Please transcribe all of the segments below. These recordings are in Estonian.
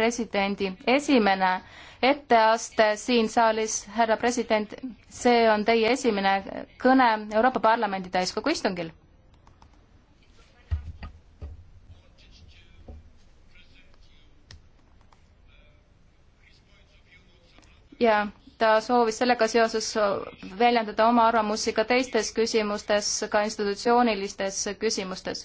presidendi esimene etteaste siin saalis, härra president, see on teie esimene kõne Euroopa Parlamendi täiskogu istungil. ja ta soovis sellega seoses väljendada oma arvamusi ka teistes küsimustes, ka institutsioonilistes küsimustes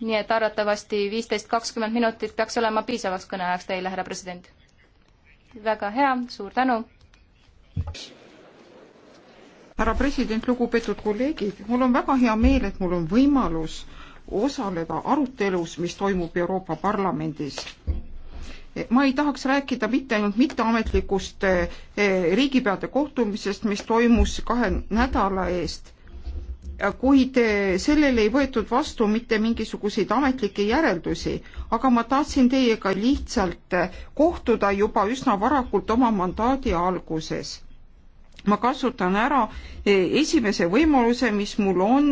nii et arvatavasti viisteist, kakskümmend minutit peaks olema piisavaks kõneajaks teile, härra president. väga hea, suur tänu. härra president, lugupeetud kolleegid, mul on väga hea meel, et mul on võimalus osaleda arutelus, mis toimub Euroopa Parlamendis ma ei tahaks rääkida mitte ainult mitteametlikust eh, eh, riigipeade kohtumisest, mis toimus kahe nädala eest, kuid eh, sellele ei võetud vastu mitte mingisuguseid ametlikke järeldusi, aga ma tahtsin teiega lihtsalt eh, kohtuda juba üsna varakult oma mandaadi alguses. ma kasutan ära eh, esimese võimaluse, mis mul on,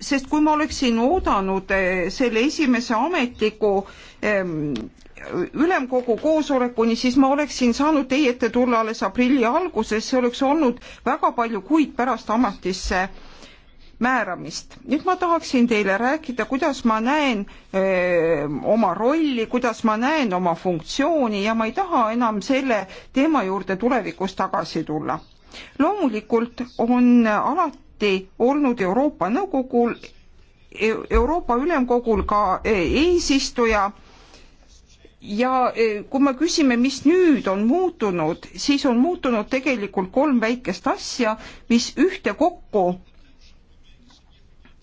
sest kui ma oleksin oodanud selle esimese ametliku ülemkogu koosolekuni, siis ma oleksin saanud teie ette tulla alles aprilli alguses, see oleks olnud väga palju kuid pärast ametisse määramist. nüüd ma tahaksin teile rääkida, kuidas ma näen öö, oma rolli, kuidas ma näen oma funktsiooni ja ma ei taha enam selle teema juurde tulevikus tagasi tulla. loomulikult on alati olnud Euroopa Nõukogul Euroopa Ülemkogul ka eesistuja ja e, kui me küsime, mis nüüd on muutunud, siis on muutunud tegelikult kolm väikest asja, mis ühtekokku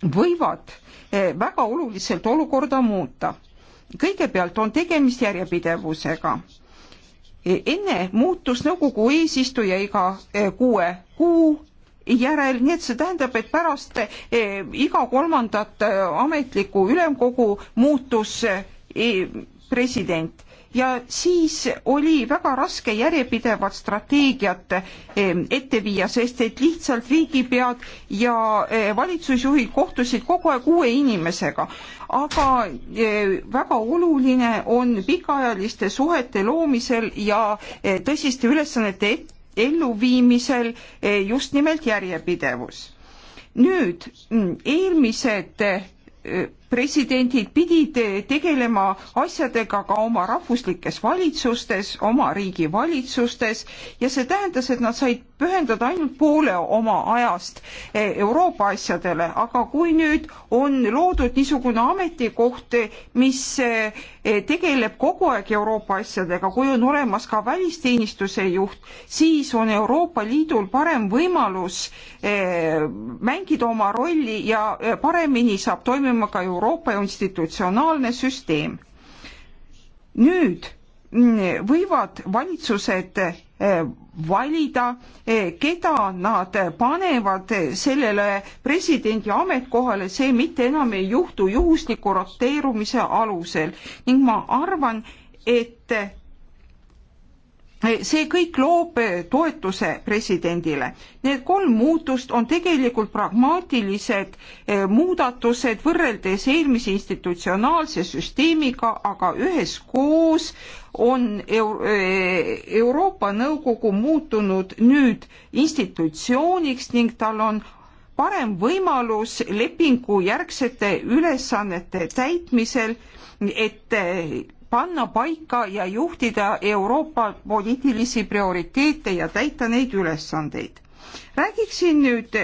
võivad e, väga oluliselt olukorda muuta. kõigepealt on tegemist järjepidevusega. E, enne muutus nõukogu eesistuja iga kuue kuu järel, nii et see tähendab, et pärast iga kolmandat ametlikku ülemkogu muutus president ja siis oli väga raske järjepidevat strateegiat eh, ette viia, sest et lihtsalt riigipead ja eh, valitsusjuhid kohtusid kogu aeg uue inimesega. aga eh, väga oluline on pikaajaliste suhete loomisel ja tõsiste ülesannete elluviimisel just nimelt järjepidevus. nüüd mm, eelmised presidendid pidid tegelema asjadega ka oma rahvuslikes valitsustes, oma riigi valitsustes ja see tähendas, et nad said pühendada ainult poole oma ajast eh, Euroopa asjadele, aga kui nüüd on loodud niisugune ametikoht, mis eh, tegeleb kogu aeg Euroopa asjadega, kui on olemas ka välisteenistuse juht, siis on Euroopa Liidul parem võimalus eh, mängida oma rolli ja paremini saab toimima ka Euroopa institutsionaalne süsteem. nüüd mm, võivad valitsused valida, eh, keda nad panevad sellele presidendi ametkohale, see mitte enam ei juhtu juhusliku roteerumise alusel ning ma arvan, et see kõik loob toetuse presidendile. Need kolm muutust on tegelikult pragmaatilised eh, muudatused võrreldes eelmise institutsionaalse süsteemiga, aga üheskoos on Euro eh, Euroopa Nõukogu muutunud nüüd institutsiooniks ning tal on parem võimalus lepingu järgsete ülesannete täitmisel, et eh, panna paika ja juhtida Euroopa poliitilisi prioriteete ja täita neid ülesandeid. räägiksin nüüd,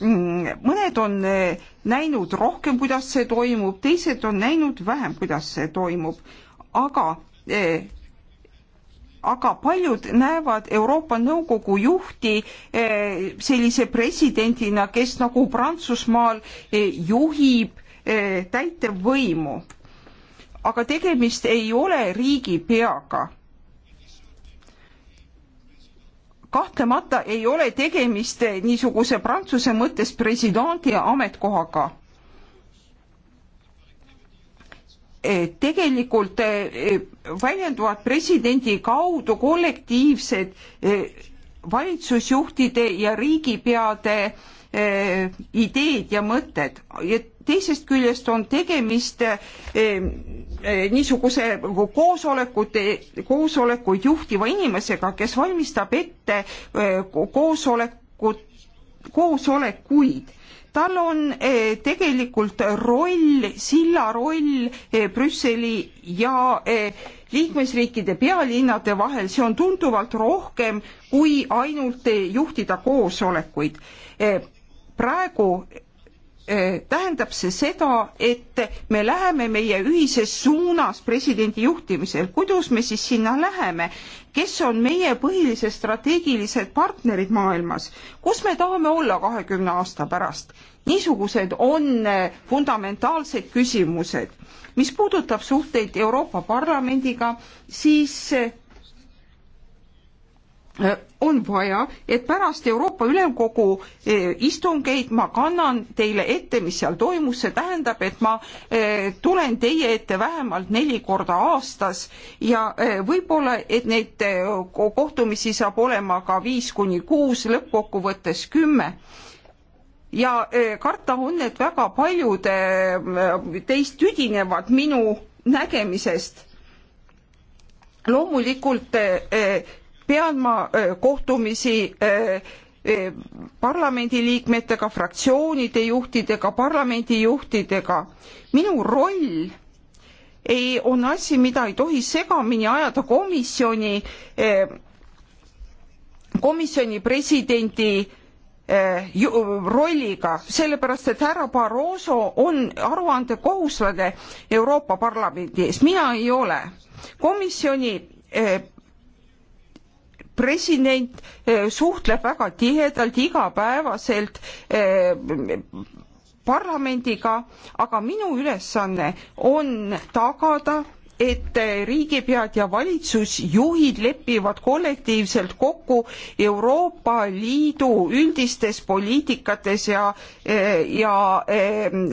mm, mõned on eh, näinud rohkem, kuidas see toimub, teised on näinud vähem, kuidas see toimub, aga eh, aga paljud näevad Euroopa Nõukogu juhti eh, sellise presidendina, kes nagu Prantsusmaal juhib täitevvõimu aga tegemist ei ole riigipeaga. kahtlemata ei ole tegemist niisuguse prantsuse mõttes presidendi ametkohaga. tegelikult eh, väljenduvad presidendi kaudu kollektiivsed eh, valitsusjuhtide ja riigipeade eh, ideed ja mõtted, et teisest küljest on tegemist eh, eh, niisuguse koosolekute, koosolekuid juhtiva inimesega, kes valmistab ette eh, koosolekut, koosolekuid tal on tegelikult roll, silla roll Brüsseli ja liikmesriikide pealinnade vahel, see on tunduvalt rohkem kui ainult juhtida koosolekuid. praegu Äh, tähendab see seda, et me läheme meie ühises suunas presidendi juhtimisel. kuidas me siis sinna läheme? kes on meie põhilised strateegilised partnerid maailmas? kus me tahame olla kahekümne aasta pärast? niisugused on äh, fundamentaalsed küsimused. mis puudutab suhteid Euroopa Parlamendiga, siis äh, on vaja, et pärast Euroopa Ülemkogu e, istungeid ma kannan teile ette, mis seal toimus, see tähendab, et ma e, tulen teie ette vähemalt neli korda aastas ja e, võib-olla, et neid kohtumisi saab olema ka viis kuni kuus, lõppkokkuvõttes kümme ja karta on, et väga paljud teist tüdinevad minu nägemisest loomulikult pean ma kohtumisi parlamendiliikmetega, fraktsioonide juhtidega, parlamendi juhtidega. minu roll ei, on asi, mida ei tohi segamini ajada komisjoni, komisjoni presidendi rolliga, sellepärast et härra Barroso on aruandekohuslane Euroopa Parlamendi ees, mina ei ole. komisjoni president eh, suhtleb väga tihedalt igapäevaselt eh, parlamendiga, aga minu ülesanne on tagada, et eh, riigipead ja valitsusjuhid lepivad kollektiivselt kokku Euroopa Liidu üldistes poliitikates ja, ja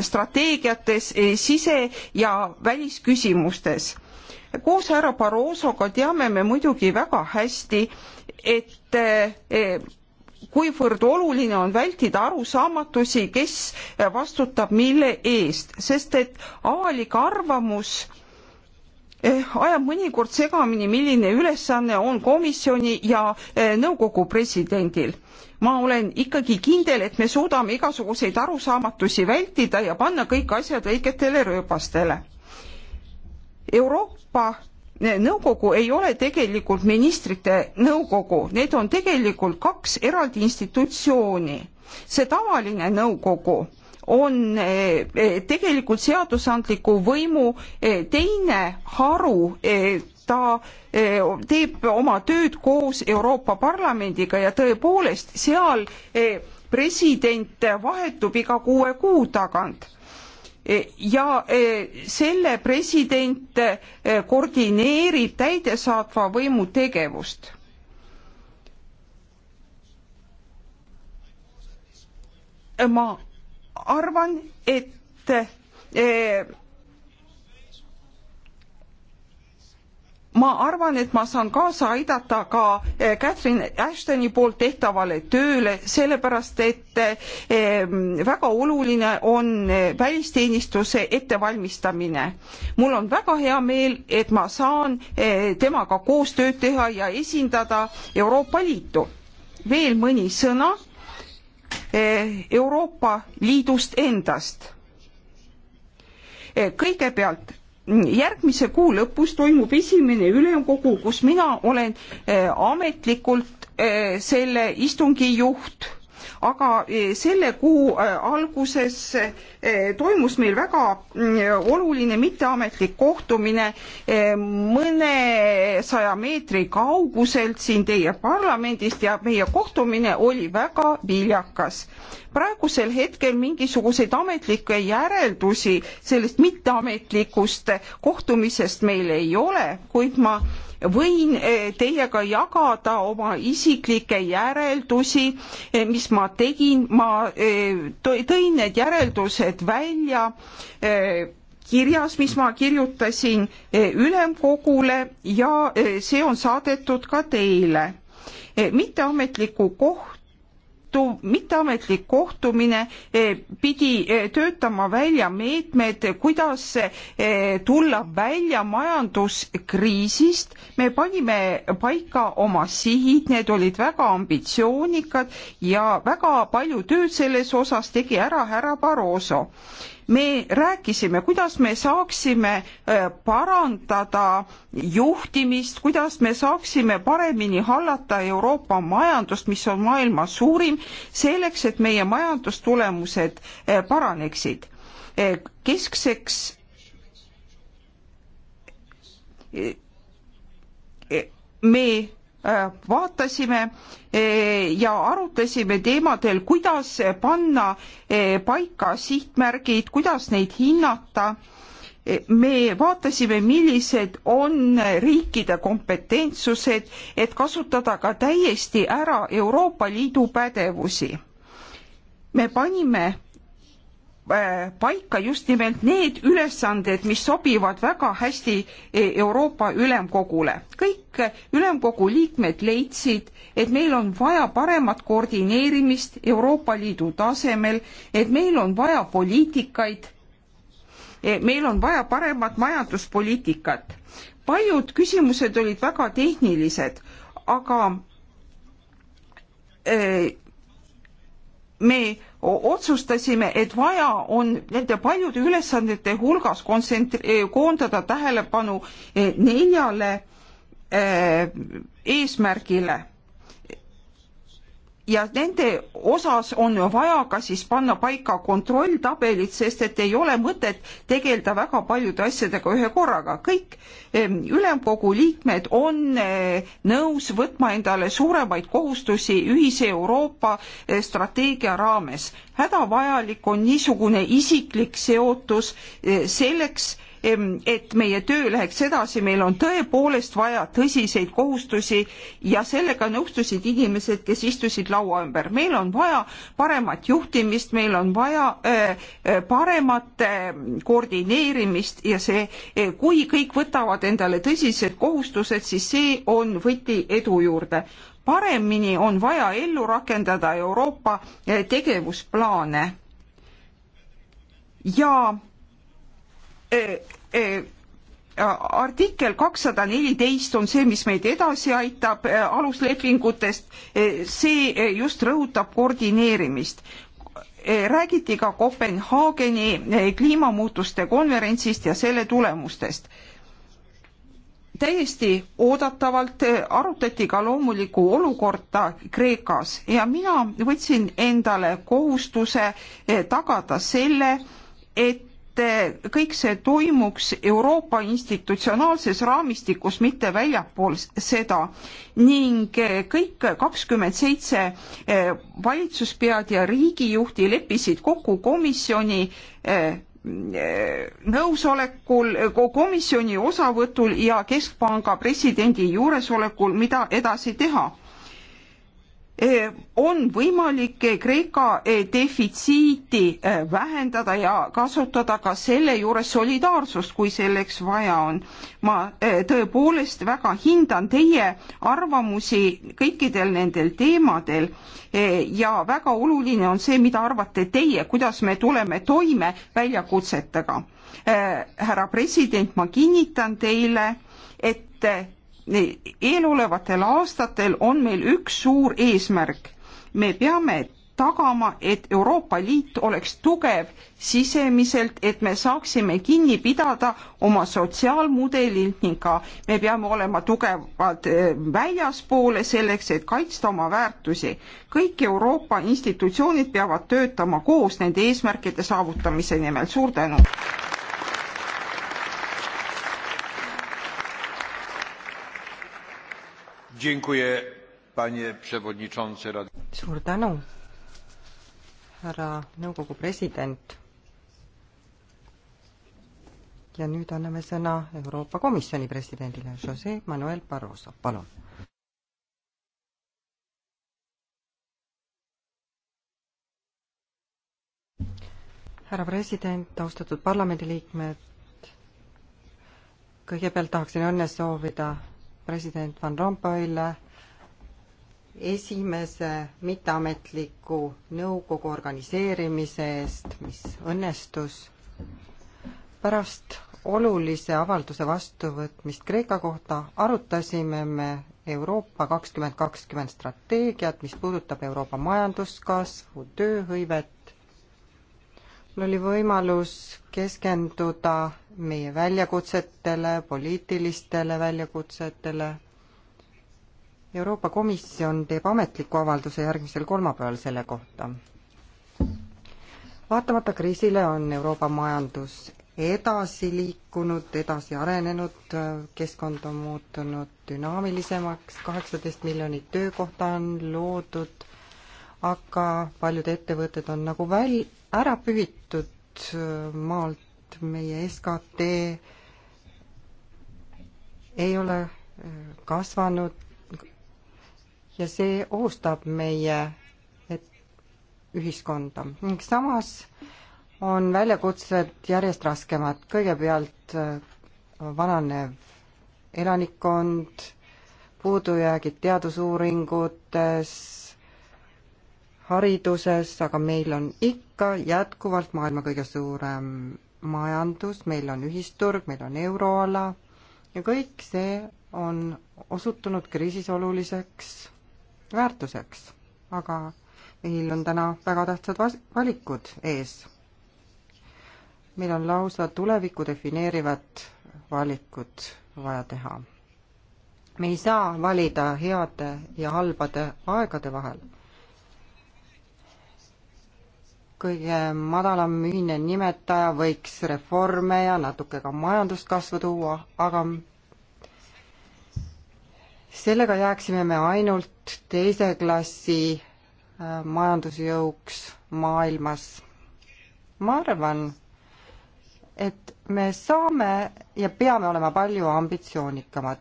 strateegiates sise- ja välisküsimustes. koos härra Barrosoga teame me muidugi väga hästi, et eh, eh, kuivõrd oluline on vältida arusaamatusi, kes vastutab mille eest, sest et avalik arvamus eh, ajab mõnikord segamini, milline ülesanne on komisjoni ja nõukogu presidendil. ma olen ikkagi kindel, et me suudame igasuguseid arusaamatusi vältida ja panna kõik asjad õigetele rööbastele. Euroopa nõukogu ei ole tegelikult ministrite nõukogu, need on tegelikult kaks eraldi institutsiooni. see tavaline nõukogu on eh, eh, tegelikult seadusandliku võimu eh, teine haru, ta teeb oma tööd koos Euroopa Parlamendiga ja tõepoolest seal president vahetub iga kuue kuu tagant ja e, selle president e, koordineerib täidesaatva võimu tegevust. ma arvan, et e, ma arvan, et ma saan kaasa aidata ka eh, Catherine Ashtoni poolt tehtavale tööle, sellepärast et eh, väga oluline on eh, välisteenistuse ettevalmistamine. mul on väga hea meel, et ma saan temaga koostööd teha ja esindada Euroopa Liitu. veel mõni sõna Euroopa Liidust endast. kõigepealt järgmise kuu lõpus toimub esimene ülemkogu, kus mina olen eh, ametlikult eh, selle istungi juht aga e, selle kuu e, alguses e, toimus meil väga oluline mitteametlik kohtumine mõnesaja meetri kauguselt siin teie parlamendist ja meie kohtumine oli väga viljakas. praegusel hetkel mingisuguseid ametlikke järeldusi sellest mitteametlikust kohtumisest meil ei ole, kuid ma võin eh, teiega jagada oma isiklikke järeldusi, eh, mis ma tegin, ma eh, tõin need järeldused välja kirjas, mis ma kirjutasin ülemkogule ja see on saadetud ka teile. mitteametliku koht kohtu, mitteametlik kohtumine eh, pidi eh, töötama välja meetmed, kuidas eh, tulla välja majanduskriisist. me panime paika oma sihid, need olid väga ambitsioonikad ja väga palju tööd selles osas tegi ära härra Barroso me rääkisime, kuidas me saaksime äh, parandada juhtimist, kuidas me saaksime paremini hallata Euroopa majandust, mis on maailma suurim, selleks, et meie majandustulemused äh, paraneksid. Äh, keskseks me Äh, vaatasime äh, ja arutasime teemadel, kuidas panna äh, paika sihtmärgid, kuidas neid hinnata. me vaatasime, millised on riikide kompetentsused, et kasutada ka täiesti ära Euroopa Liidu pädevusi. me panime Äh, paika just nimelt need ülesanded, mis sobivad väga hästi e, Euroopa Ülemkogule. kõik Ülemkogu liikmed leidsid, et meil on vaja paremat koordineerimist Euroopa Liidu tasemel, et meil on vaja poliitikaid, e, meil on vaja paremat majanduspoliitikat. paljud küsimused olid väga tehnilised, aga e, me otsustasime, et vaja on nende paljude ülesannete hulgas eh, koondada tähelepanu eh, neljale eh, eesmärgile ja nende osas on vaja ka siis panna paika kontrolltabelid, sest et ei ole mõtet tegeleda väga paljude asjadega ühe korraga. kõik ülemkogu liikmed on eh, nõus võtma endale suuremaid kohustusi ühise Euroopa eh, strateegia raames. hädavajalik on niisugune isiklik seotus eh, selleks, et meie töö läheks edasi, meil on tõepoolest vaja tõsiseid kohustusi ja sellega nõustusid inimesed, kes istusid laua ümber. meil on vaja paremat juhtimist, meil on vaja paremat koordineerimist ja see, e, kui kõik võtavad endale tõsised kohustused, siis see on võti edu juurde paremini on vaja ellu rakendada Euroopa e, tegevusplaane ja Äh, äh, artikkel kakssada neliteist on see, mis meid edasi aitab äh, aluslepingutest, see just rõhutab koordineerimist. räägiti ka Kopenhaageni kliimamuutuste konverentsist ja selle tulemustest täiesti oodatavalt arutati ka loomulikku olukorda Kreekas ja mina võtsin endale kohustuse tagada selle, et et kõik see toimuks Euroopa institutsionaalses raamistikus, mitte väljapool seda ning kõik kakskümmend seitse eh, valitsuspead ja riigijuhti leppisid kokku komisjoni eh, eh, nõusolekul, komisjoni osavõtul ja keskpanga presidendi juuresolekul, mida edasi teha Eh, on võimalik eh, Kreeka eh, defitsiiti vähendada ja kasutada ka selle juures solidaarsust, kui selleks vaja on. ma tõepoolest väga hindan teie arvamusi kõikidel nendel teemadel ja väga oluline on see, mida arvate teie, kuidas me tuleme toime väljakutsetega. härra president, ma kinnitan teile, et eelolevatel aastatel on meil üks suur eesmärk. me peame tagama, et Euroopa Liit oleks tugev sisemiselt, et me saaksime kinni pidada oma sotsiaalmudelilt ning ka me peame olema tugevad eh, väljaspoole selleks, et kaitsta oma väärtusi. kõik Euroopa institutsioonid peavad töötama koos nende eesmärkide saavutamise nimel. suur tänu! suur tänu, härra nõukogu president. ja nüüd anname sõna Euroopa Komisjoni presidendile Jose Manuel Barroso, palun. härra president, austatud parlamendiliikmed, kõigepealt tahaksin õnne soovida president Van Rompuyle esimese mitteametliku nõukogu organiseerimise eest, mis õnnestus. pärast olulise avalduse vastuvõtmist Kreeka kohta arutasime me Euroopa kakskümmend kakskümmend strateegiat, mis puudutab Euroopa majanduskasvu, tööhõivet mul oli võimalus keskenduda meie väljakutsetele, poliitilistele väljakutsetele. Euroopa Komisjon teeb ametliku avalduse järgmisel kolmapäeval selle kohta. vaatamata kriisile on Euroopa majandus edasi liikunud, edasi arenenud, keskkond on muutunud dünaamilisemaks, kaheksateist miljonit töökohta on loodud, aga paljud ettevõtted on nagu väl-, ära pühitud äh, maalt meie SKT ei ole äh, kasvanud ja see ohustab meie ühiskonda. ning samas on väljakutsed järjest raskemad, kõigepealt äh, vananev elanikkond, puudujäägid teadusuuringutes, hariduses, aga meil on ikka jätkuvalt maailma kõige suurem majandus, meil on ühisturg, meil on euroala ja kõik see on osutunud kriisis oluliseks väärtuseks. aga meil on täna väga tähtsad vas-, valikud ees. meil on lausa tulevikku defineerivad valikud vaja teha. me ei saa valida heade ja halbade aegade vahel kõige madalam ühine nimetaja võiks reforme ja natuke ka majanduskasvu tuua, aga sellega jääksime me ainult teise klassi äh, majandusjõuks maailmas. ma arvan, et me saame ja peame olema palju ambitsioonikamad.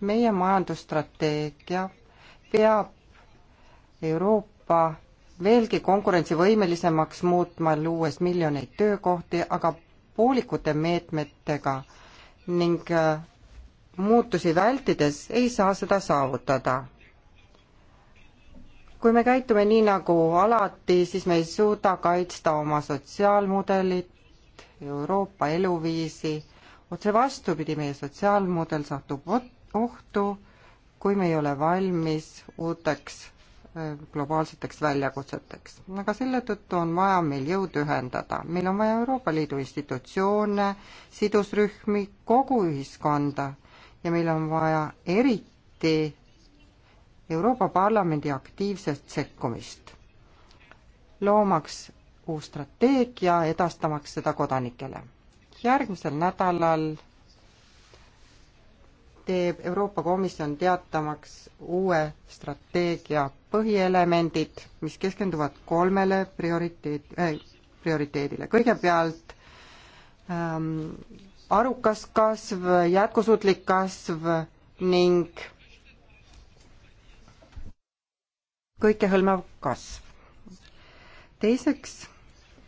meie majandusstrateegia peab Euroopa veelgi konkurentsivõimelisemaks muutma, luues miljoneid töökohti, aga poolikute meetmetega ning äh, muutusi vältides ei saa seda saavutada. kui me käitume nii nagu alati, siis me ei suuda kaitsta oma sotsiaalmudelit, Euroopa eluviisi, otse vastupidi, meie sotsiaalmudel satub ohtu, kui me ei ole valmis uuteks globaalseteks väljakutseteks. aga selle tõttu on vaja meil jõud ühendada. meil on vaja Euroopa Liidu institutsioone, sidusrühmi, kogu ühiskonda ja meil on vaja eriti Euroopa Parlamendi aktiivset sekkumist, loomaks uus strateegia, edastamaks seda kodanikele. järgmisel nädalal teeb Euroopa Komisjon teatamaks uue strateegia põhielemendid, mis keskenduvad kolmele prioriteet äh,, prioriteedile. kõigepealt ähm, arukas kasv, jätkusuutlik kasv ning kõikehõlmav kasv. teiseks,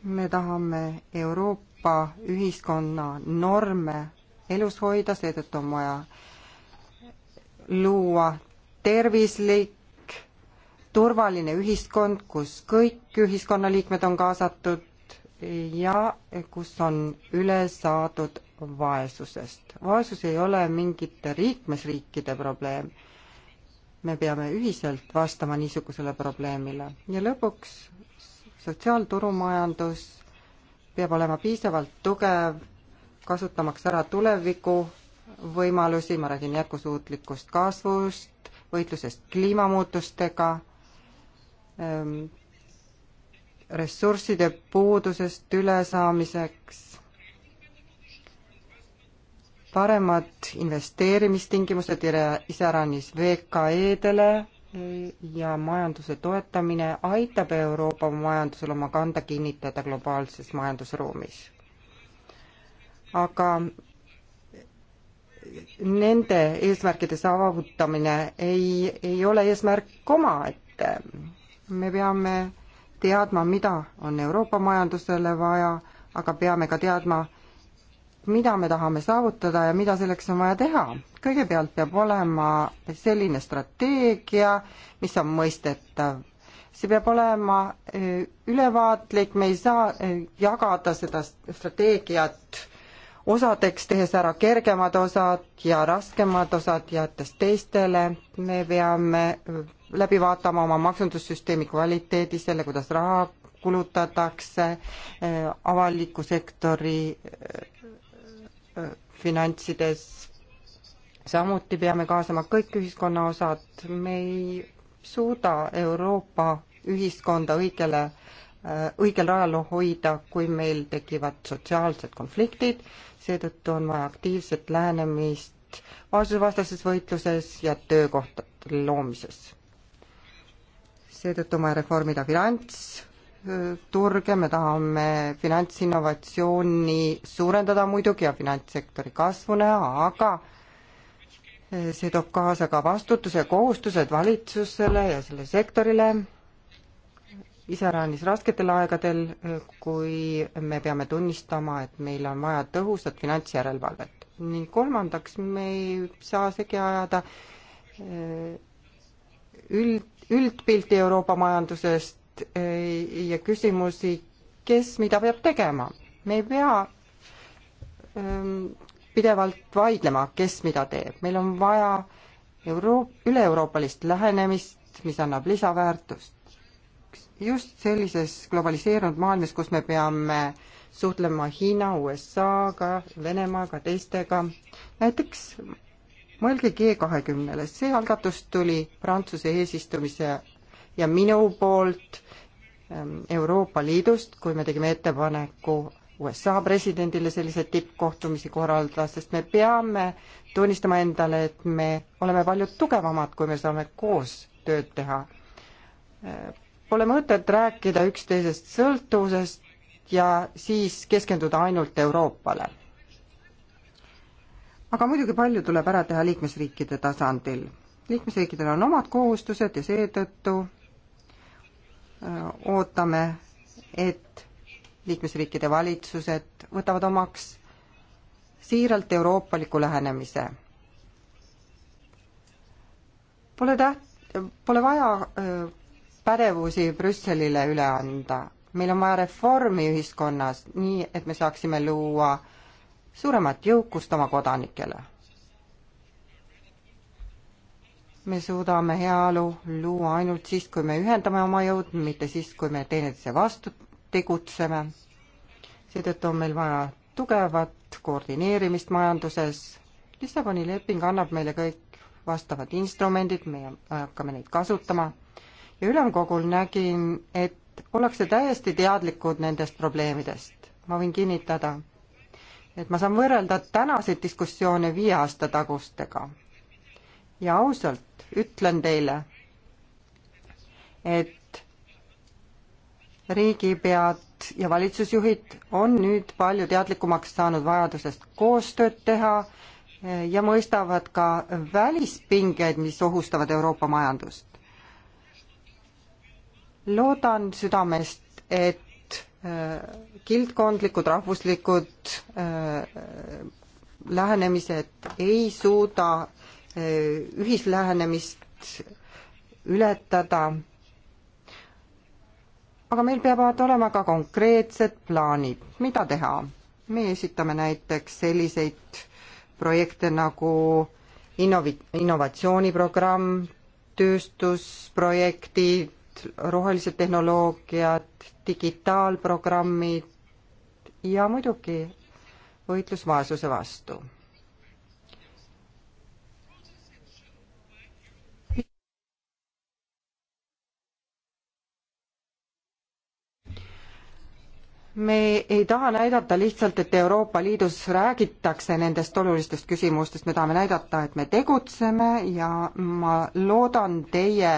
me tahame Euroopa ühiskonna norme elus hoida, seetõttu on vaja luua tervislik turvaline ühiskond, kus kõik ühiskonnaliikmed on kaasatud ja kus on üle saadud vaesusest. vaesus ei ole mingite liikmesriikide probleem. me peame ühiselt vastama niisugusele probleemile ja lõpuks sotsiaalturumajandus peab olema piisavalt tugev, kasutamaks ära tuleviku võimalusi, ma räägin jätkusuutlikust kasvust, võitlusest kliimamuutustega Ähm, ressursside puudusest ülesaamiseks, paremad investeerimistingimused iseäranis VKE-dele ja majanduse toetamine aitab Euroopa majandusel oma kanda kinnitada globaalses majandusruumis. aga nende eesmärkide saavutamine ei, ei ole eesmärk omaette me peame teadma, mida on Euroopa majandusele vaja, aga peame ka teadma, mida me tahame saavutada ja mida selleks on vaja teha. kõigepealt peab olema selline strateegia, mis on mõistetav. see peab olema eh, ülevaatlik, me ei saa eh, jagada seda strateegiat osadeks, tehes ära kergemad osad ja raskemad osad, jättes teistele. me peame eh, läbi vaatama oma maksundussüsteemi kvaliteedi, selle, kuidas raha kulutatakse, äh, avaliku sektori äh, äh, finantsides, samuti peame kaasama kõik ühiskonna osad, me ei suuda Euroopa ühiskonda õigele, õigel rajal hoida, kui meil tekivad sotsiaalsed konfliktid, seetõttu on vaja aktiivset lähenemist vaesusevastases võitluses ja töökohtade loomises seetõttu on vaja reformida finantsturge, me tahame finantsinnovatsiooni suurendada muidugi ja finantssektori kasvu näha, aga see toob kaasa ka vastutuse ja kohustused valitsusele ja selle sektorile, iseäranis rasketel aegadel, kui me peame tunnistama, et meil on vaja tõhusat finantsjärelevalvet. ning kolmandaks, me ei saa segi ajada eh, üld üldpilti Euroopa majandusest eh, ja küsimusi, kes mida peab tegema. me ei pea ehm, pidevalt vaidlema, kes mida teeb, meil on vaja euro-, üle-euroopalist lähenemist, mis annab lisaväärtust. just sellises globaliseerunud maailmas, kus me peame suhtlema Hiina, USA-ga, Venemaaga, teistega, näiteks mõelge G kahekümnele, see algatus tuli Prantsuse eesistumise ja minu poolt ähm, Euroopa Liidust, kui me tegime ettepaneku USA presidendile selliseid tippkohtumisi korraldada, sest me peame tunnistama endale, et me oleme palju tugevamad, kui me saame koos tööd teha. Äh, pole mõtet rääkida üksteisest sõltuvusest ja siis keskenduda ainult Euroopale aga muidugi palju tuleb ära teha liikmesriikide tasandil. liikmesriikidel on omad kohustused ja seetõttu äh, ootame, et liikmesriikide valitsused võtavad omaks siiralt euroopaliku lähenemise. Pole täht-, pole vaja äh, pädevusi Brüsselile üle anda, meil on vaja reformi ühiskonnas, nii et me saaksime luua äh, suuremat jõukust oma kodanikele. me suudame heaolu luua ainult siis, kui me ühendame oma jõud, mitte siis, kui me teineteise vastu tegutseme. seetõttu on meil vaja tugevat koordineerimist majanduses. Lissaboni leping annab meile kõik vastavad instrumendid, me hakkame neid kasutama ja ülemkogul nägin, et ollakse täiesti teadlikud nendest probleemidest. ma võin kinnitada, et ma saan võrrelda tänaseid diskussioone viie aasta tagustega. ja ausalt ütlen teile, et riigipead ja valitsusjuhid on nüüd palju teadlikumaks saanud vajadusest koostööd teha ja mõistavad ka välispingeid, mis ohustavad Euroopa majandust. loodan südamest, et Äh, kildkondlikud, rahvuslikud äh, lähenemised ei suuda äh, ühislähenemist ületada. aga meil peavad olema ka konkreetsed plaanid, mida teha. me esitame näiteks selliseid projekte nagu innovi-, innovatsiooniprogramm, tööstusprojektid, rohelised tehnoloogiad, digitaalprogrammid ja muidugi võitlus vaesuse vastu me ei taha näidata lihtsalt, et Euroopa Liidus räägitakse nendest olulistest küsimustest, me tahame näidata, et me tegutseme ja ma loodan teie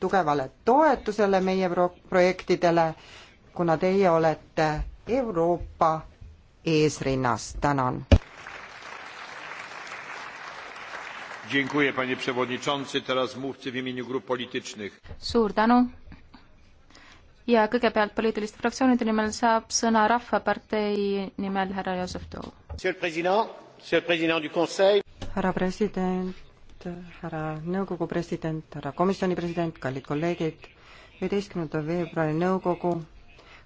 tugevale toetusele meie pro-, projektidele, kuna teie olete Euroopa eesrinnas, tänan. suur tänu, ja kõigepealt poliitiliste fraktsioonide nimel saab sõna Rahvapartei nimel härra Joosep Toom. härra president, härra nõukogu president, härra komisjoni president, kallid kolleegid, üheteistkümnenda veebruari nõukogu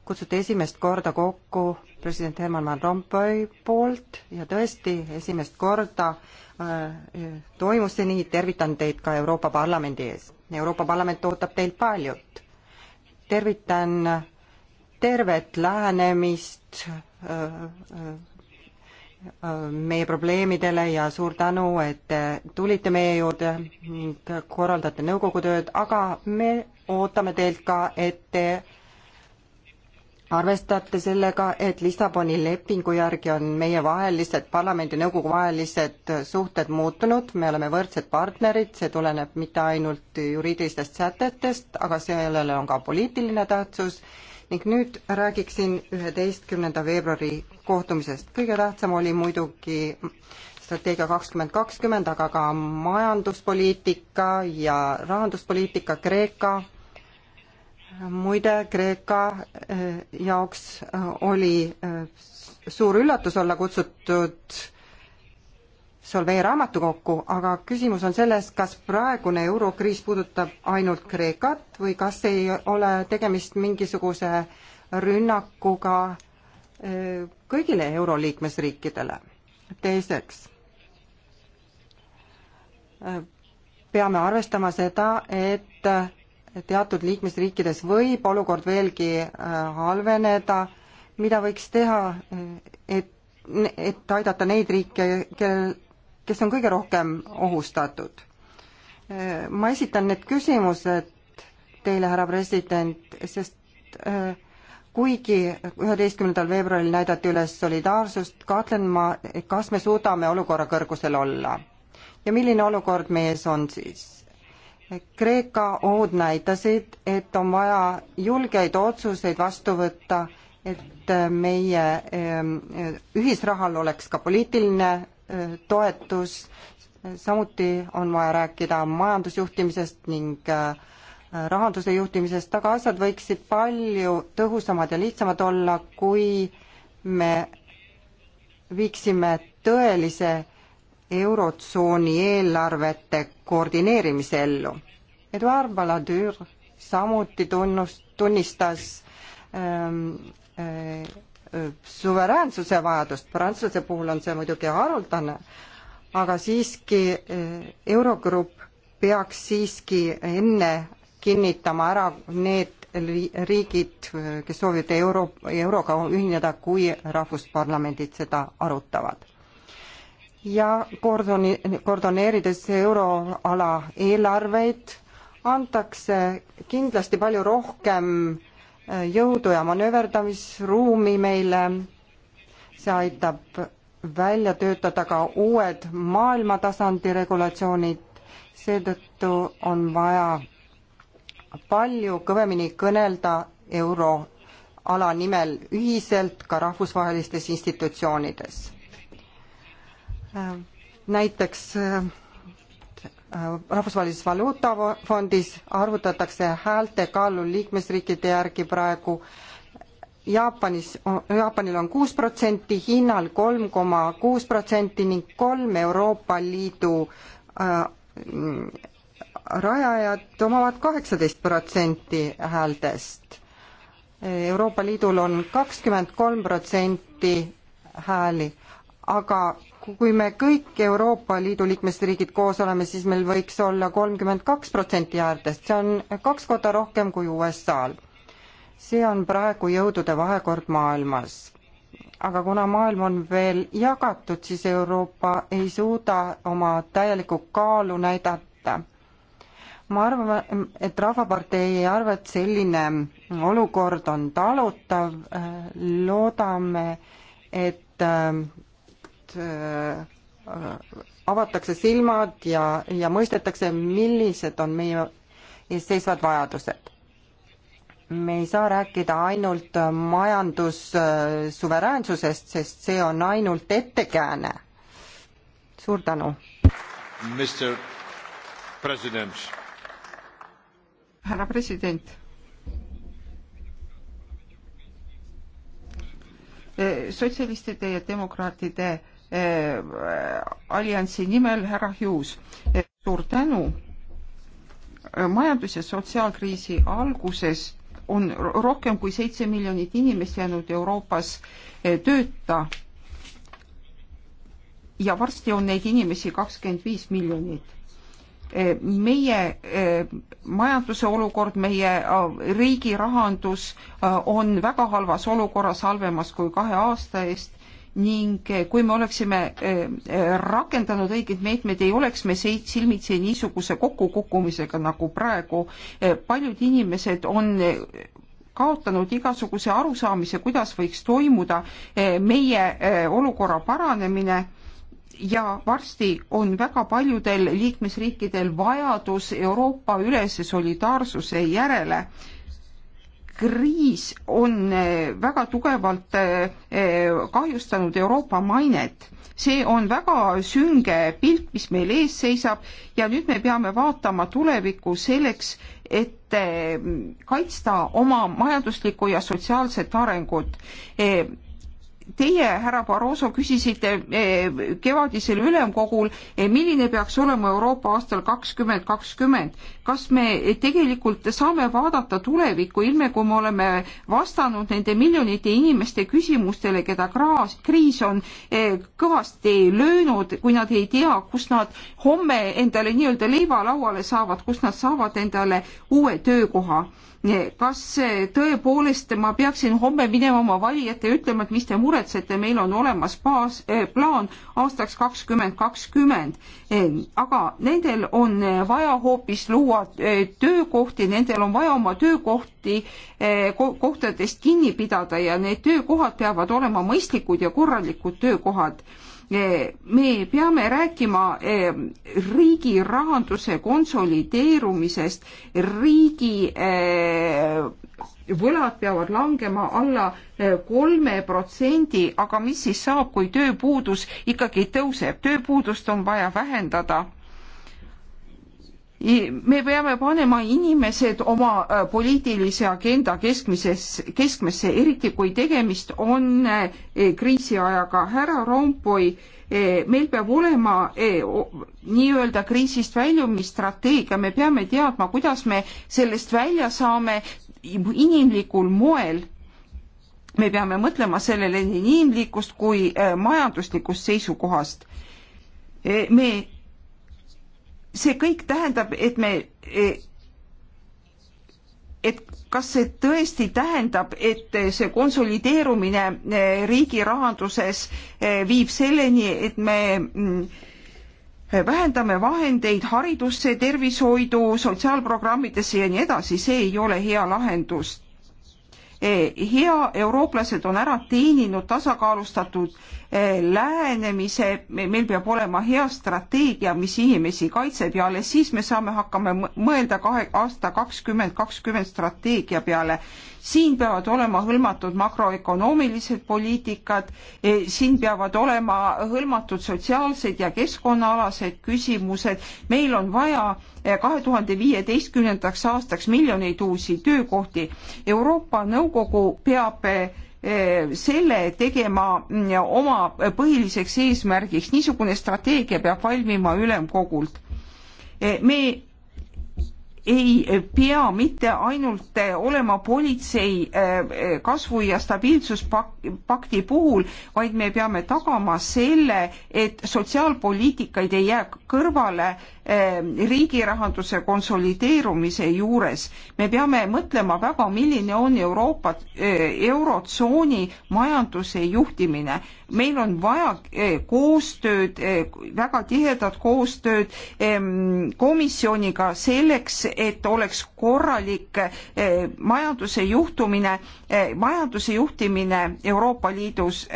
kutsuti esimest korda kokku president Herman Van Rompuy poolt ja tõesti, esimest korda äh, toimus see nii, tervitan teid ka Euroopa Parlamendi ees. Euroopa Parlament ootab teilt paljut tervitan tervet lähenemist äh, äh, äh, meie probleemidele ja suur tänu, et te tulite meie juurde ning korraldate nõukogu tööd, aga me ootame teilt ka, et te arvestate sellega, et Lissaboni lepingu järgi on meievahelised, parlamendi ja nõukogu vahelised suhted muutunud, me oleme võrdsed partnerid, see tuleneb mitte ainult juriidilistest sätetest, aga sellel on ka poliitiline tähtsus ning nüüd räägiksin üheteistkümnenda veebruari kohtumisest. kõige tähtsam oli muidugi strateegia kakskümmend kakskümmend, aga ka majanduspoliitika ja rahanduspoliitika, Kreeka muide, Kreeka eh, jaoks eh, oli eh, suur üllatus olla kutsutud Solvee raamatukokku, aga küsimus on selles, kas praegune eurokriis puudutab ainult Kreekat või kas ei ole tegemist mingisuguse rünnakuga kõigile euroliikmesriikidele. teiseks, peame arvestama seda, et teatud liikmesriikides võib olukord veelgi äh, halveneda, mida võiks teha, äh, et, et aidata neid riike, kel, kes on kõige rohkem ohustatud? Äh, ma esitan need küsimused teile, härra president, sest kuigi üheteistkümnendal veebruaril näidati üles solidaarsust, kahtlen ma, kas me suudame olukorra kõrgusel olla. ja milline olukord meie ees on siis? Kreeka ood näitasid, et on vaja julgeid otsuseid vastu võtta, et äh, meie ähm, äh, ühisrahal oleks ka poliitiline äh, toetus, samuti on vaja rääkida majandusjuhtimisest ning rahanduse juhtimisest, aga asjad võiksid palju tõhusamad ja lihtsamad olla, kui me viiksime tõelise Eurotsooni eelarvete koordineerimise ellu. Edouard Balladur samuti tunnus, tunnistas ähm, äh, suveräänsuse vajadust, Prantsuse puhul on see muidugi haruldane, aga siiski äh, Eurogrupp peaks siiski enne kinnitama ära need riigid, kes soovivad euro, euroga ühineda, kui rahvusparlamendid seda arutavad ja kordoni-, kordoneerides euroala eelarveid, antakse kindlasti palju rohkem äh, jõudu ja manööverdamisruumi meile, see aitab välja töötada ka uued maailmatasandi regulatsioonid, seetõttu on vaja palju kõvemini kõnelda euroala nimel ühiselt ka rahvusvahelistes institutsioonides Äh, näiteks äh, rahvusvahelises valuutafondis arvutatakse häälte kaalu liikmesriikide järgi praegu Jaapanis, Jaapanil on kuus protsenti, Hiinal kolm koma kuus protsenti ning kolm Euroopa Liidu äh, rajajat omavad kaheksateist protsenti häältest. Euroopa Liidul on kakskümmend kolm protsenti hääli, aga kui me kõik Euroopa Liidu liikmesriigid koos oleme, siis meil võiks olla kolmkümmend kaks protsenti häältest, see on kaks korda rohkem kui USA-l. see on praegu jõudude vahekord maailmas. aga kuna maailm on veel jagatud, siis Euroopa ei suuda oma täielikku kaalu näidata. ma arvan, et Rahvapartei ei arva, et selline olukord on talutav, loodame, et äh, Äh, avatakse silmad ja, ja mõistetakse, millised on meie ees seisvad vajadused. me ei saa rääkida ainult majandussuveräänsusest, äh, sest see on ainult ettekääne. suur tänu. härra president. Äh, sotsialistide ja demokraatide Äh, alliansi nimel härra Hughes. suur tänu. Äh, majandus- ja sotsiaalkriisi alguses on rohkem kui seitse miljonit inimest jäänud Euroopas äh, tööta. ja varsti on neid inimesi kakskümmend viis miljonit. meie majanduse olukord, meie riigi rahandus on väga halvas olukorras, halvemas kui kahe aasta eest ning eh, kui me oleksime eh, eh, rakendanud õigeid meetmeid, ei oleks me silmitsi niisuguse kokkukukkumisega nagu praegu. paljud inimesed on kaotanud igasuguse arusaamise, kuidas võiks toimuda meie olukorra paranemine ja varsti on väga paljudel liikmesriikidel vajadus Euroopa ülese solidaarsuse järele kriis on eh, väga tugevalt eh, eh, kahjustanud Euroopa mainet. see on väga sünge pilt, mis meil ees seisab ja nüüd me peame vaatama tulevikku selleks, et kaitsta oma majanduslikku ja sotsiaalset arengut teie, härra Barroso, küsisite eh, kevadisel ülemkogul, eh, milline peaks olema Euroopa aastal kakskümmend kakskümmend. kas me tegelikult saame vaadata tulevikku, ilme kui me oleme vastanud nende miljonite inimeste küsimustele, keda kraas, kriis on eh, kõvasti löönud, kui nad ei tea, kus nad homme endale nii-öelda leiva lauale saavad, kus nad saavad endale uue töökoha kas tõepoolest ma peaksin homme minema oma valijate ja ütlema, et mis te muretsete, meil on olemas baas eh,, plaan aastaks kakskümmend kakskümmend. Eh, aga nendel on eh, vaja hoopis luua eh, töökohti, nendel on vaja oma töökohti eh,, kohtadest kinni pidada ja need töökohad peavad olema mõistlikud ja korralikud töökohad E, me peame rääkima e, riigi rahanduse konsolideerumisest, riigi e, võlad peavad langema alla kolme protsendi, aga mis siis saab, kui tööpuudus ikkagi tõuseb, tööpuudust on vaja vähendada me peame panema inimesed oma äh, poliitilise agenda keskmises, keskmesse, eriti kui tegemist on äh, kriisiajaga. härra Rompoi, äh, meil peab olema nii-öelda kriisist väljumisstrateegia, me peame teadma, kuidas me sellest välja saame inimlikul moel. me peame mõtlema sellele nii inimlikust kui majanduslikust seisukohast. me see kõik tähendab, et me, et kas see tõesti tähendab, et see konsolideerumine eh, riigi rahanduses eh, viib selleni, et me mm, vähendame vahendeid haridusse, tervishoidu, sotsiaalprogrammidesse ja nii edasi, see ei ole hea lahendus E, hea, eurooplased on ära teeninud tasakaalustatud e, lähenemise, meil peab olema hea strateegia, mis inimesi kaitseb ja alles siis me saame hakkama mõelda kahe, aasta kakskümmend kakskümmend strateegia peale. siin peavad olema hõlmatud makroökonoomilised poliitikad, e, siin peavad olema hõlmatud sotsiaalsed ja keskkonnaalased küsimused, meil on vaja kahe tuhande viieteistkümnendaks aastaks miljoneid uusi töökohti. Euroopa Nõukogu peab eh, selle tegema mm, oma põhiliseks eesmärgiks, niisugune strateegia peab valmima ülemkogult. Eh, me ei pea mitte ainult olema politsei eh, kasvu ja stabiilsuspakti puhul, vaid me peame tagama selle, et sotsiaalpoliitikaid ei jää kõrvale Ehm, riigi rahanduse konsolideerumise juures me peame mõtlema väga, milline on Euroopa, eh, Eurotsooni majanduse juhtimine. meil on vaja eh, koostööd, eh, väga tihedat koostööd ehm, komisjoniga selleks, et oleks korralik majanduse juhtumine, majanduse juhtimine Euroopa Liidus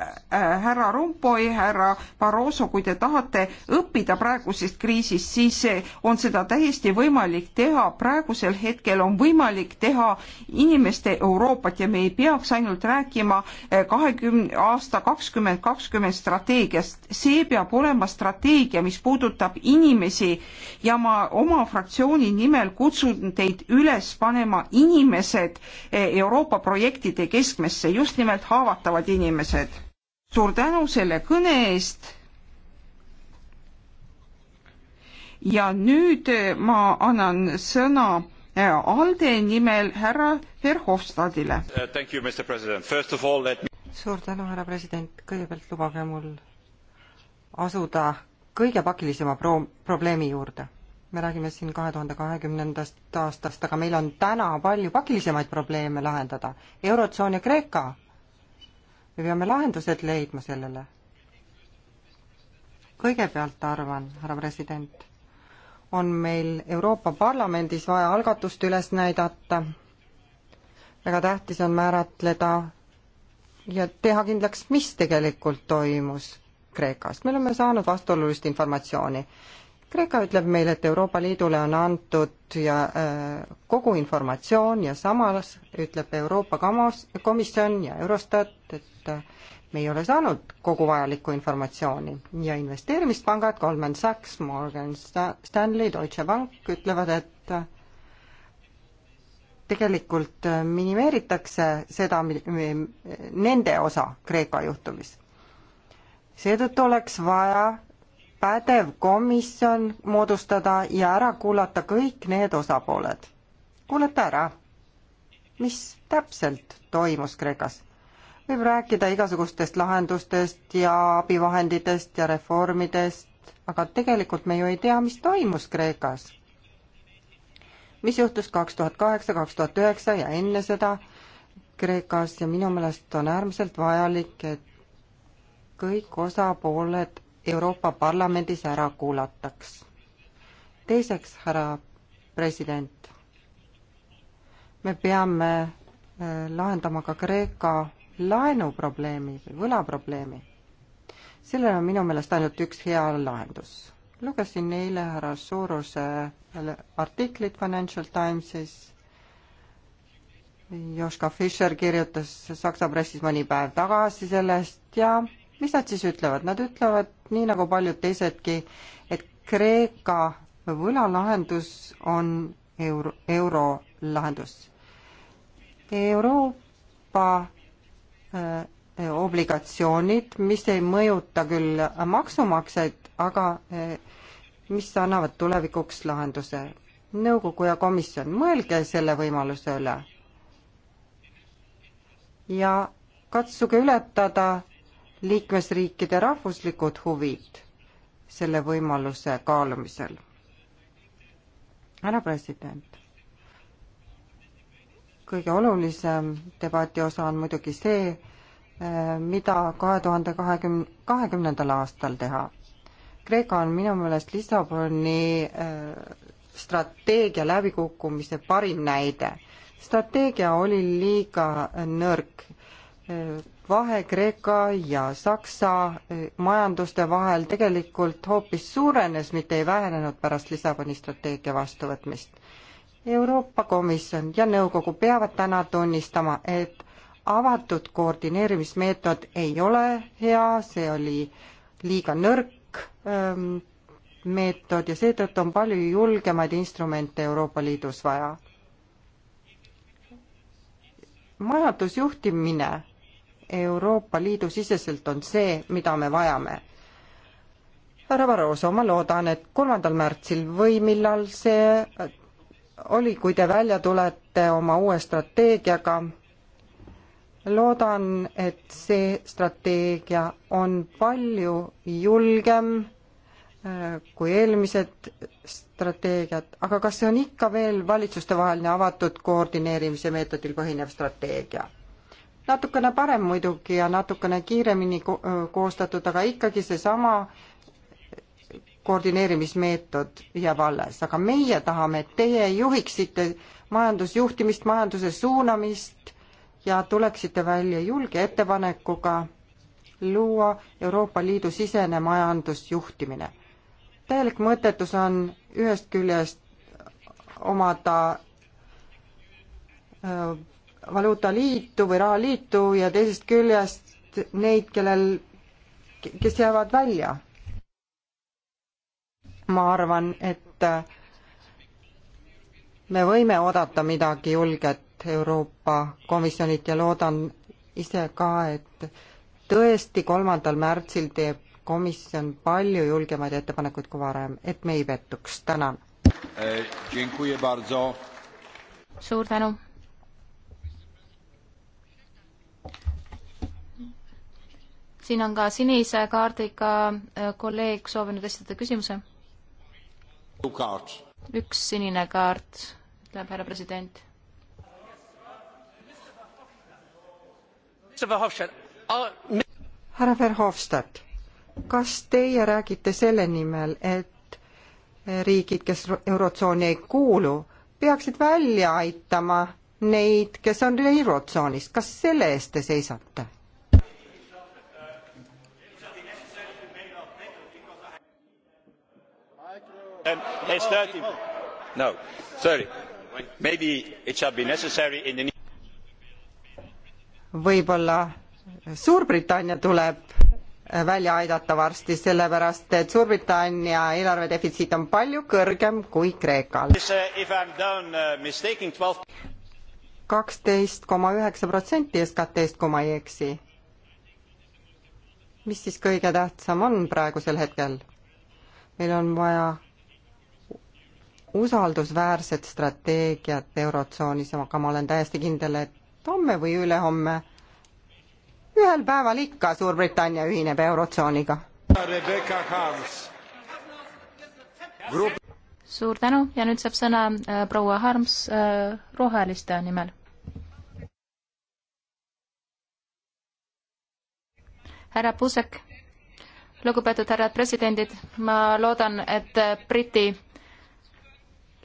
Äh, äh, härra Rumpoi, härra Barroso, kui te tahate õppida praegusest kriisist, siis on seda täiesti võimalik teha. praegusel hetkel on võimalik teha inimeste Euroopat ja me ei peaks ainult rääkima äh, kahekümne aasta kakskümmend kakskümmend strateegiast. see peab olema strateegia, mis puudutab inimesi ja ma oma fraktsiooni nimel kutsun teid üles panema inimesed Euroopa projektide keskmesse, just nimelt haavatavad inimesed suur tänu selle kõne eest. ja nüüd eh, ma annan sõna eh, ALDE nimel härra Verhofstadile. Uh, suur tänu, härra president, kõigepealt lubage mul asuda kõige pakilisema pro-, probleemi juurde. me räägime siin kahe tuhande kahekümnendast aastast, aga meil on täna palju pakilisemaid probleeme lahendada. eurotsoon ja Kreeka me peame lahendused leidma sellele. kõigepealt arvan, härra president, on meil Euroopa Parlamendis vaja algatust üles näidata. väga tähtis on määratleda ja teha kindlaks, mis tegelikult toimus Kreekas. me oleme saanud vastuolulist informatsiooni Kreeka ütleb meile, et Euroopa Liidule on antud ja äh, kogu informatsioon ja samas ütleb Euroopa Kamos-, Komisjon ja Eurostat, et äh, me ei ole saanud kogu vajalikku informatsiooni ja investeerimispangad Goldman Sachs, Morgan Stanley, Deutsche Bank ütlevad, et äh, tegelikult äh, minimeeritakse seda, nende osa Kreeka juhtumis. seetõttu oleks vaja pädev komisjon moodustada ja ära kuulata kõik need osapooled. kuulata ära, mis täpselt toimus Kreekas. võib rääkida igasugustest lahendustest ja abivahenditest ja reformidest, aga tegelikult me ju ei tea, mis toimus Kreekas. mis juhtus kaks tuhat kaheksa, kaks tuhat üheksa ja enne seda Kreekas ja minu meelest on äärmiselt vajalik, et kõik osapooled Euroopa Parlamendis ära kuulataks. teiseks, härra president, me peame äh, lahendama ka Kreeka laenuprobleemi või võlaprobleemi. sellel on minu meelest ainult üks hea lahendus. lugesin eile härra Soorose äh, artiklit Financial Timesis. Joška Fischer kirjutas Saksa pressis mõni päev tagasi sellest ja mis nad siis ütlevad? Nad ütlevad, nii nagu paljud teisedki, et Kreeka võlalahendus on euro, eurolahendus. Euroopa äh, obligatsioonid, mis ei mõjuta küll maksumaksjaid, aga äh, mis annavad tulevikuks lahenduse. nõukogu ja komisjon, mõelge selle võimaluse üle. ja katsuge ületada liikmesriikide rahvuslikud huvid selle võimaluse kaalumisel. härra president, kõige olulisem debati osa on muidugi see, eh, mida kahe tuhande kahekümne, kahekümnendal aastal teha. Kreeka on minu meelest Lissaboni eh, strateegia läbikukkumise parim näide. strateegia oli liiga nõrk eh, vahe Kreeka ja Saksa eh, majanduste vahel tegelikult hoopis suurenes, mitte ei vähenenud pärast Lissaboni strateegia vastuvõtmist. Euroopa Komisjon ja nõukogu peavad täna tunnistama, et avatud koordineerimismeetod ei ole hea, see oli liiga nõrk ähm, meetod ja seetõttu on palju julgemaid instrumente Euroopa Liidus vaja. majandusjuhtimine Euroopa Liidu siseselt on see, mida me vajame. härra Barroso, ma loodan, et kolmandal märtsil või millal see oli, kui te välja tulete oma uue strateegiaga, loodan, et see strateegia on palju julgem äh, kui eelmised strateegiad, aga kas see on ikka veel valitsustevaheline avatud koordineerimise meetodil põhinev strateegia? natukene parem muidugi ja natukene kiiremini ko koostatud, aga ikkagi seesama koordineerimismeetod jääb alles, aga meie tahame, et teie juhiksite majandusjuhtimist, majanduse suunamist ja tuleksite välja julge ettepanekuga luua Euroopa Liidu sisene majandusjuhtimine. täielik mõttetus on ühest küljest omada valuutaliitu või rahaliitu ja teisest küljest neid, kellel, kes jäävad välja. ma arvan, et me võime oodata midagi julget Euroopa Komisjonilt ja loodan ise ka, et tõesti kolmandal märtsil teeb komisjon palju julgemaid ettepanekuid kui varem, et me ei pettuks. tänan. Eh, suur tänu. siin on ka sinise kaardiga äh, kolleeg soovinud esitada küsimuse. üks sinine kaart, ütleb härra president. härra Verhofstadt, kas teie räägite selle nimel, et äh, riigid, kes Eurotsooni ei kuulu, peaksid välja aitama neid, kes on Eurotsoonist, kas selle eest te seisate? um, there's 30. No, sorry. Maybe it shall be necessary in the. võib-olla Suurbritannia tuleb äh, välja aidata varsti, sellepärast et Suurbritannia eelarvedefitsiit on palju kõrgem kui Kreekal. Uh, kaksteist koma üheksa protsenti SKT-st, kui ma ei eksi. mis siis kõige tähtsam on praegusel hetkel? meil on vaja usaldusväärset strateegiat Eurotsoonis, aga ma olen täiesti kindel, et homme või ülehomme ühel päeval ikka Suurbritannia ühineb Eurotsooniga. suur tänu ja nüüd saab sõna äh, proua Harms äh, Roheliste nimel. härra Pusek, lugupeetud härrad presidendid, ma loodan, et äh, Briti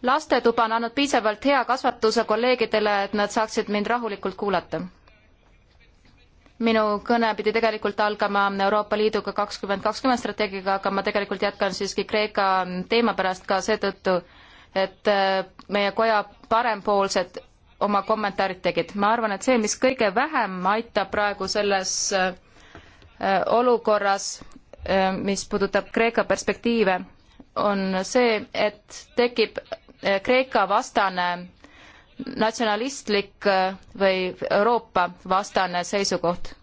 lastetuba on andnud piisavalt hea kasvatuse kolleegidele, et nad saaksid mind rahulikult kuulata. minu kõne pidi tegelikult algama Euroopa Liiduga kakskümmend kakskümmend strateegiaga, aga ma tegelikult jätkan siiski Kreeka teema pärast ka seetõttu, et äh, meie koja parempoolsed oma kommentaarid tegid. ma arvan, et see, mis kõige vähem aitab praegu selles äh, olukorras, äh, mis puudutab Kreeka perspektiive, on see, et tekib Kreeka vastane natsionalistlik äh, või Euroopa vastane seisukoht.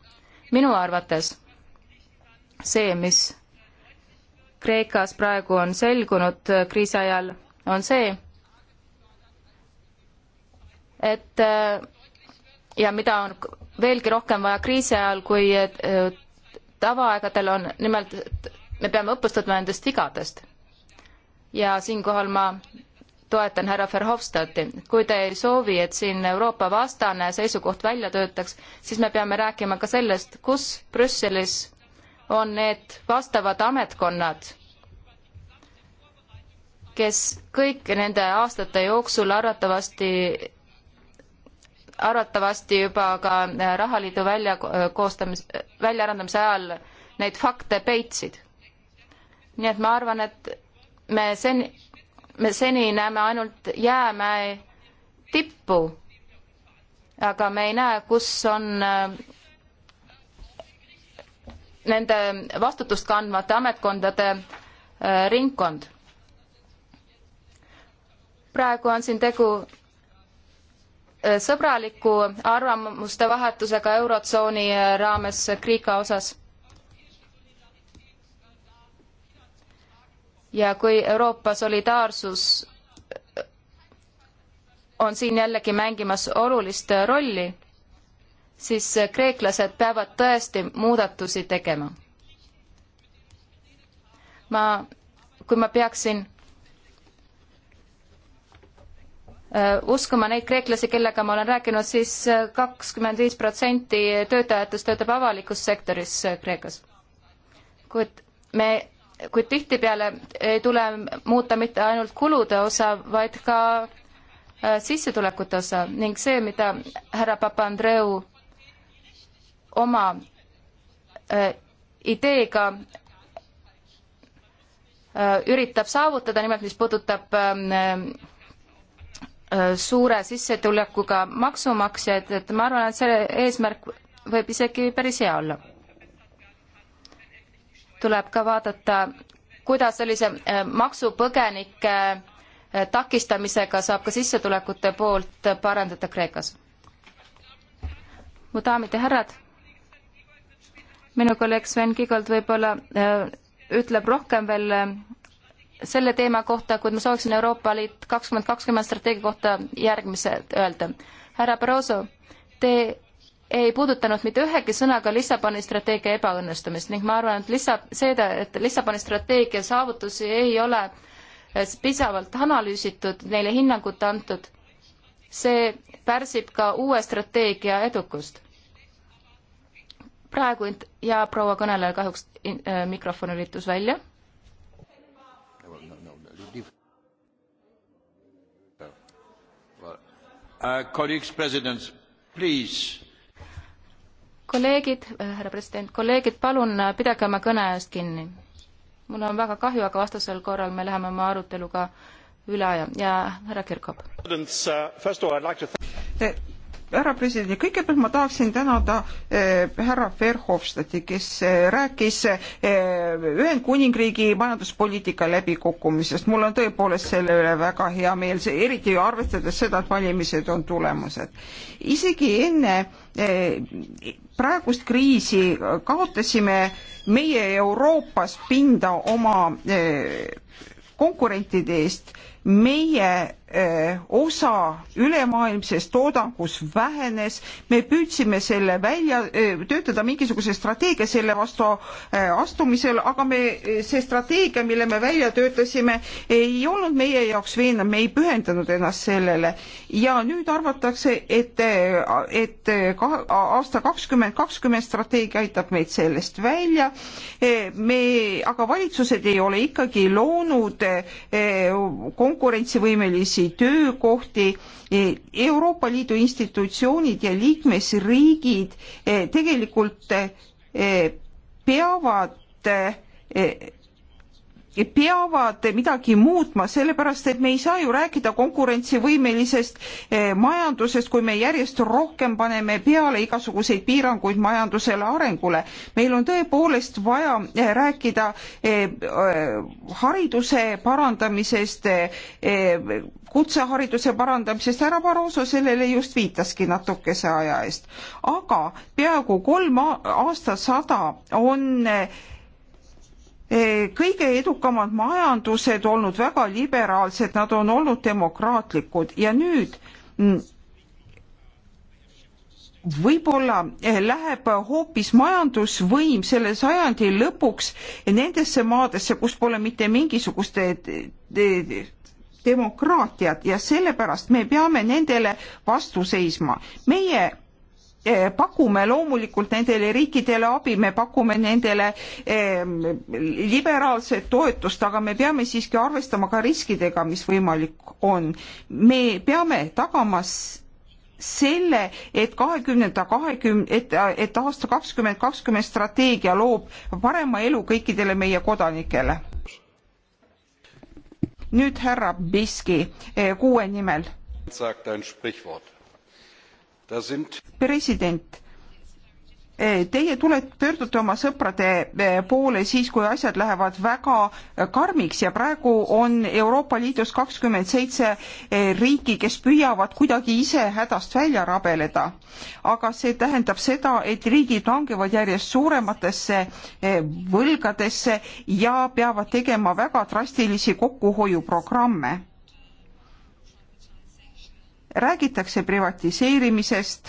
minu arvates see, mis Kreekas praegu on selgunud äh, kriisi ajal, on see, et äh, ja mida on veelgi rohkem vaja kriisi ajal, kui tavaaegadel on, nimelt me peame õppust võtma nendest vigadest. ja siinkohal ma toetan härra Verhofstadti. kui te ei soovi, et siin Euroopa vastane seisukoht välja töötaks, siis me peame rääkima ka sellest, kus Brüsselis on need vastavad ametkonnad, kes kõik nende aastate jooksul arvatavasti arvatavasti juba ka Rahaliidu välja koostamise, väljaarendamise ajal neid fakte peitsid. nii et ma arvan, et me seni, me seni näeme ainult jäämäe tippu, aga me ei näe, kus on äh, nende vastutust kandvate ametkondade äh, ringkond. praegu on siin tegu äh, sõbraliku arvamuste vahetusega Eurotsooni raames Kreeka osas ja kui Euroopa solidaarsus on siin jällegi mängimas olulist rolli, siis kreeklased peavad tõesti muudatusi tegema. ma, kui ma peaksin äh, uskuma neid kreeklasi, kellega ma olen rääkinud, siis äh, kakskümmend viis protsenti töötajatest töötab avalikus sektoris äh, Kreekas. kuid me kuid tihtipeale ei tule muuta mitte ainult kulude osa, vaid ka äh, sissetulekute osa ning see, mida härra Papandreou oma äh, ideega äh, üritab saavutada, nimelt mis puudutab ähm, suure sissetulekuga maksumaksjaid, et ma arvan, et see eesmärk võib isegi päris hea olla tuleb ka vaadata, kuidas sellise eh, maksupõgenike eh, takistamisega saab ka sissetulekute poolt parandada Kreekas. mu daamid ja härrad, minu kolleeg Sven Kigold võib-olla eh, ütleb rohkem veel selle teema kohta, kuid ma sooviksin Euroopa Liit kakskümmend kakskümmend strateegia kohta järgmised öelda. härra Barroso, te ei puudutanud mitte ühegi sõnaga Lissaboni strateegia ebaõnnestumist ning ma arvan, et Lissa-, seda, et Lissaboni strateegia saavutusi ei ole eh, piisavalt analüüsitud, neile hinnangut antud, see pärsib ka uue strateegia edukust. praegu int-, ja proua kõneleja kahjuks in-, äh, eh, mikrofon lülitus välja Uh, colleagues presidents please kolleegid, härra president, kolleegid, palun äh, pidage oma kõne eest kinni. mul on väga kahju, aga vastasel korral me läheme oma aruteluga üle aja ja härra Kirkop härra president, kõigepealt ma tahaksin tänada eh, härra Verhofstadti, kes eh, rääkis eh, Ühendkuningriigi majanduspoliitika läbikukkumisest. mul on tõepoolest selle üle väga hea meel, eriti arvestades seda, et valimised on tulemused. isegi enne praegust kriisi kaotasime meie Euroopas pinda oma konkurentide eest. meie Eh, osa ülemaailmses toodangus vähenes, me püüdsime selle välja, eh, töötada mingisuguse strateegia selle vastu eh, astumisel, aga me, see strateegia, mille me välja töötasime, ei olnud meie jaoks veenev, me ei pühendanud ennast sellele. ja nüüd arvatakse, et, et ka, aasta kakskümmend kakskümmend strateegia aitab meid sellest välja. me, aga valitsused ei ole ikkagi loonud konkurentsivõimelisi uusi töökohti. Euroopa Liidu institutsioonid ja liikmesriigid eh, tegelikult eh, peavad eh, peavad midagi muutma, sellepärast et me ei saa ju rääkida konkurentsivõimelisest eh, majandusest, kui me järjest rohkem paneme peale igasuguseid piiranguid majandusele arengule. meil on tõepoolest vaja eh, rääkida eh, hariduse parandamisest, kutsehariduse parandamisest, härra Barroso sellele just viitaski natukese aja eest. aga peaaegu kolm aastasada on Eh, kõige edukamad majandused olnud väga liberaalsed, nad on olnud demokraatlikud ja nüüd mm, võib-olla eh, läheb hoopis majandusvõim selle sajandi lõpuks nendesse maadesse, kus pole mitte mingisugust eh, demokraatiat ja sellepärast me peame nendele vastu seisma. meie Eh, pakume loomulikult nendele riikidele abi, me pakume nendele eh, liberaalset toetust, aga me peame siiski arvestama ka riskidega, mis võimalik on. me peame tagama selle, et kahekümnenda kahekümne, et, et aasta kakskümmend kakskümmend strateegia loob parema elu kõikidele meie kodanikele. nüüd härra Biski eh, kuue nimel. sagt ein sprichwort president, eh, teie tulete, pöördute oma sõprade eh, poole siis, kui asjad lähevad väga eh, karmiks ja praegu on Euroopa Liidus kakskümmend seitse riiki, kes püüavad kuidagi ise hädast välja rabeleda. aga see tähendab seda, et riigid langevad järjest suurematesse võlgadesse ja peavad tegema väga drastilisi kokkuhoiuprogramme räägitakse privatiseerimisest.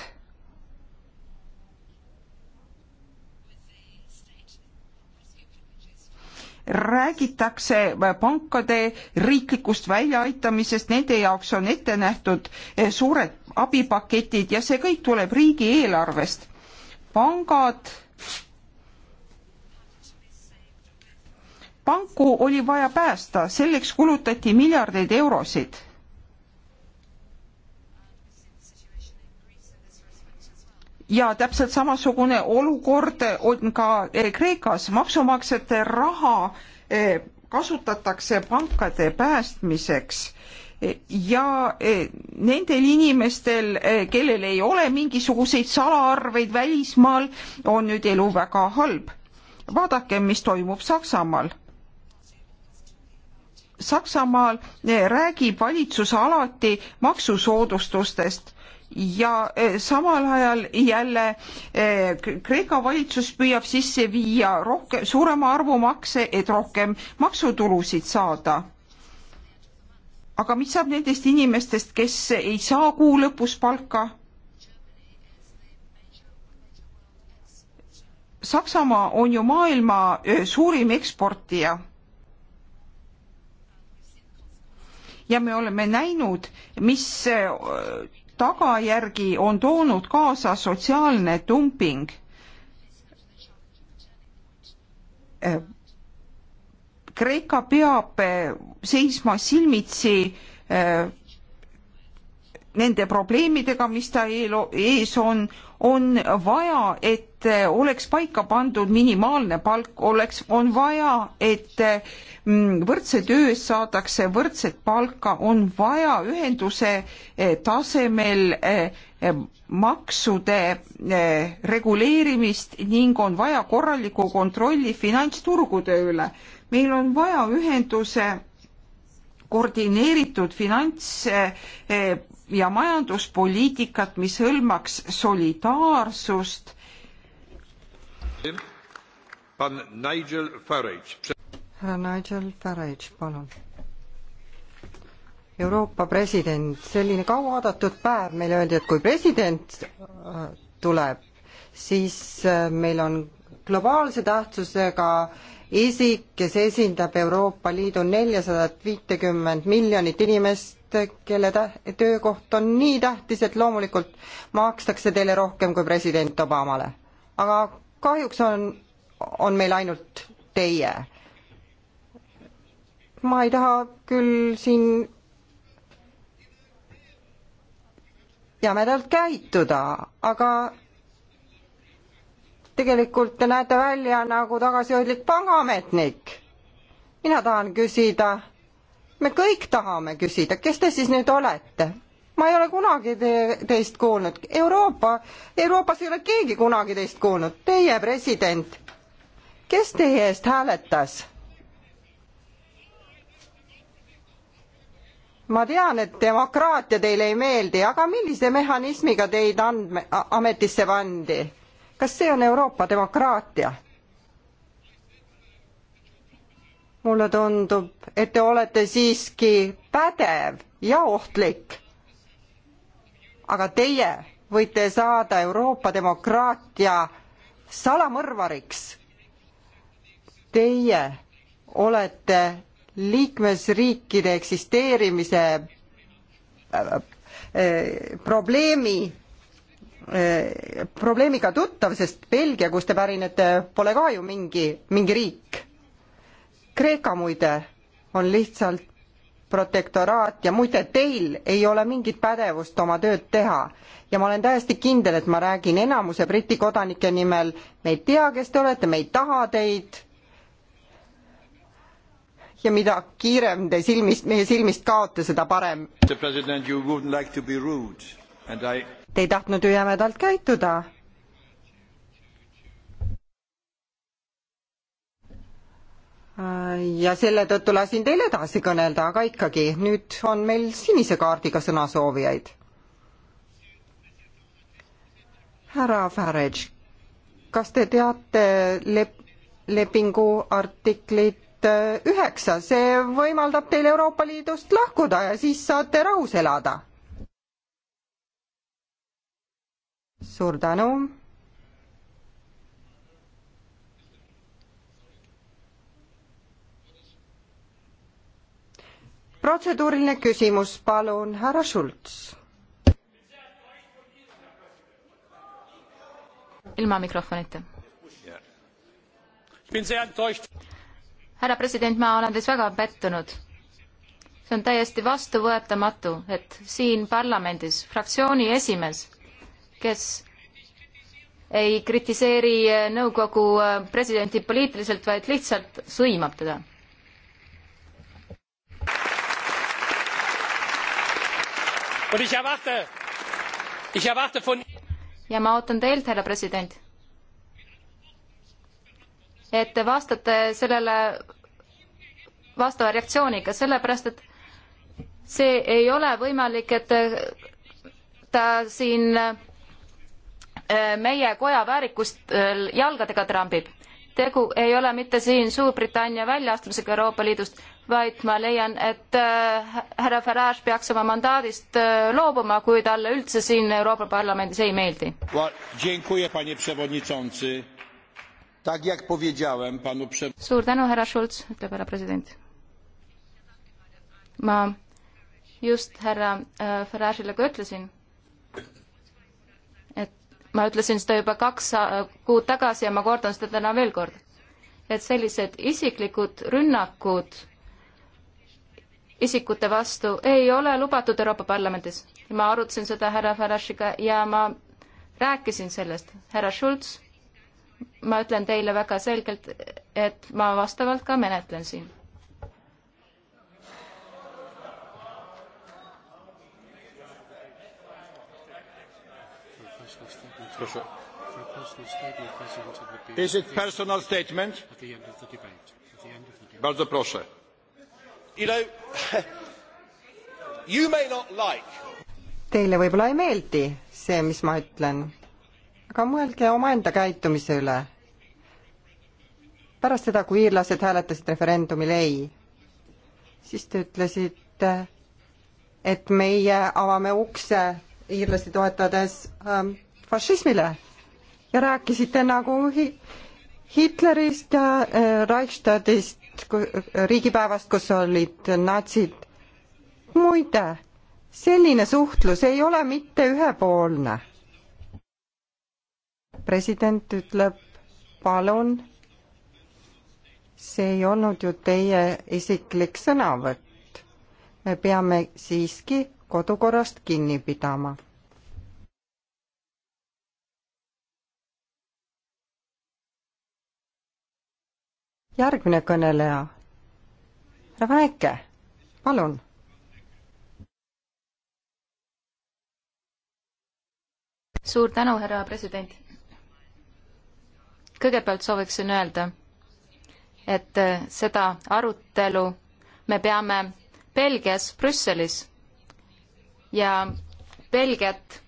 räägitakse pankade riiklikust väljaaitamisest, nende jaoks on ette nähtud eh, suured abipaketid ja see kõik tuleb riigieelarvest. pangad panku oli vaja päästa, selleks kulutati miljardeid eurosid ja täpselt samasugune olukord on ka eh, Kreekas, maksumaksjate raha eh, kasutatakse pankade päästmiseks eh, ja nendel inimestel, kellel ei ole mingisuguseid salaarveid välismaal, on nüüd elu väga halb. vaadake, mis toimub Saksamaal. Saksamaal räägib valitsus alati maksusoodustustest ja eh, samal ajal jälle eh, Kreeka valitsus püüab sisse viia rohkem, suurema arvu makse, et rohkem maksutulusid saada. aga mis saab nendest inimestest, kes ei saa kuu lõpus palka? Saksamaa on ju maailma eh, suurim eksportija ja me oleme näinud, mis tagajärgi on toonud kaasa sotsiaalne dumping. Kreeka peab eh, seisma silmitsi eh, nende probleemidega, mis ta ees on, on vaja, et eh, oleks paika pandud minimaalne palk, oleks, on vaja, et Mm, võrdse töö eest saadakse võrdset palka, on vaja ühenduse eh, tasemel eh, eh, maksude reguleerimist ning on vaja korralikku kontrolli finantsturgude üle. meil on vaja ühenduse koordineeritud finants ja majanduspoliitikat, mis hõlmaks solidaarsust. Pan Nigel Farage härra Nigel Farage, palun. Euroopa president, selline kauaoodatud päev, meile öeldi, et kui president äh, tuleb, siis äh, meil on globaalse tähtsusega isik, kes esindab Euroopa Liidu neljasadat viitekümmet miljonit inimest, kelle täht-, töökoht on nii tähtis, et loomulikult makstakse teile rohkem kui president Obamale. aga kahjuks on, on meil ainult teie ma ei taha küll siin jämedalt käituda, aga tegelikult te näete välja nagu tagasihoidlik pangaametnik. mina tahan küsida, me kõik tahame küsida, kes te siis nüüd olete? ma ei ole kunagi te, teist kuulnud, Euroopa, Euroopas ei ole keegi kunagi teist kuulnud, teie president, kes teie eest hääletas? ma tean, et demokraatia teile ei meeldi, aga millise mehhanismiga teid andme, ametisse pandi? kas see on Euroopa demokraatia? mulle tundub, et te olete siiski pädev ja ohtlik. aga teie võite saada Euroopa demokraatia salamõrvariks. Teie olete liikmesriikide eksisteerimise äh, äh, probleemi äh, probleemiga tuttav, sest Belgia, kust te pärinete, pole ka ju mingi, mingi riik. Kreeka muide on lihtsalt protektoraat ja muide, teil ei ole mingit pädevust oma tööd teha. ja ma olen täiesti kindel, et ma räägin enamuse Briti kodanike nimel, me ei tea, kes te olete, me ei taha teid, ja mida kiirem te silmist, meie silmist kaote, seda parem. Like I... Te ei tahtnud ju jämedalt käituda. Äh, ja selle tõttu lasin teil edasi kõnelda, aga ikkagi, nüüd on meil sinise kaardiga sõnasoovijaid. härra Farage, kas te teate lep-, lepingu artiklit Äh, üheksa, see võimaldab teil Euroopa Liidust lahkuda ja siis saate rahus elada. suur tänu. protseduuriline küsimus, palun, härra Schultz. ilma mikrofonita härra president, ma olen teis väga pettunud. see on täiesti vastuvõetamatu, et siin parlamendis fraktsiooni esimees, kes ei kritiseeri nõukogu äh, presidenti poliitiliselt, vaid lihtsalt sõimab teda ja ma ootan teilt härra president et te vastate sellele vastava reaktsiooniga, sellepärast et see ei ole võimalik, et ta siin äh, meie koja väärikust äh, jalgadega trambib. tegu ei ole mitte siin Suurbritannia väljaastumisega Euroopa Liidust, vaid ma leian, et äh, härra Farage peaks oma mandaadist loobuma, kui talle üldse siin Euroopa Parlamendis ei meeldi. Tak jak powiedziałem panu prze... Suur tänu, härra Schulz, ütleb härra president. ma just härra äh, Farage'ile ka ütlesin, et ma ütlesin seda juba kaks äh, kuud tagasi ja ma kordan seda täna veel kord, et sellised isiklikud rünnakud isikute vastu ei ole lubatud Euroopa Parlamendis. ma arutasin seda härra Farage'iga ja ma rääkisin sellest. härra Schulz ma ütlen teile väga selgelt, et ma vastavalt ka menetlen siin. Is it personal statement? Bardzo proszę. You know, you may not like. Teile võib-olla ei meeldi see, mis ma ütlen aga mõelge omaenda käitumise üle. pärast seda, kui iirlased hääletasid referendumil ei, siis te ütlesite, et meie avame ukse iirlasi toetades ähm, fašismile ja rääkisite nagu hi Hitlerist ja äh, Reichstadist, äh, riigipäevast, kus olid natsid. muide, selline suhtlus ei ole mitte ühepoolne president ütleb, palun, see ei olnud ju teie isiklik sõnavõtt. me peame siiski kodukorrast kinni pidama. järgmine kõneleja, härra Väike, palun suur tänu, härra president kõigepealt sooviksin öelda, et äh, seda arutelu me peame Belgias, Brüsselis ja Belgiat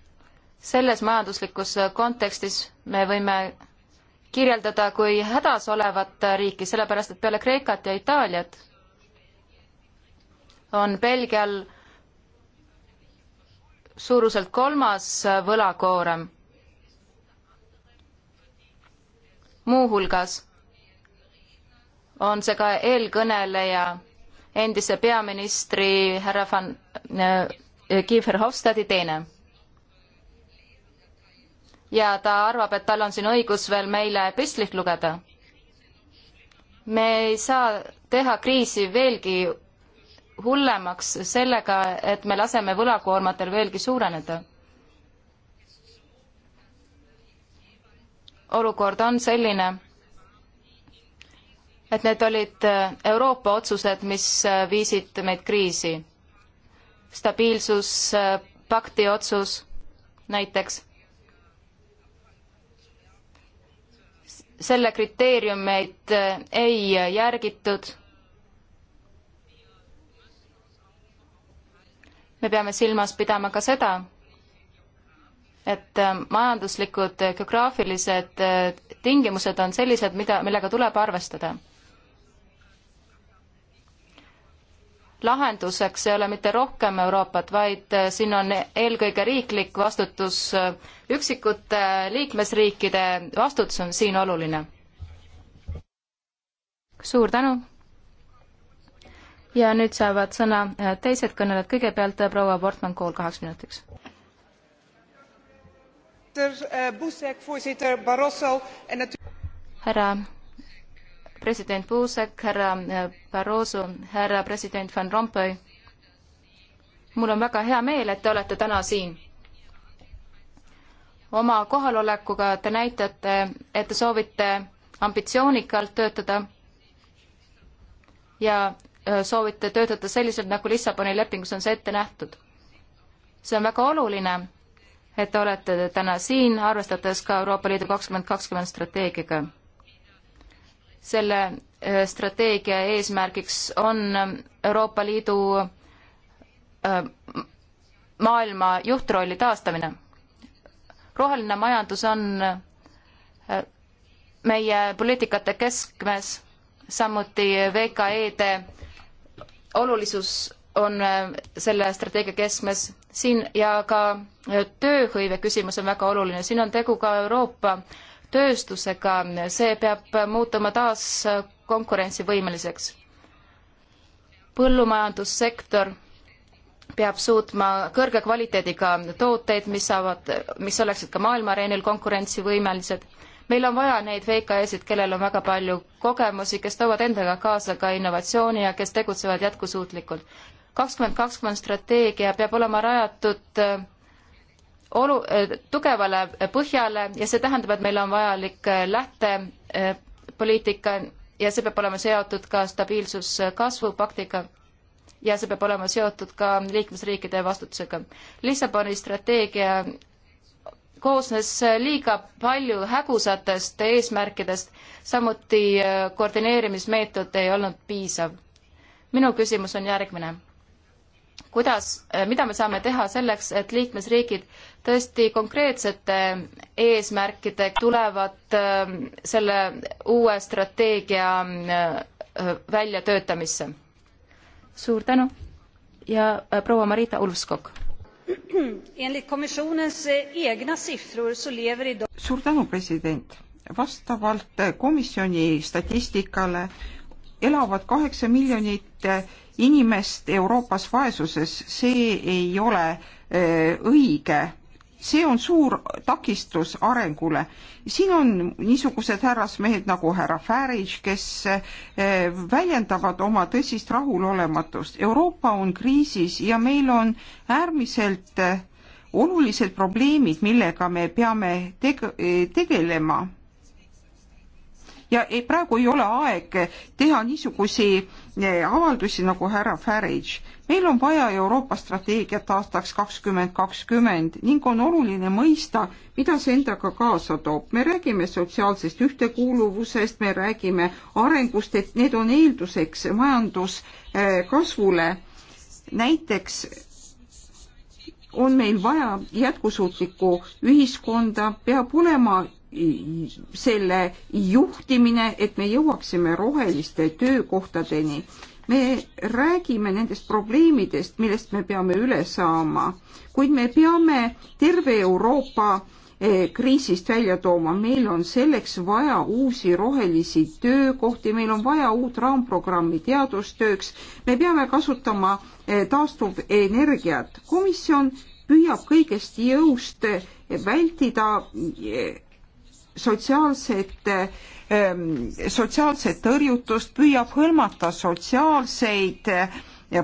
selles majanduslikus äh, kontekstis me võime kirjeldada kui hädas olevat äh, riiki, sellepärast et peale Kreekat ja Itaaliat on Belgial suuruselt kolmas võlakoorem muuhulgas on see ka eelkõneleja, endise peaministri härra van äh, Kiefer Hofstadi teine. ja ta arvab, et tal on siin õigus veel meile püstlik lugeda. me ei saa teha kriisi veelgi hullemaks sellega, et me laseme võlakoormatel veelgi suureneda olukord on selline, et need olid äh, Euroopa otsused, mis äh, viisid meid kriisi. stabiilsuspakti äh, otsus näiteks. selle kriteeriumeid ei järgitud. me peame silmas pidama ka seda et äh, majanduslikud äh, geograafilised äh, tingimused on sellised, mida, millega tuleb arvestada. lahenduseks ei ole mitte rohkem Euroopat, vaid siin on eelkõige riiklik vastutus, üksikute liikmesriikide vastutus on siin oluline. suur tänu! ja nüüd saavad sõna teised kõnelejad, kõigepealt proua Portman-Kool kaheks minutiks härra eh, president Buzek, härra eh, Barroso, härra president Van Rompuy. mul on väga hea meel, et te olete täna siin. oma kohalolekuga te näitate, et te soovite ambitsioonikalt töötada ja eh, soovite töötada selliselt, nagu Lissaboni lepingus on see ette nähtud. see on väga oluline et te olete täna siin, arvestades ka Euroopa Liidu kakskümmend kakskümmend strateegiaga. selle äh, strateegia eesmärgiks on Euroopa Liidu äh, maailma juhtrolli taastamine. roheline majandus on äh, meie poliitikate keskmes, samuti VKE-de olulisus on selle strateegia keskmes siin ja ka äh, tööhõive küsimus on väga oluline, siin on tegu ka Euroopa tööstusega, see peab muutuma taas äh, konkurentsivõimeliseks. põllumajandussektor peab suutma kõrge kvaliteediga tooteid, mis saavad, mis oleksid ka maailma areenil konkurentsivõimelised. meil on vaja neid VKE-sid, kellel on väga palju kogemusi, kes toovad endaga kaasa ka innovatsiooni ja kes tegutsevad jätkusuutlikult kakskümmend kakskümmend strateegia peab olema rajatud äh, olu-, äh, tugevale põhjale ja see tähendab, et meil on vajalik äh, lähtepoliitika ja see peab olema seotud ka stabiilsuskasvu paktiga ja see peab olema seotud ka liikmesriikide vastutusega. Lissaboni strateegia koosnes liiga palju hägusatest eesmärkidest, samuti koordineerimismeetod ei olnud piisav. minu küsimus on järgmine kuidas, mida me saame teha selleks, et liikmesriigid tõesti konkreetsete eesmärkide tulevad ähm, selle uue strateegia äh, väljatöötamisse? suur tänu ja äh, proua Marita Ulfskog. Eh, suur tänu, president. vastavalt äh, komisjoni statistikale elavad kaheksa miljonit inimest Euroopas vaesuses, see ei ole õige see on suur takistus arengule. siin on niisugused härrasmehed nagu härra Farage, kes väljendavad oma tõsist rahulolematust. Euroopa on kriisis ja meil on äärmiselt olulised probleemid, millega me peame teg-, tegelema. ja ei, praegu ei ole aeg teha niisuguseid avaldusi nagu härra Farage. meil on vaja Euroopa strateegiat aastaks kakskümmend kakskümmend ning on oluline mõista, mida see endaga kaasa toob. me räägime sotsiaalsest ühtekuuluvusest, me räägime arengust, et need on eelduseks majanduskasvule. näiteks on meil vaja jätkusuutlikku ühiskonda, peab olema selle juhtimine, et me jõuaksime roheliste töökohtadeni. me räägime nendest probleemidest, millest me peame üle saama, kuid me peame terve Euroopa eh, kriisist välja tooma, meil on selleks vaja uusi rohelisi töökohti, meil on vaja uut raamprogrammi teadustööks, me peame kasutama eh, taastuvenergiat. komisjon püüab kõigest jõust vältida eh, sotsiaalset, ähm, sotsiaalset tõrjutust, püüab hõlmata sotsiaalseid äh,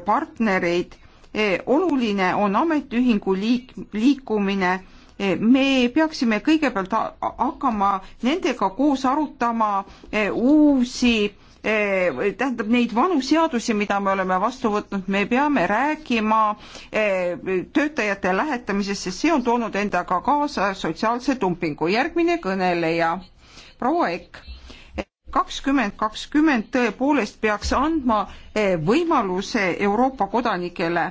partnereid. Äh, oluline on ametiühingu liik-, liikumine äh, me peaksime kõigepealt hakkama nendega koos arutama uusi Eh, tähendab neid vanu seadusi, mida me oleme vastu võtnud, me peame rääkima eh, töötajate lähetamisest, sest see on toonud endaga kaasa sotsiaalse dumpingu. järgmine kõneleja, proua Ekk kakskümmend kakskümmend tõepoolest peaks andma eh, võimaluse Euroopa kodanikele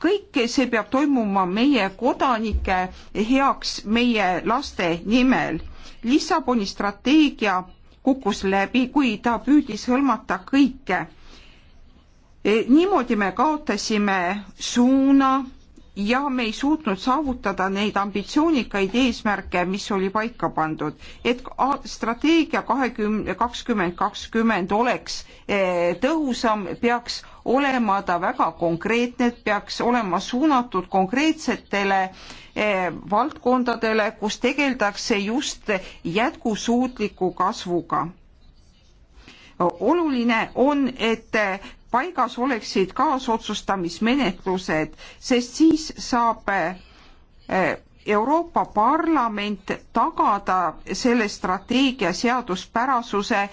kõik see peab toimuma meie kodanike heaks, meie laste nimel Lissaboni strateegia kukkus läbi, kui ta püüdis hõlmata kõike. E, niimoodi me kaotasime suuna ja me ei suutnud saavutada neid ambitsioonikaid eesmärke, mis oli paika pandud, et strateegia kahekümne, kakskümmend kakskümmend oleks e, tõhusam, peaks olema ta väga konkreetne, peaks olema suunatud konkreetsetele eh, valdkondadele, kus tegeldakse just jätkusuutliku kasvuga. oluline on, et paigas oleksid kaasotsustamismenetlused, sest siis saab eh, Euroopa Parlament tagada selle strateegia seaduspärasuse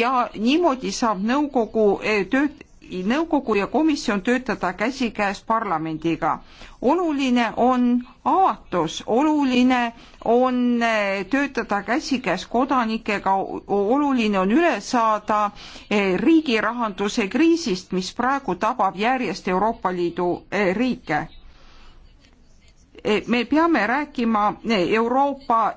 ja niimoodi saab nõukogu eh, tööd nõukogu ja komisjon töötada käsikäes parlamendiga. oluline on avatus, oluline on eh, töötada käsikäes kodanikega, oluline on üle saada eh, riigi rahanduse kriisist, mis praegu tabab järjest Euroopa Liidu eh, riike me peame rääkima Euroopa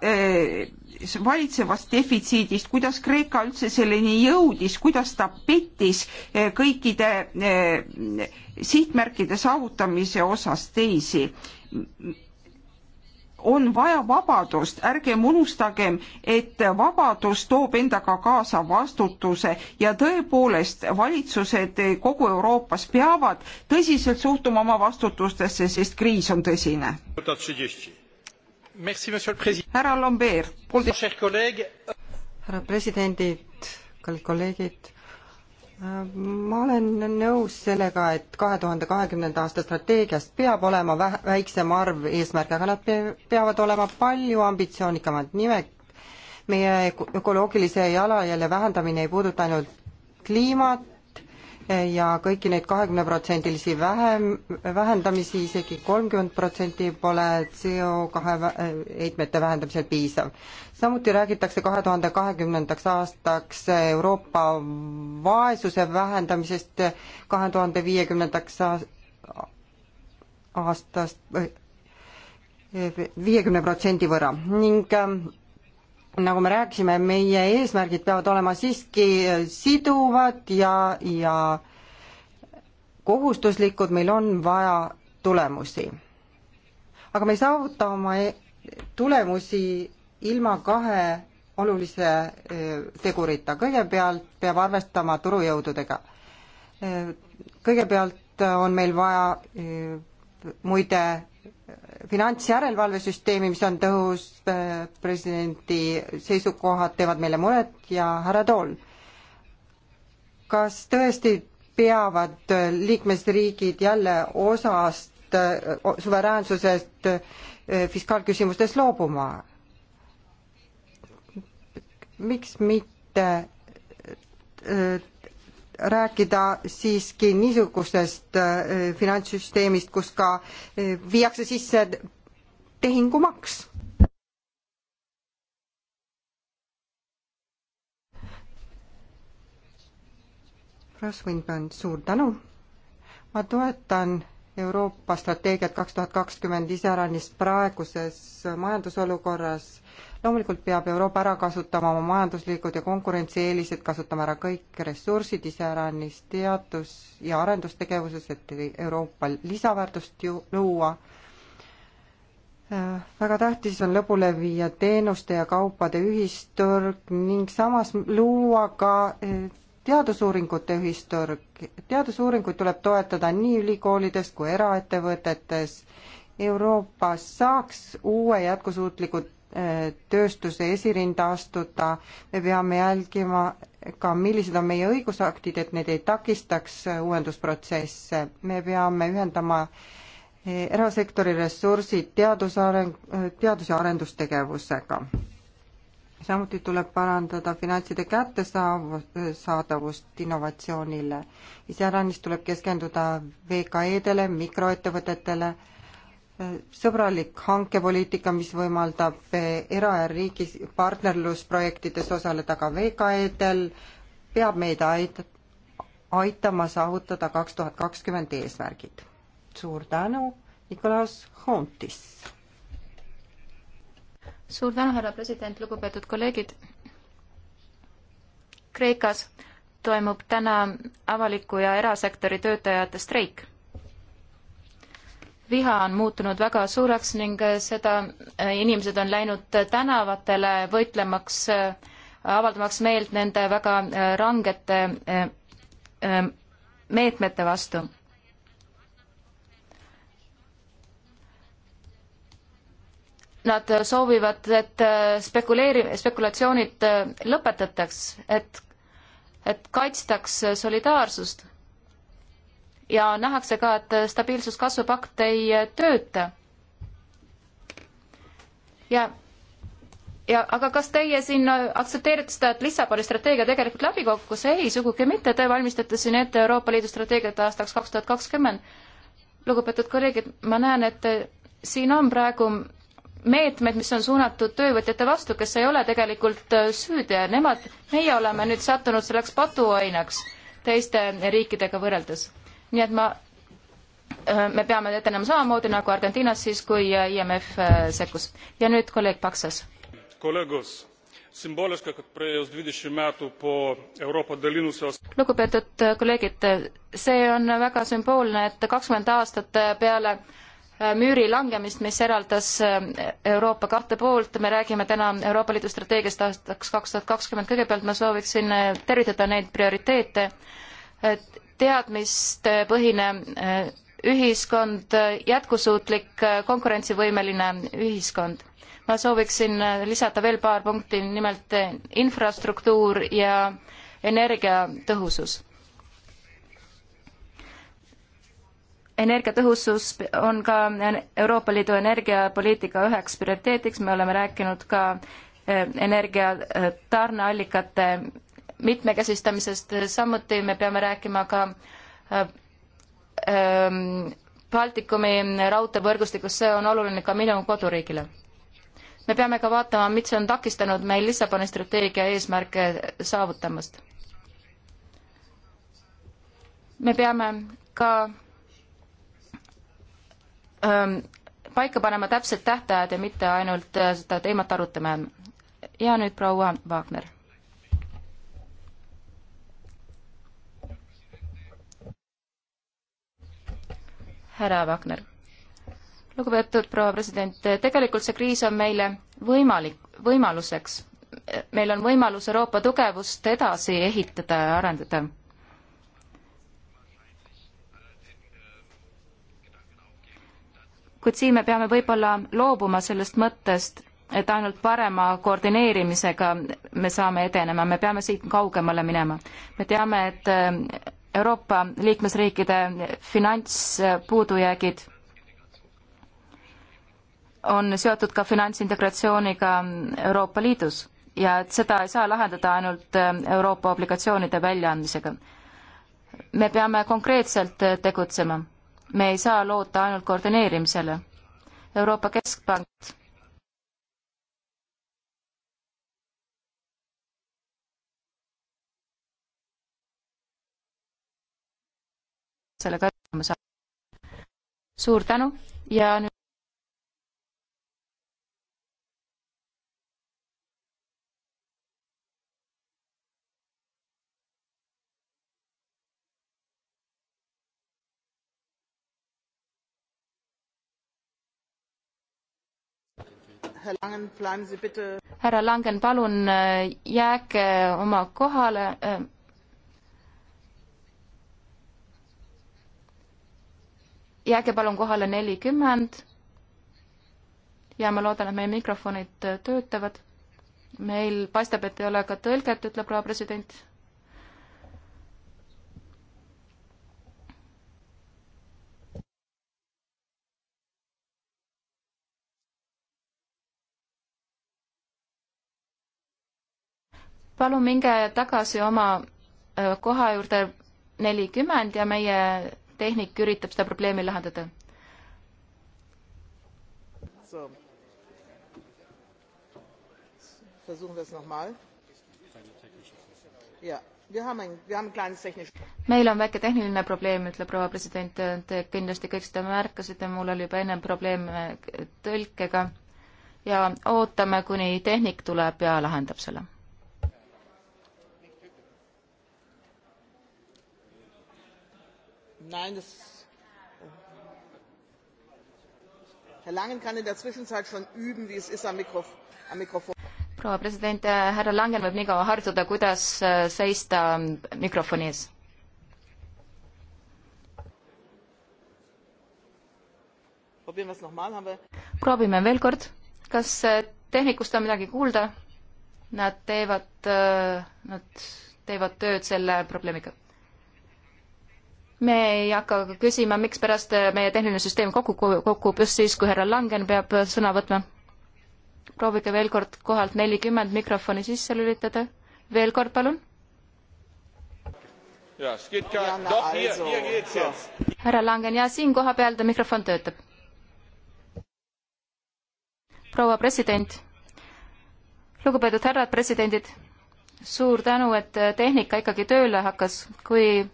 valitsevast defitsiidist, kuidas Kreeka üldse selleni jõudis, kuidas ta pettis eh, kõikide eh, sihtmärkide saavutamise osas teisi. on vaja vabadust, ärgem unustagem, et vabadus toob endaga kaasa vastutuse ja tõepoolest valitsused kogu Euroopas peavad tõsiselt suhtuma oma vastutustesse, sest kriis on tõsine härra Lambert, poolteist. härra presidendid, kallid kolleegid ma olen nõus sellega, et kahe tuhande kahekümnenda aasta strateegiast peab olema vähe, väiksem arv eesmärke, aga nad peavad olema palju ambitsioonikamad. nimelt meie ökoloogilise jalajälje vähendamine ei puuduta ainult kliimat, ja kõiki neid kahekümneprotsendilisi vähem, vähendamisi isegi kolmkümmend protsenti pole CO2 heitmete vähendamisel piisav. samuti räägitakse kahe tuhande kahekümnendaks aastaks Euroopa vaesuse vähendamisest kahe tuhande viiekümnendaks aastast eh, viiekümne protsendi võrra ning nagu me rääkisime, meie eesmärgid peavad olema siiski äh, siduvad ja, ja kohustuslikud, meil on vaja tulemusi. aga me ei saavuta oma e tulemusi ilma kahe olulise äh, tegurita, kõigepealt peab arvestama turujõududega. Äh, kõigepealt on meil vaja muide finantsjärelevalvesüsteemi, mis on tõhus, äh, presidendi seisukohad teevad meile muret ja härra Tool, kas tõesti peavad äh, liikmesriigid jälle osast äh, suveräänsusest fiskaalküsimustes loobuma? miks mitte rääkida siiski niisugusest äh, finantssüsteemist, kus ka äh, viiakse sisse tehingumaks. Rasvin, suur tänu. ma toetan Euroopa strateegiat kaks tuhat kakskümmend iseäranis praeguses majandusolukorras. loomulikult peab Euroopa ära kasutama oma majanduslikud ja konkurentsieelised, kasutama ära kõik ressursid iseäranis teadus- ja arendustegevuses, et Euroopal lisaväärtust ju luua väga tähtis on lõpule viia teenuste ja kaupade ühisturg ning samas luua ka teadusuuringute ühisturg, teadusuuringuid tuleb toetada nii ülikoolides kui eraettevõtetes. Euroopas saaks uue jätkusuutliku eh, tööstuse esirinda astuda, me peame jälgima ka, millised on meie õigusaktid, et need ei takistaks uuendusprotsesse. me peame ühendama eh, erasektori ressursid teadusareng, teadus- ja arendustegevusega samuti tuleb parandada finantside kättesaadavust innovatsioonile. iseäranis tuleb keskenduda VKE-dele, mikroettevõtetele, sõbralik hankepoliitika, mis võimaldab era- ja riigi partnerlusprojektides osaleda ka VKE-del, peab meid aid-, aitama saavutada kaks tuhat kakskümmend eesmärgid. suur tänu, Nikolaus Hontis! suur tänu, härra president, lugupeetud kolleegid. Kreekas toimub täna avaliku ja erasektori töötajate streik. viha on muutunud väga suureks ning seda inimesed on läinud tänavatele võitlemaks, avaldamaks meelt nende väga rangete eh, eh, meetmete vastu nad soovivad, et äh, spekuleeri-, spekulatsioonid äh, lõpetataks, et, et kaitstaks äh, solidaarsust. ja nähakse ka, et stabiilsuskasvupakt ei tööta. ja, ja aga kas teie siin aktsepteerite seda, et Lissaboni strateegia tegelikult läbi kukkus? ei, sugugi mitte, te valmistate siin ette Euroopa Liidu strateegiat aastaks kaks tuhat kakskümmend. lugupeetud kolleegid, ma näen, et siin on praegu meetmed, mis on suunatud töövõtjate vastu, kes ei ole tegelikult äh, süüdi ja nemad, meie oleme nüüd sattunud selleks patuoinaks teiste riikidega võrreldes. nii et ma, äh, me peame etenema samamoodi nagu Argentiinas siis, kui äh, IMF sekkus. ja nüüd kolleeg Paksas. kolleegos, simboliška, et praegust viideši metu po Euroopa dalinusios. lugupeetud kolleegid, see on väga sümboolne, et kakskümmend aastat peale äh, Äh, müüri langemist, mis eraldas äh, Euroopa kahte poolt, me räägime täna Euroopa Liidu strateegiast aastaks kaks tuhat kakskümmend, kõigepealt ma sooviksin äh, tervitada neid prioriteete, teadmistepõhine ühiskond, jätkusuutlik konkurentsivõimeline ühiskond. ma sooviksin lisada veel paar punkti, nimelt infrastruktuur ja energiatõhusus energiatõhusus on ka Euroopa Liidu energiapoliitika üheks prioriteetiks, me oleme rääkinud ka e, energia e, tarneallikate mitmekesistamisest, samuti me peame rääkima ka e, Baltikumi raudteevõrgustikust, see on oluline ka minu koduriigile. me peame ka vaatama, mis on takistanud meil Lissaboni strateegia eesmärke saavutamast. me peame ka Ähm, paika panema täpsed tähtajad ja mitte ainult äh, seda teemat arutame. ja nüüd proua Wagner. härra Wagner. lugupeetud proua president, tegelikult see kriis on meile võimalik, võimaluseks. meil on võimalus Euroopa tugevust edasi ehitada ja arendada kuid siin me peame võib-olla loobuma sellest mõttest, et ainult parema koordineerimisega me saame edenema, me peame siit kaugemale minema. me teame, et äh, Euroopa liikmesriikide finantspuudujäägid on seotud ka finantsintegratsiooniga Euroopa Liidus ja et seda ei saa lahendada ainult äh, Euroopa obligatsioonide väljaandmisega. me peame konkreetselt äh, tegutsema me ei saa loota ainult koordineerimisele. Euroopa Keskpank sellega hakkama saada. suur tänu ja nüüd härra Langen, palun äh, jääge oma kohale. Äh, jääge palun kohale nelikümmend. ja ma loodan, et meie mikrofonid töötavad. meil paistab, et ei ole ka tõlget, ütleb proua president palun minge tagasi oma äh, koha juurde nelikümmend ja meie tehnik üritab seda probleemi lahendada. meil on väike tehniline probleem, ütleb proua president, te kindlasti kõik seda märkasite, mul oli juba ennem probleeme tõlkega ja ootame, kuni tehnik tuleb ja lahendab selle Nein, das. Herr Langen kann in der Zwischenzeit schon üben, wie es ist am, Mikrof am Mikrofon. proua president, äh, härra Langen võib nii kaua harjutada, kuidas äh, seista ähm, mikrofoni ees proovime veel kord. kas äh, tehnikust on midagi kuulda? Nad teevad, nad teevad tööd selle probleemiga me ei hakka küsima, mikspärast meie tehniline süsteem kokku kukub just siis, kui härra Langen peab sõna võtma. proovige veel kord kohalt nelikümmend mikrofoni sisse lülitada. veel kord, palun. härra Langen ja siin kohapeal ta mikrofon töötab. proua president, lugupeetud härrad presidendid, suur tänu, et tehnika ikkagi tööle hakkas, kui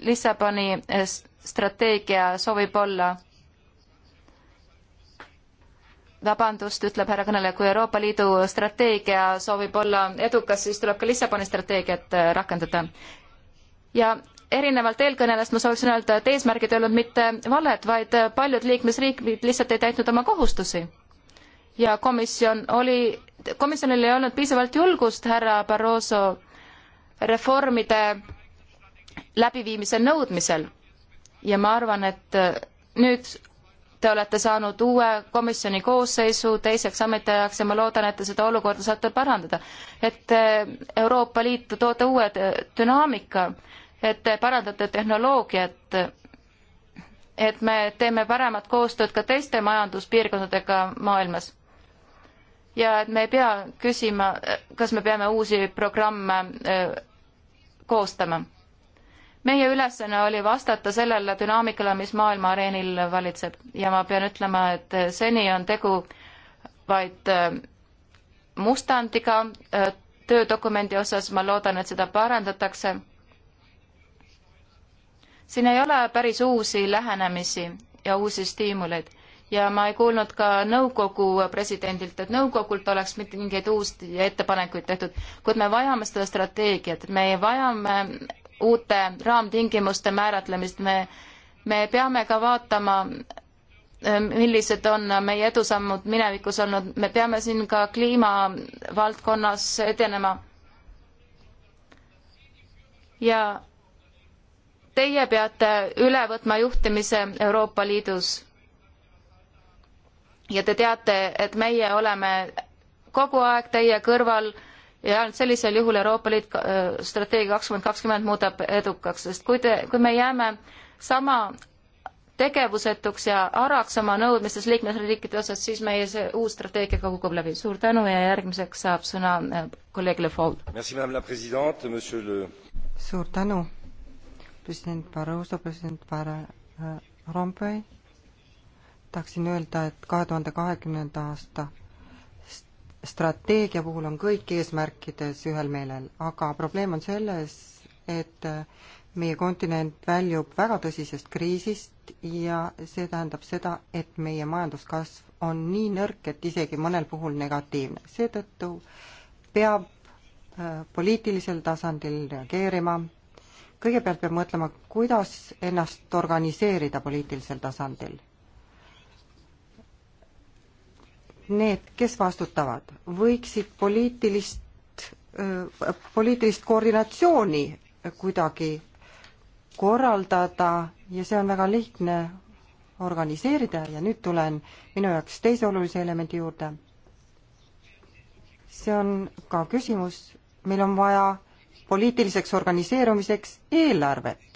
Lissaboni strateegia soovib olla vabandust, ütleb härra kõneleja, kui Euroopa Liidu strateegia soovib olla edukas, siis tuleb ka Lissaboni strateegiat äh, rakendada. ja erinevalt eelkõnelejast ma sooviksin öelda, et eesmärgid ei olnud mitte valed, vaid äh, paljud liikmesriigid lihtsalt ei täitnud oma kohustusi. ja komisjon oli, komisjonil ei olnud piisavalt julgust härra Barroso reformide läbiviimise nõudmisel ja ma arvan, et äh, nüüd te olete saanud uue komisjoni koosseisu teiseks ametiajaks ja ma loodan, et te seda olukorda saate parandada. et äh, Euroopa Liitu toote uue dünaamika, et te parandate tehnoloogiat, et me teeme paremat koostööd ka teiste majanduspiirkondadega maailmas. ja et me ei pea küsima, äh, kas me peame uusi programme koostama meie ülesanne oli vastata sellele dünaamikale, mis maailma areenil valitseb ja ma pean ütlema, et seni on tegu vaid äh, mustandiga äh, töödokumendi osas, ma loodan, et seda parandatakse. siin ei ole päris uusi lähenemisi ja uusi stiimuleid ja ma ei kuulnud ka nõukogu presidendilt, et nõukogult oleks mitte mingeid uusi ettepanekuid tehtud, kuid me vajame seda strateegiat, me vajame uute raamtingimuste määratlemist, me, me peame ka vaatama, eh, millised on meie edusammud minevikus olnud, me peame siin ka kliimavaldkonnas edenema. ja teie peate üle võtma juhtimise Euroopa Liidus. ja te teate, et meie oleme kogu aeg teie kõrval ja ainult sellisel juhul Euroopa Liit äh, strateegia kakskümmend kakskümmend muudab edukaks, sest kui te, kui me jääme sama tegevusetuks ja araks oma nõudmistes liikmesriikide osas, siis meie see uus strateegia ka kukub läbi. suur tänu ja järgmiseks saab sõna äh, kolleeg Le Foll. suur tänu, president Barroso, president Bar-, äh, Rompuy. tahaksin öelda, et kahe tuhande kahekümnenda aasta strateegia puhul on kõik eesmärkides ühel meelel, aga probleem on selles, et meie kontinent väljub väga tõsisest kriisist ja see tähendab seda, et meie majanduskasv on nii nõrk, et isegi mõnel puhul negatiivne. seetõttu peab äh, poliitilisel tasandil reageerima, kõigepealt peab mõtlema, kuidas ennast organiseerida poliitilisel tasandil need, kes vastutavad, võiksid poliitilist, poliitilist koordinatsiooni kuidagi korraldada ja see on väga lihtne organiseerida ja nüüd tulen minu jaoks teise olulise elemendi juurde. see on ka küsimus, meil on vaja poliitiliseks organiseerumiseks eelarvet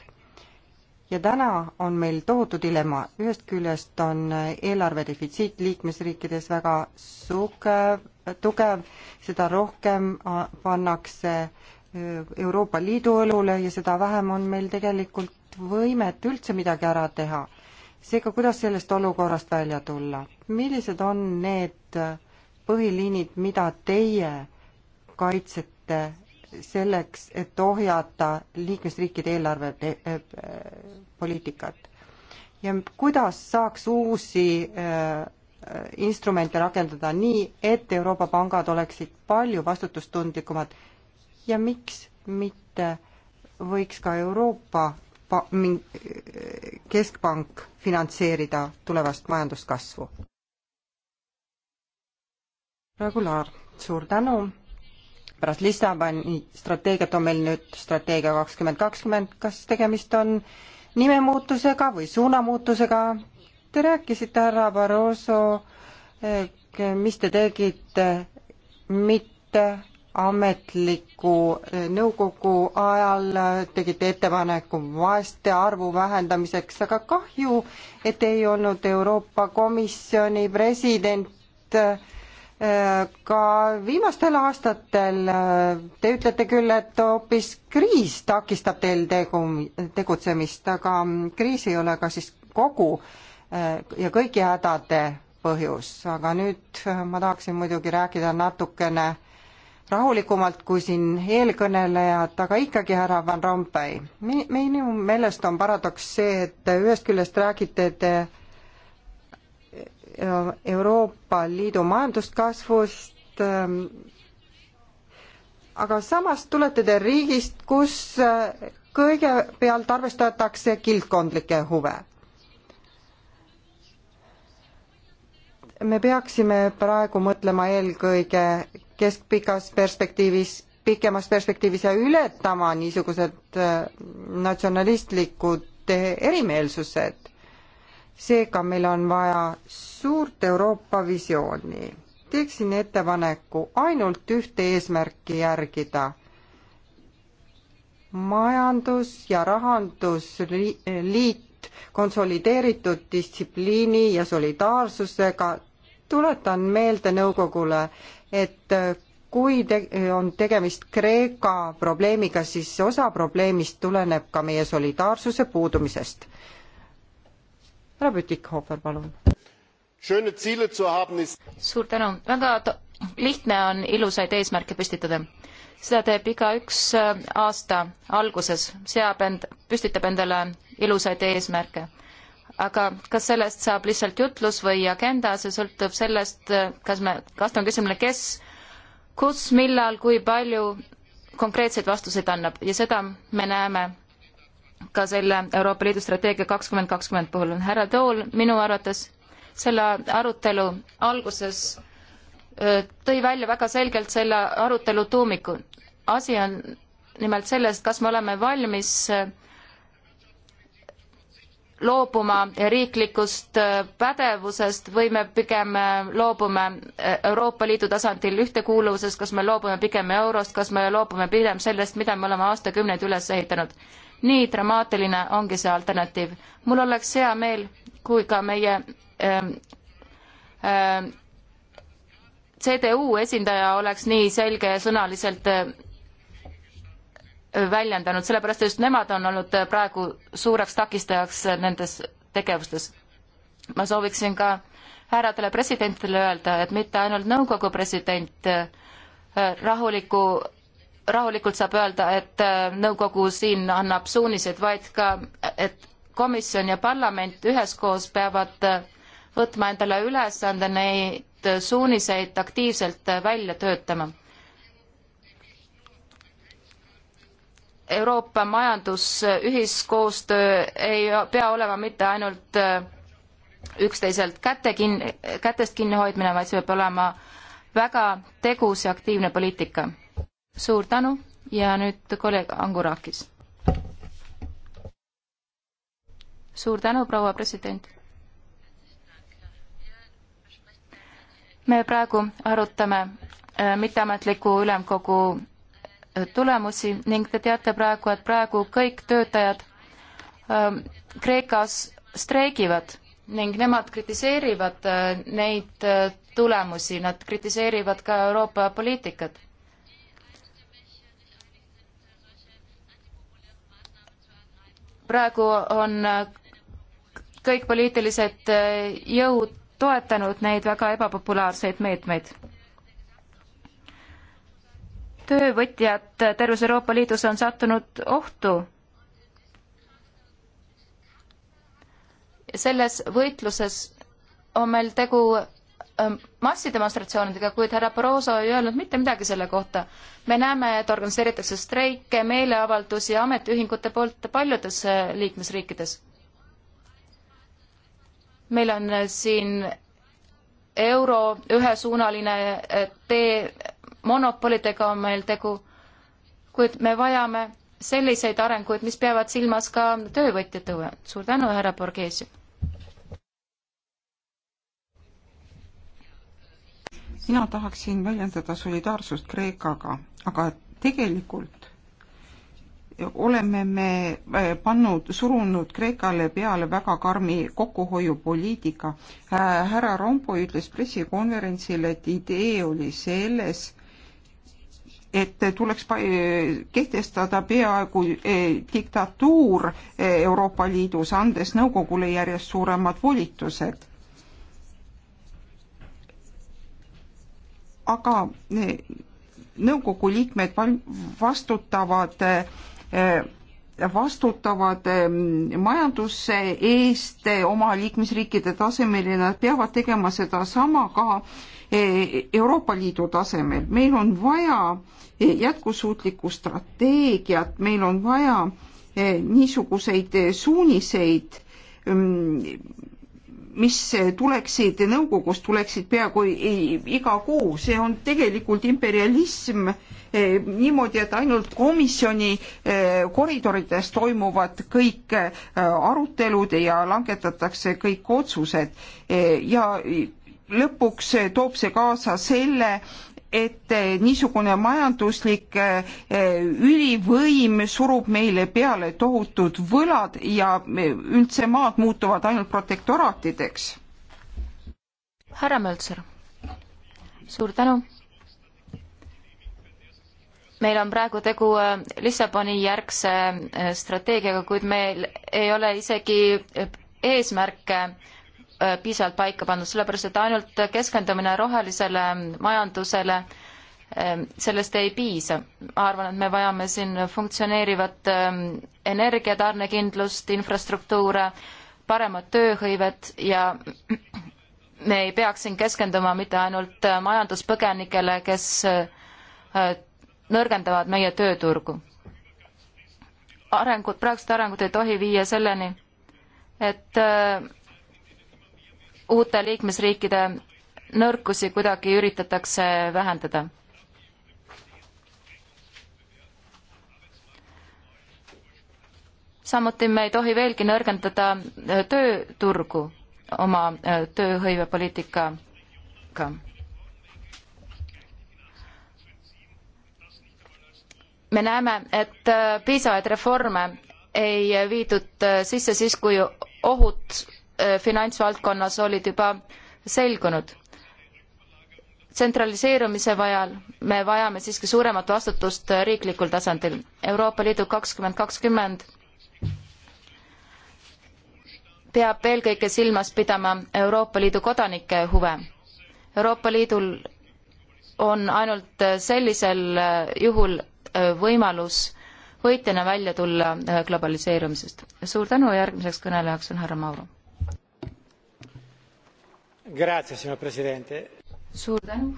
ja täna on meil tohutu dilemma, ühest küljest on eelarve defitsiit liikmesriikides väga sugev, tugev, seda rohkem äh, pannakse äh, Euroopa Liidu õlule ja seda vähem on meil tegelikult võimet üldse midagi ära teha. seega, kuidas sellest olukorrast välja tulla? millised on need äh, põhiliinid, mida teie kaitsete selleks, et ohjata liikmesriikide eelarvepoliitikat. Eh, eh, ja kuidas saaks uusi eh, instrumente rakendada nii, et Euroopa pangad oleksid palju vastutustundlikumad ja miks mitte võiks ka Euroopa keskpank finantseerida tulevast majanduskasvu? Regulaar, suur tänu pärast Lissaboni strateegiat on meil nüüd strateegia kakskümmend kakskümmend, kas tegemist on nimemuutusega või suunamuutusega? Te rääkisite, härra Barroso, eh, mis te tegite mitteametliku eh, nõukogu ajal, tegite ettepaneku vaeste arvu vähendamiseks, aga kahju, et ei olnud Euroopa Komisjoni president eh, ka viimastel aastatel äh, te ütlete küll, et hoopis kriis takistab teil tegu, tegutsemist, aga kriis ei ole ka siis kogu äh, ja kõigi hädade põhjus, aga nüüd äh, ma tahaksin muidugi rääkida natukene rahulikumalt kui siin eelkõnelejad, aga ikkagi, härra Van Rompuy, minu meelest on paradoks see, et ühest küljest räägite te Euroopa Liidu majanduskasvust, ähm, aga samas tulete te riigist, kus äh, kõigepealt arvestatakse kildkondlikke huve. me peaksime praegu mõtlema eelkõige keskpikas perspektiivis, pikemas perspektiivis ja ületama niisugused äh, natsionalistlikud äh, erimeelsused seega meil on vaja suurt Euroopa visiooni. teeksin ettepaneku ainult ühte eesmärki järgida. majandus- ja rahandusliit konsolideeritud distsipliini ja solidaarsusega tuletan meelde nõukogule, et kui te-, on tegemist Kreeka probleemiga, siis osa probleemist tuleneb ka meie solidaarsuse puudumisest härra Pütikhofer, palun. suur tänu, väga lihtne on ilusaid eesmärke püstitada. seda teeb igaüks äh, aasta alguses, seab end, püstitab endale ilusaid eesmärke. aga kas sellest saab lihtsalt jutlus või agenda, see sõltub sellest, äh, kas me, kas ta on küsimine, kes, kus, millal, kui palju konkreetseid vastuseid annab ja seda me näeme ka selle Euroopa Liidu strateegia kakskümmend kakskümmend puhul. härra Tool minu arvates selle arutelu alguses tõi välja väga selgelt selle arutelu tuumiku. asi on nimelt selles, kas me oleme valmis loobuma riiklikust pädevusest või me pigem loobume Euroopa Liidu tasandil ühtekuuluvusest, kas me loobume pigem eurost, kas me loobume pigem sellest, mida me oleme aastakümneid üles ehitanud nii dramaatiline ongi see alternatiiv. mul oleks hea meel, kui ka meie ähm, ähm, CDU esindaja oleks nii selgesõnaliselt äh, väljendanud, sellepärast just nemad on olnud äh, praegu suureks takistajaks äh, nendes tegevustes. ma sooviksin ka härradele presidentidele öelda, et mitte ainult nõukogu president äh, rahuliku rahulikult saab öelda, et äh, nõukogu siin annab suuniseid, vaid ka, et komisjon ja parlament üheskoos peavad äh, võtma endale ülesande neid äh, suuniseid aktiivselt välja töötama. Euroopa majandusühiskoostöö ei pea olema mitte ainult üksteiselt käte kin-, kätest kinni hoidmine, vaid see peab olema väga tegus ja aktiivne poliitika suur tänu ja nüüd kolleeg Angurakis. suur tänu, proua president. me praegu arutame äh, mitteametliku ülemkogu äh, tulemusi ning te teate praegu, et praegu kõik töötajad ähm, Kreekas streigivad ning nemad kritiseerivad äh, neid tulemusi, nad kritiseerivad ka Euroopa poliitikat praegu on äh, kõik poliitilised äh, jõud toetanud neid väga ebapopulaarseid meetmeid. töövõtjad terves Euroopa Liidus on sattunud ohtu. selles võitluses on meil tegu Ähm, massidemonstratsioonidega, kuid härra Barroso ei öelnud mitte midagi selle kohta. me näeme, et organiseeritakse streike, meeleavaldusi ametiühingute poolt paljudes äh, liikmesriikides. meil on äh, siin euro ühesuunaline äh, tee, monopolidega on meil tegu, kuid me vajame selliseid arenguid, mis peavad silmas ka töövõtjate huve. suur tänu, härra Borghesi! mina tahaksin väljendada solidaarsust Kreekaga, aga tegelikult oleme me eh, pannud, surunud Kreekale peale väga karmi kokkuhoiupoliitika. härra Rompuy ütles pressikonverentsil, et idee oli selles, et tuleks kehtestada peaaegu eh, diktatuur eh, Euroopa Liidus, andes nõukogule järjest suuremad volitused. aga eh, nõukogu liikmed vastutavad eh, vastutavad eh, majanduse eest oma liikmesriikide tasemel ja nad peavad tegema sedasama ka Euroopa Liidu tasemel. meil on vaja jätkusuutlikku strateegiat, meil on vaja niisuguseid suuniseid mm, mis tuleksid nõukogust, tuleksid peaaegu iga kuu, see on tegelikult imperialism eh, niimoodi, et ainult komisjoni eh, koridorides toimuvad kõik eh, arutelud ja langetatakse kõik otsused ja lõpuks toob see kaasa selle, et eh, niisugune majanduslik eh, ülivõim surub meile peale tohutud võlad ja eh, üldse maad muutuvad ainult protektoraatideks. härra Möltser, suur tänu. meil on praegu tegu Lissaboni järgse strateegiaga, kuid meil ei ole isegi eesmärke äh, Äh, piisavalt paika pannud, sellepärast et ainult keskendumine rohelisele majandusele, ähm, sellest ei piisa. ma arvan, et me vajame siin funktsioneerivat ähm, energiatarnekindlust, infrastruktuure, paremat tööhõivet ja me ei peaks siin keskenduma mitte ainult äh, majanduspõgenikele, kes äh, nõrgendavad meie tööturgu. arengud, praegused arengud ei tohi viia selleni, et uute liikmesriikide nõrkusi kuidagi üritatakse vähendada. samuti me ei tohi veelgi nõrgendada tööturgu oma äh, tööhõivepoliitikaga. me näeme, et äh, piisavaid reforme ei äh, viidud sisse siis, kui ohud Äh, finantsvaldkonnas olid juba selgunud. tsentraliseerumise vajal me vajame siiski suuremat vastutust riiklikul tasandil. Euroopa Liidu kakskümmend kakskümmend peab eelkõige silmas pidama Euroopa Liidu kodanike huve. Euroopa Liidul on ainult sellisel äh, juhul äh, võimalus võitjana välja tulla globaliseerumisest. suur tänu, järgmiseks kõnelejaks on härra Mauro suur tänu.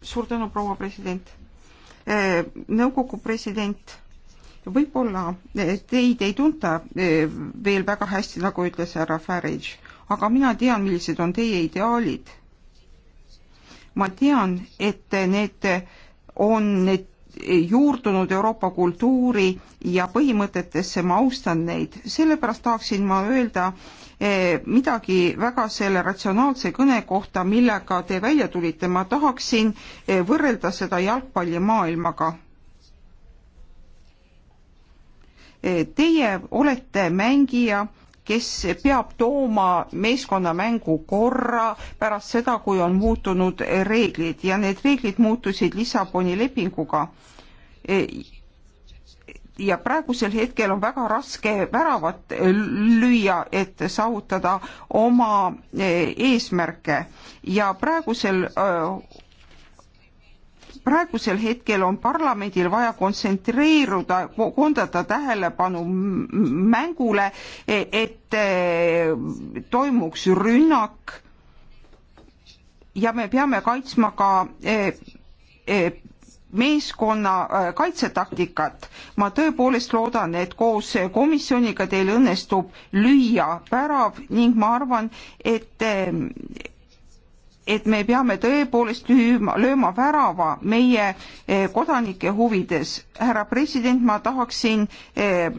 suur tänu, proua president. Eh, nõukogu president, võib-olla eh, teid ei tunta eh, veel väga hästi, nagu ütles härra Farage, aga mina tean, millised on teie ideaalid. ma tean, et need on need juurdunud Euroopa kultuuri ja põhimõtetesse, ma austan neid. sellepärast tahaksin ma öelda eh, midagi väga selle ratsionaalse kõne kohta, millega te välja tulite. ma tahaksin eh, võrrelda seda jalgpallimaailmaga. Eh, teie olete mängija kes peab tooma meeskonnamängu korra pärast seda, kui on muutunud reeglid ja need reeglid muutusid Lissaboni lepinguga e, ja praegusel hetkel on väga raske väravat lüüa, et saavutada oma e, eesmärke ja praegusel e, praegusel hetkel on parlamendil vaja kontsentreeruda, koondada tähelepanu mängule, e-, et e, toimuks rünnak ja me peame kaitsma ka e, meeskonna kaitsetaktikat. ma tõepoolest loodan, et koos komisjoniga teil õnnestub lüüa värav ning ma arvan, et et me peame tõepoolest lüüma, lööma värava meie eh, kodanike huvides. härra president, ma tahaksin eh,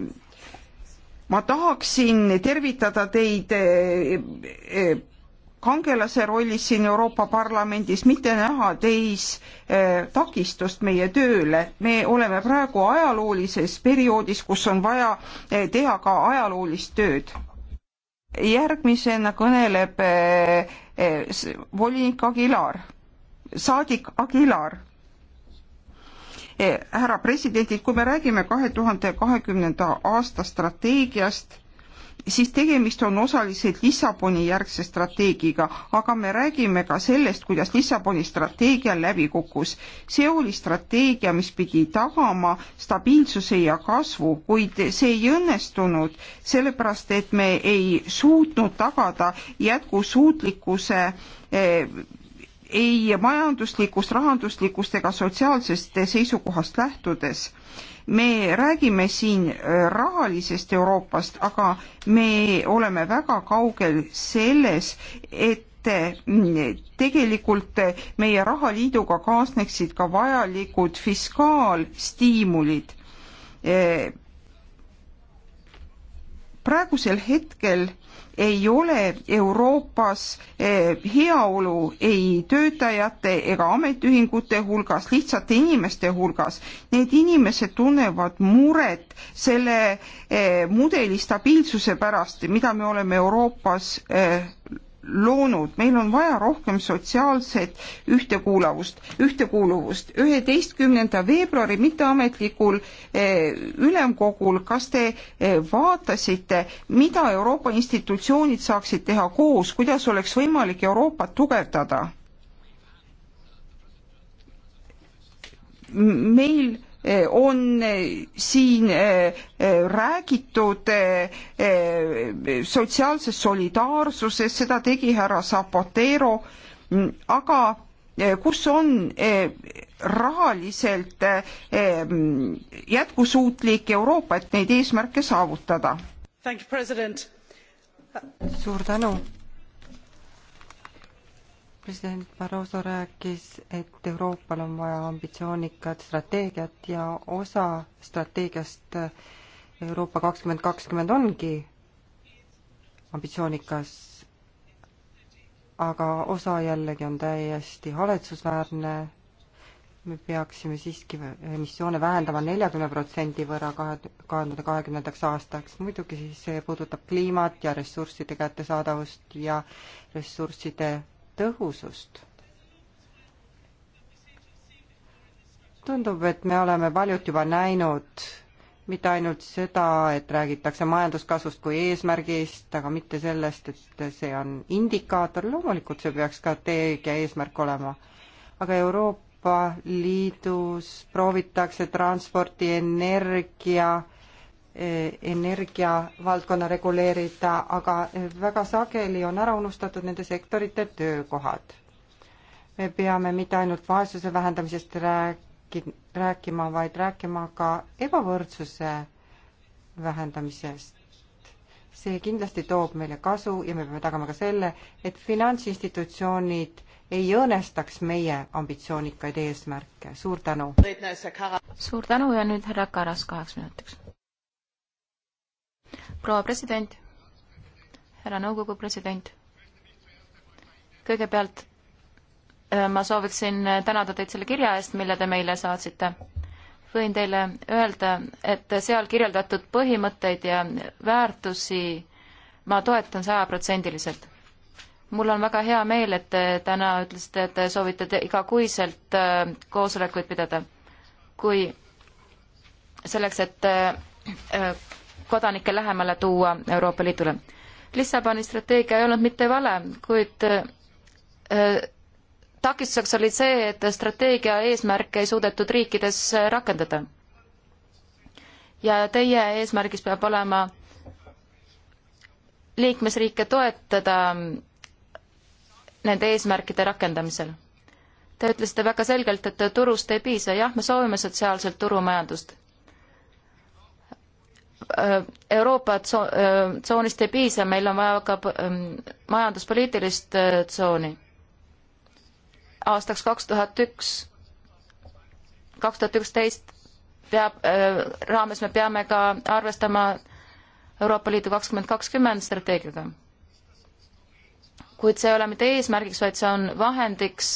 ma tahaksin tervitada teid eh, kangelase rollis siin Euroopa Parlamendis, mitte näha teis takistust meie tööle. me oleme praegu ajaloolises perioodis, kus on vaja teha ka ajaloolist tööd. järgmisena kõneleb volinik Aguilar, saadik Aguilar. Eh, härra presidendid, kui me räägime kahe tuhande kahekümnenda aasta strateegiast, siis tegemist on osaliselt Lissaboni järgse strateegiga, aga me räägime ka sellest, kuidas Lissaboni strateegia läbi kukkus. see oli strateegia, mis pidi tagama stabiilsuse ja kasvu, kuid see ei õnnestunud, sellepärast et me ei suutnud tagada jätkusuutlikkuse eh, ei majanduslikust, rahanduslikust ega sotsiaalsest seisukohast lähtudes me räägime siin äh, rahalisest Euroopast, aga me oleme väga kaugel selles, et äh, tegelikult äh, meie rahaliiduga kaasneksid ka vajalikud fiskaalstiimulid. praegusel hetkel ei ole Euroopas eh, heaolu ei töötajate ega ametiühingute hulgas, lihtsalt inimeste hulgas. Need inimesed tunnevad muret selle eh, mudeli stabiilsuse pärast, mida me oleme Euroopas eh, loonud, meil on vaja rohkem sotsiaalset ühtekuulavust, ühtekuuluvust. üheteistkümnenda veebruari mitteametlikul eh, ülemkogul, kas te eh, vaatasite, mida Euroopa institutsioonid saaksid teha koos, kuidas oleks võimalik Euroopat tugevdada? meil Eh, on eh, siin eh, räägitud sotsiaalsest solidaarsusest, seda tegi härra Zapatero, mm, aga kus on rahaliselt mm, jätkusuutlik Euroopa, et neid eesmärke saavutada? suur tänu president Barroso rääkis, et Euroopal on vaja ambitsioonikat strateegiat ja osa strateegiast Euroopa kakskümmend kakskümmend ongi ambitsioonikas, aga osa jällegi on täiesti haletsusväärne, me peaksime siiski emissioone vähendama neljakümne protsendi võrra kahe, kahe tuhande kahekümnendaks aastaks. muidugi siis see puudutab kliimat ja ressursside kättesaadavust ja ressursside tõhusust. tundub, et me oleme paljut juba näinud, mitte ainult seda, et räägitakse majanduskasvust kui eesmärgist, aga mitte sellest, et see on indikaator, loomulikult see peaks strateegia eesmärk olema. aga Euroopa Liidus proovitakse transporti, energia, energiavaldkonna reguleerida, aga väga sageli on ära unustatud nende sektorite töökohad. me peame mitte ainult vaesuse vähendamisest rääki-, rääkima, vaid rääkima ka ebavõrdsuse vähendamisest. see kindlasti toob meile kasu ja me peame tagama ka selle, et finantsinstitutsioonid ei õõnestaks meie ambitsioonikaid eesmärke. suur tänu! suur tänu ja nüüd härra Karas kaheks minutiks proua president, härra nõukogu president, kõigepealt äh, ma sooviksin äh, tänada teid selle kirja eest, mille te meile saatsite. võin teile öelda, et seal kirjeldatud põhimõtteid ja väärtusi ma toetan sajaprotsendiliselt. mul on väga hea meel, et te täna ütlesite, et te soovite te igakuiselt äh, koosolekuid pidada. kui selleks, et kodanikke lähemale tuua Euroopa Liidule. Lissaboni strateegia ei olnud mitte vale, kuid äh, takistuseks oli see, et strateegia eesmärke ei suudetud riikides rakendada. ja teie eesmärgis peab olema liikmesriike toetada nende eesmärkide rakendamisel. Te ütlesite väga selgelt, et turust ei piisa, jah, me soovime sotsiaalselt turumajandust, Äh, Euroopa äh, tsoonist ei piisa, meil on vaja ka ähm, majanduspoliitilist äh, tsooni. aastaks kaks tuhat üks, kaks tuhat üksteist peab, raames me peame ka arvestama Euroopa Liidu kakskümmend kakskümmend strateegiaga. kuid see ei ole mitte eesmärgiks, vaid see on vahendiks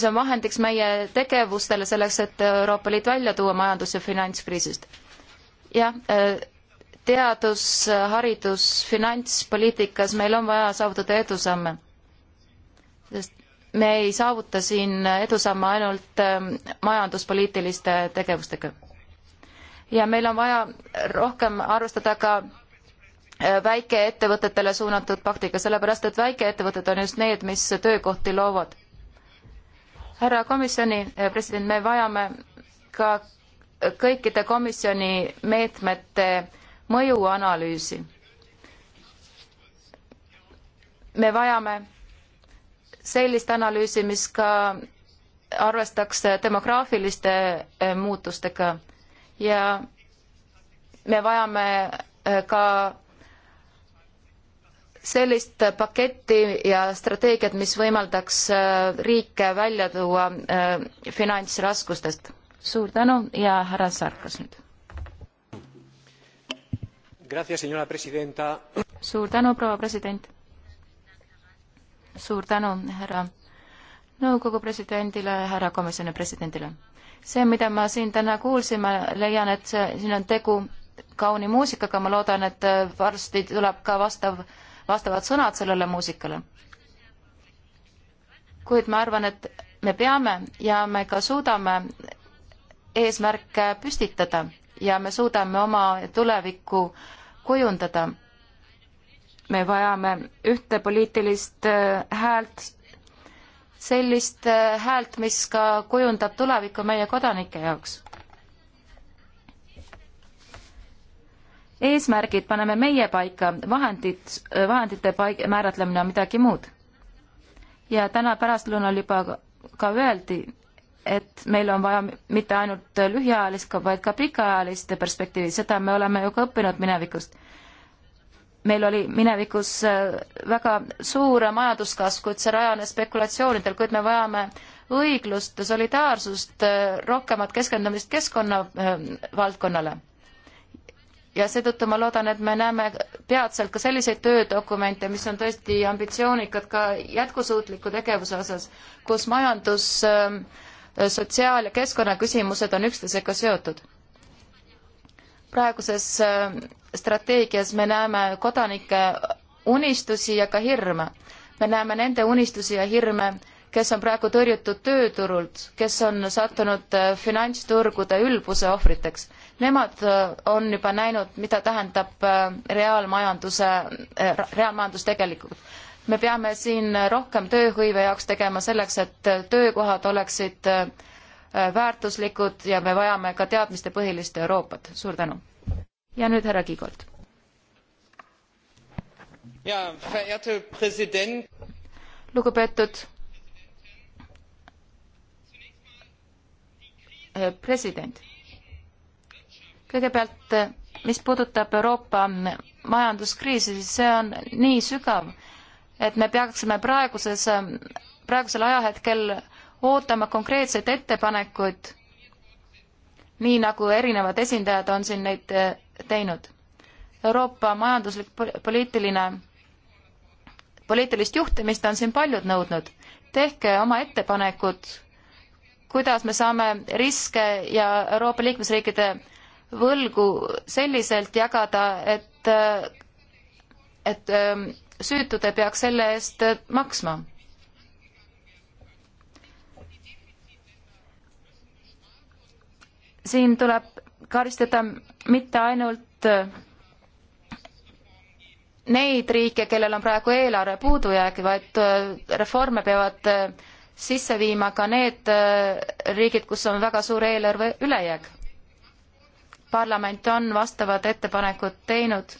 see on vahendiks meie tegevustele selleks, et Euroopa Liit välja tuua majandus- ja finantskriisist. jah, äh, teadus, haridus, finantspoliitikas meil on vaja saavutada edusamme. sest me ei saavuta siin edusamme ainult äh, majanduspoliitiliste tegevustega. ja meil on vaja rohkem arvestada ka äh, väikeettevõtetele suunatud paktiga, sellepärast et väikeettevõtted on just need, mis töökohti loovad härra komisjoni eh, president, me vajame ka kõikide komisjoni meetmete mõjuanalüüsi. me vajame sellist analüüsi, mis ka arvestaks demograafiliste eh, muutustega ja me vajame eh, ka sellist paketti ja strateegiat, mis võimaldaks äh, riike välja tuua äh, finantsraskustest. suur tänu ja härra Sarkas nüüd. suur tänu, proua president. suur tänu, härra nõukogu presidendile, härra komisjoni presidendile. see, mida ma siin täna kuulsin, ma leian, et see, siin on tegu kauni muusikaga, ma loodan, et äh, varsti tuleb ka vastav äh, vastavad sõnad sellele muusikale. kuid ma arvan, et me peame ja me ka suudame eesmärke püstitada ja me suudame oma tulevikku kujundada. me vajame ühte poliitilist äh, häält, sellist äh, häält, mis ka kujundab tulevikku meie kodanike jaoks eesmärgid paneme meie paika, vahendid, vahendite paik-, määratlemine on midagi muud. ja täna pärastlõunal juba ka öeldi, et meil on vaja mitte ainult lühiajalist, vaid ka pikaajalist perspektiivi, seda me oleme ju ka õppinud minevikust. meil oli minevikus äh, väga suur majanduskasv, kuid see rajanes spekulatsioonidel, kuid me vajame õiglust, solidaarsust, äh, rohkemat keskendumist keskkonna äh, valdkonnale ja seetõttu ma loodan, et me näeme peatselt ka selliseid töödokumente, mis on tõesti ambitsioonikad ka jätkusuutliku tegevuse osas, kus majandus, ähm, sotsiaal- ja keskkonnaküsimused on üksteisega seotud. praeguses ähm, strateegias me näeme kodanike unistusi ja ka hirme. me näeme nende unistusi ja hirme, kes on praegu tõrjutud tööturult, kes on sattunud äh, finantsturgude ülbuse ohvriteks. Nemad äh, on juba näinud, mida tähendab äh, reaalmajanduse, reaalmajandus tegelikult. me peame siin rohkem tööhõive jaoks tegema selleks, et töökohad oleksid väärtuslikud ja me vajame ka teadmistepõhilist Euroopat. suur tänu. ja nüüd härra Kiigolt. lugupeetud Äh, president. kõigepealt, äh, mis puudutab Euroopa majanduskriisi, siis see on nii sügav, et me peaksime praeguses, äh, praegusel ajahetkel ootama konkreetseid ettepanekuid, nii nagu erinevad esindajad on siin neid teinud. Euroopa majanduslik poliitiline, poliitilist juhtimist on siin paljud nõudnud. tehke oma ettepanekud kuidas me saame riske ja Euroopa liikmesriikide võlgu selliselt jagada, et, et ähm, süütud ei peaks selle eest maksma. siin tuleb karistada mitte ainult äh, neid riike, kellel on praegu eelarve puudujääk, vaid äh, reforme peavad äh, sisse viima ka need äh, riigid, kus on väga suur eelarve ülejääk. parlament on vastavad ettepanekud teinud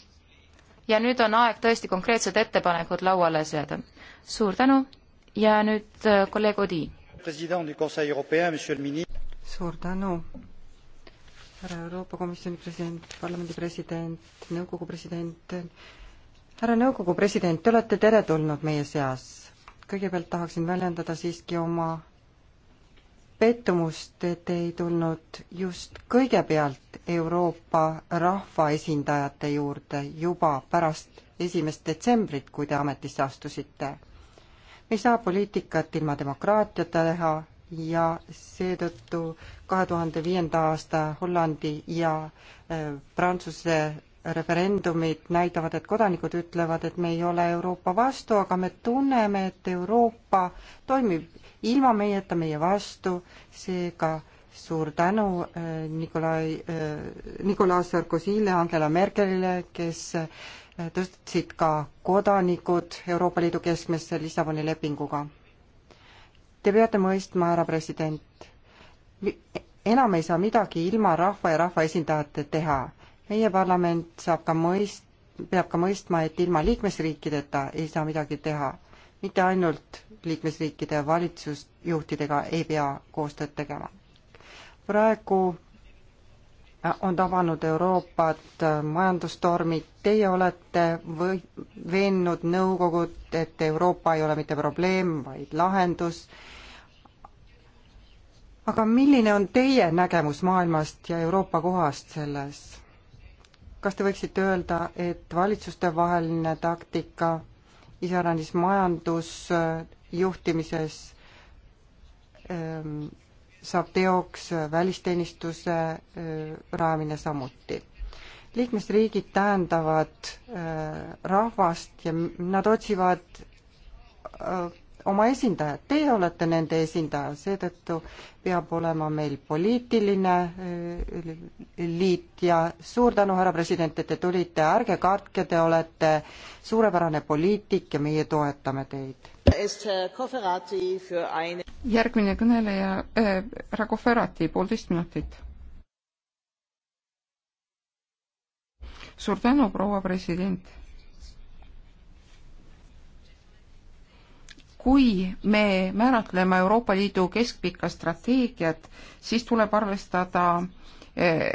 ja nüüd on aeg tõesti konkreetsed ettepanekud lauale seada. suur tänu ja nüüd äh, kolleeg Odi. suur tänu, härra Euroopa Komisjoni president, parlamendi president, nõukogu president, härra nõukogu president, te olete teretulnud meie seas kõigepealt tahaksin väljendada siiski oma pettumust, et ei tulnud just kõigepealt Euroopa rahvaesindajate juurde juba pärast esimest detsembrit, kui te ametisse astusite. me ei saa poliitikat ilma demokraatiata teha ja seetõttu kahe tuhande viienda aasta Hollandi ja äh, Prantsuse referendumid näitavad, et kodanikud ütlevad, et me ei ole Euroopa vastu, aga me tunneme, et Euroopa toimib ilma meieta, meie vastu, seega suur tänu eh, Nikolai, eh, Nicolas Sarkozyle, Angela Merkelile, kes eh, tõstsid ka kodanikud Euroopa Liidu keskmesse Lissaboni lepinguga. Te peate mõistma, härra president, enam ei saa midagi ilma rahva ja rahvaesindajate teha meie parlament saab ka mõist-, peab ka mõistma, et ilma liikmesriikideta ei saa midagi teha. mitte ainult liikmesriikide valitsusjuhtidega ei pea koostööd tegema. praegu on tabanud Euroopat majandustormid, teie olete või veennud nõukogud, et Euroopa ei ole mitte probleem, vaid lahendus. aga milline on teie nägemus maailmast ja Euroopa kohast selles? kas te võiksite öelda, et valitsustevaheline taktika iseäranis majandusjuhtimises ähm, saab teoks välisteenistuse äh, rajamine samuti liikmesriigid tähendavad äh, rahvast ja nad otsivad äh, oma esindajad, teie olete nende esindaja, seetõttu peab olema meil poliitiline äh, liit ja suur tänu, härra president, et te tulite, ärge kartke, te olete suurepärane poliitik ja meie toetame teid. järgmine kõneleja äh,, härra Kohverati, poolteist minutit. suur tänu, proua president kui me määratleme Euroopa Liidu keskpikka strateegiat, siis tuleb arvestada eh,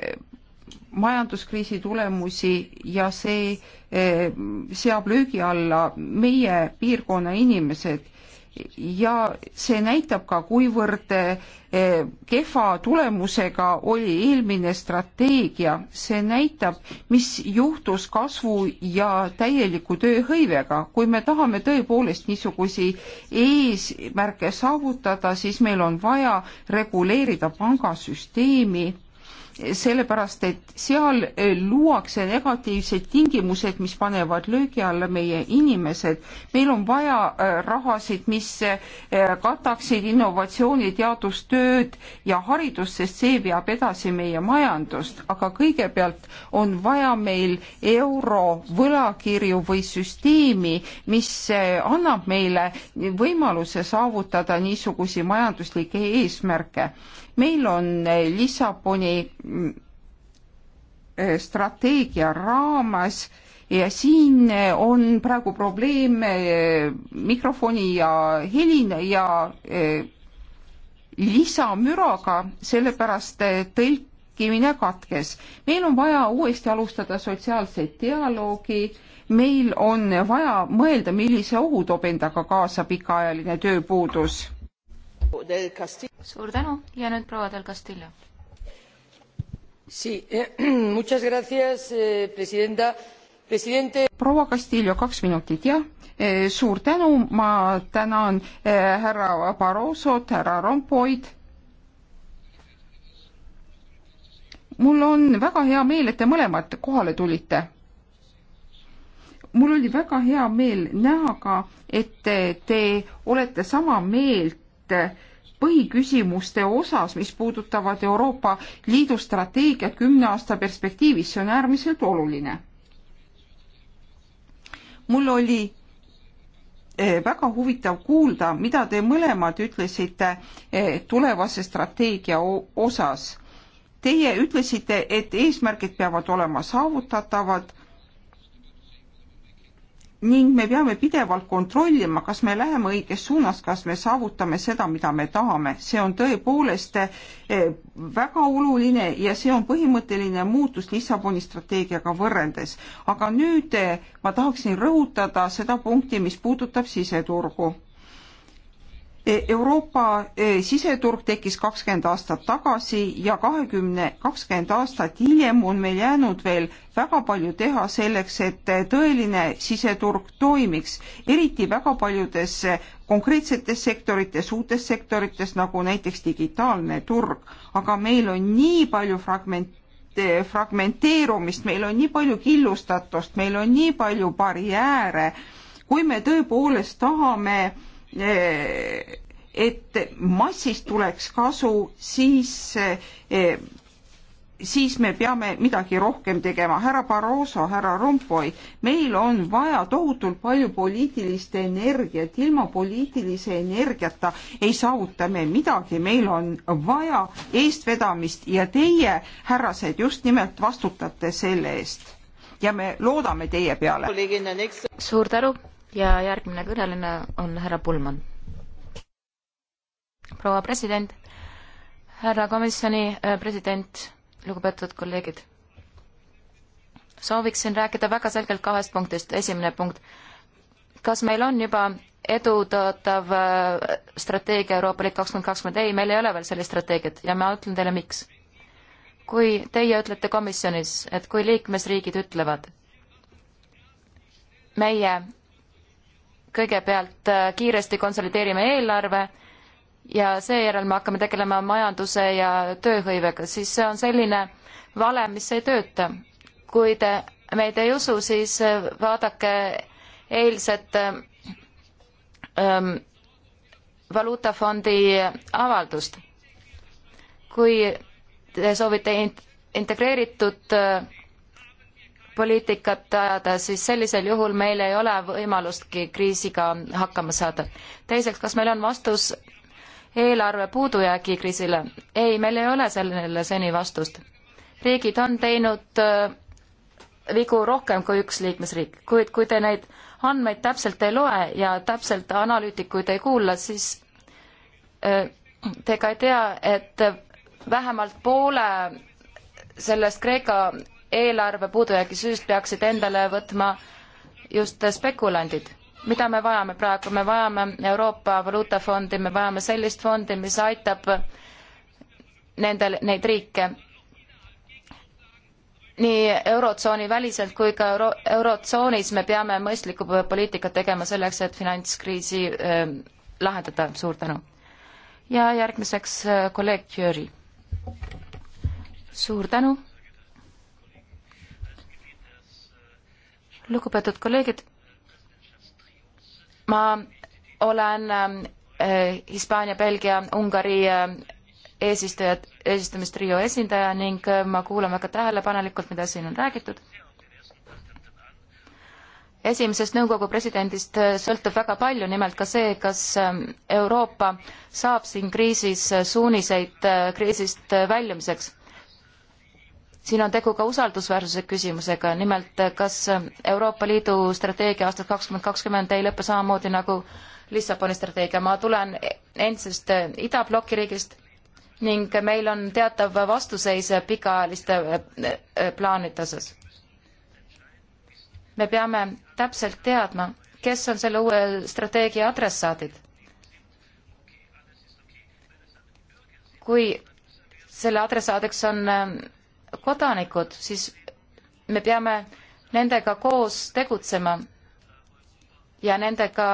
majanduskriisi tulemusi ja see eh, seab löögi alla meie piirkonna inimesed ja see näitab ka, kuivõrd eh, kehva tulemusega oli eelmine strateegia, see näitab, mis juhtus kasvu ja täieliku tööhõivega. kui me tahame tõepoolest niisugusi eesmärke saavutada, siis meil on vaja reguleerida pangasüsteemi sellepärast et seal eh, luuakse negatiivsed tingimused, mis panevad löögi alla meie inimesed. meil on vaja eh, rahasid, mis eh, kataksid innovatsiooni, teadustööd ja haridust, sest see veab edasi meie majandust, aga kõigepealt on vaja meil euro võlakirju või süsteemi, mis annab meile võimaluse saavutada niisugusi majanduslikke eesmärke meil on eh, Lissaboni mm, eh, strateegia raames ja siin eh, on praegu probleem mikrofoni ja helin ja lisamüraga, sellepärast tõlkimine katkes. meil on vaja uuesti alustada sotsiaalseid dialoogi, meil on vaja mõelda, millise ohu toob endaga kaasa pikaajaline tööpuudus suur tänu ja nüüd proua del Castillo. Eh, eh, proua Castillo, kaks minutit, jah. Eh, suur tänu, ma tänan härra Barrosot, härra Rompuyd mul on väga hea meel, et te mõlemad kohale tulite. mul oli väga hea meel näha ka, et te olete sama meelt et põhiküsimuste osas, mis puudutavad Euroopa Liidu strateegiat kümne aasta perspektiivis, see on äärmiselt oluline. mul oli eh, väga huvitav kuulda, mida te mõlemad ütlesite eh, tulevase strateegia osas. Teie ütlesite, et eesmärgid peavad olema saavutatavad ning me peame pidevalt kontrollima, kas me läheme õiges suunas, kas me saavutame seda, mida me tahame. see on tõepoolest eh, väga oluline ja see on põhimõtteline muutus Lissaboni strateegiaga võrreldes. aga nüüd eh, ma tahaksin rõhutada seda punkti, mis puudutab siseturgu E, Euroopa e, siseturg tekkis kakskümmend aastat tagasi ja kahekümne, kakskümmend aastat hiljem on meil jäänud veel väga palju teha selleks, et e, tõeline siseturg toimiks, eriti väga paljudes konkreetsetes sektorites, uutes sektorites, nagu näiteks digitaalne turg. aga meil on nii palju fragment-, fragmenteerumist, meil on nii palju killustatust, meil on nii palju barjääre, kui me tõepoolest tahame Eh, et massist tuleks kasu, siis, eh, siis me peame midagi rohkem tegema. härra Barroso, härra Rompuy, meil on vaja tohutult palju poliitilist energiat, ilma poliitilise energiata ei saavuta me midagi, meil on vaja eestvedamist ja teie, härrased, just nimelt vastutate selle eest. ja me loodame teie peale. suur tänu ja järgmine kõneline on härra Pullmann. proua president, härra komisjoni äh, president, lugupeetud kolleegid. sooviksin rääkida väga selgelt kahest punktist. esimene punkt, kas meil on juba edu tõotav äh, strateegia Euroopa Liit kakskümmend kakskümmend, ei, meil ei ole veel sellist strateegiat ja ma ütlen teile, miks. kui teie ütlete komisjonis, et kui liikmesriigid ütlevad, meie kõigepealt äh, kiiresti konsolideerime eelarve ja seejärel me hakkame tegelema majanduse ja tööhõivega, siis see on selline valem, mis ei tööta. kui te meid ei usu, siis äh, vaadake eilset äh, ähm, valuutafondi avaldust. kui te soovite integreeritud äh, poliitikat ajada, siis sellisel juhul meil ei ole võimalustki kriisiga hakkama saada. teiseks, kas meil on vastus eelarve puudujäägi kriisile? ei, meil ei ole sellele seni vastust. riigid on teinud äh, vigu rohkem kui üks liikmesriik, kuid kui te neid andmeid täpselt ei loe ja täpselt analüütikuid ei kuula, siis äh, te ka ei tea, et vähemalt poole sellest Kreeka eelarve puudujäägi süüst peaksid endale võtma just spekulandid. mida me vajame praegu, me vajame Euroopa Valuutafondi, me vajame sellist fondi, mis aitab nendel, neid riike nii Eurotsooni väliselt kui ka Euro Eurotsoonis me peame mõistlikku poliitikat tegema selleks, et finantskriisi äh, lahendada, suur tänu. ja järgmiseks äh, kolleeg Jüri. suur tänu lugupeetud kolleegid, ma olen ähm, äh, Hispaania, Belgia, Ungari äh, eesistujad, eesistumistrio esindaja ning äh, ma kuulan väga tähelepanelikult, mida siin on räägitud. esimesest nõukogu presidendist sõltub väga palju, nimelt ka see, kas ähm, Euroopa saab siin kriisis suuniseid kriisist väljumiseks siin on tegu ka usaldusväärsuse küsimusega, nimelt kas Euroopa Liidu strateegia aastat kakskümmend kakskümmend ei lõpe samamoodi nagu Lissaboni strateegia, ma tulen endisest idabloki riigist ning meil on teatav vastuseis pikaajaliste äh, äh, plaanide osas. me peame täpselt teadma, kes on selle uue strateegia adressaadid. kui selle adressaadiks on äh, kodanikud, siis me peame nendega koos tegutsema ja nendega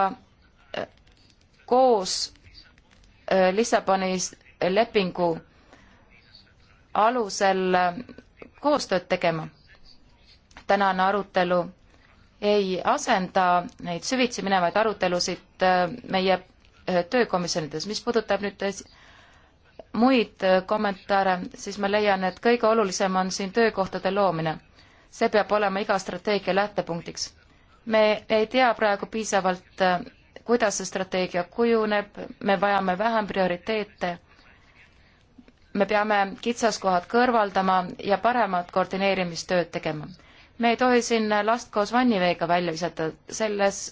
äh, koos äh, Lissaboni lepingu alusel äh, koostööd tegema. tänane arutelu ei asenda neid süvitsi minevaid arutelusid meie töökomisjonides, mis puudutab nüüd muid äh, kommentaare, siis ma leian, et kõige olulisem on siin töökohtade loomine. see peab olema iga strateegia lähtepunktiks. me ei tea praegu piisavalt, äh, kuidas see strateegia kujuneb, me vajame vähem prioriteete, me peame kitsaskohad kõrvaldama ja paremat koordineerimistööd tegema me ei tohi siin last koos vanniveega välja visata, selles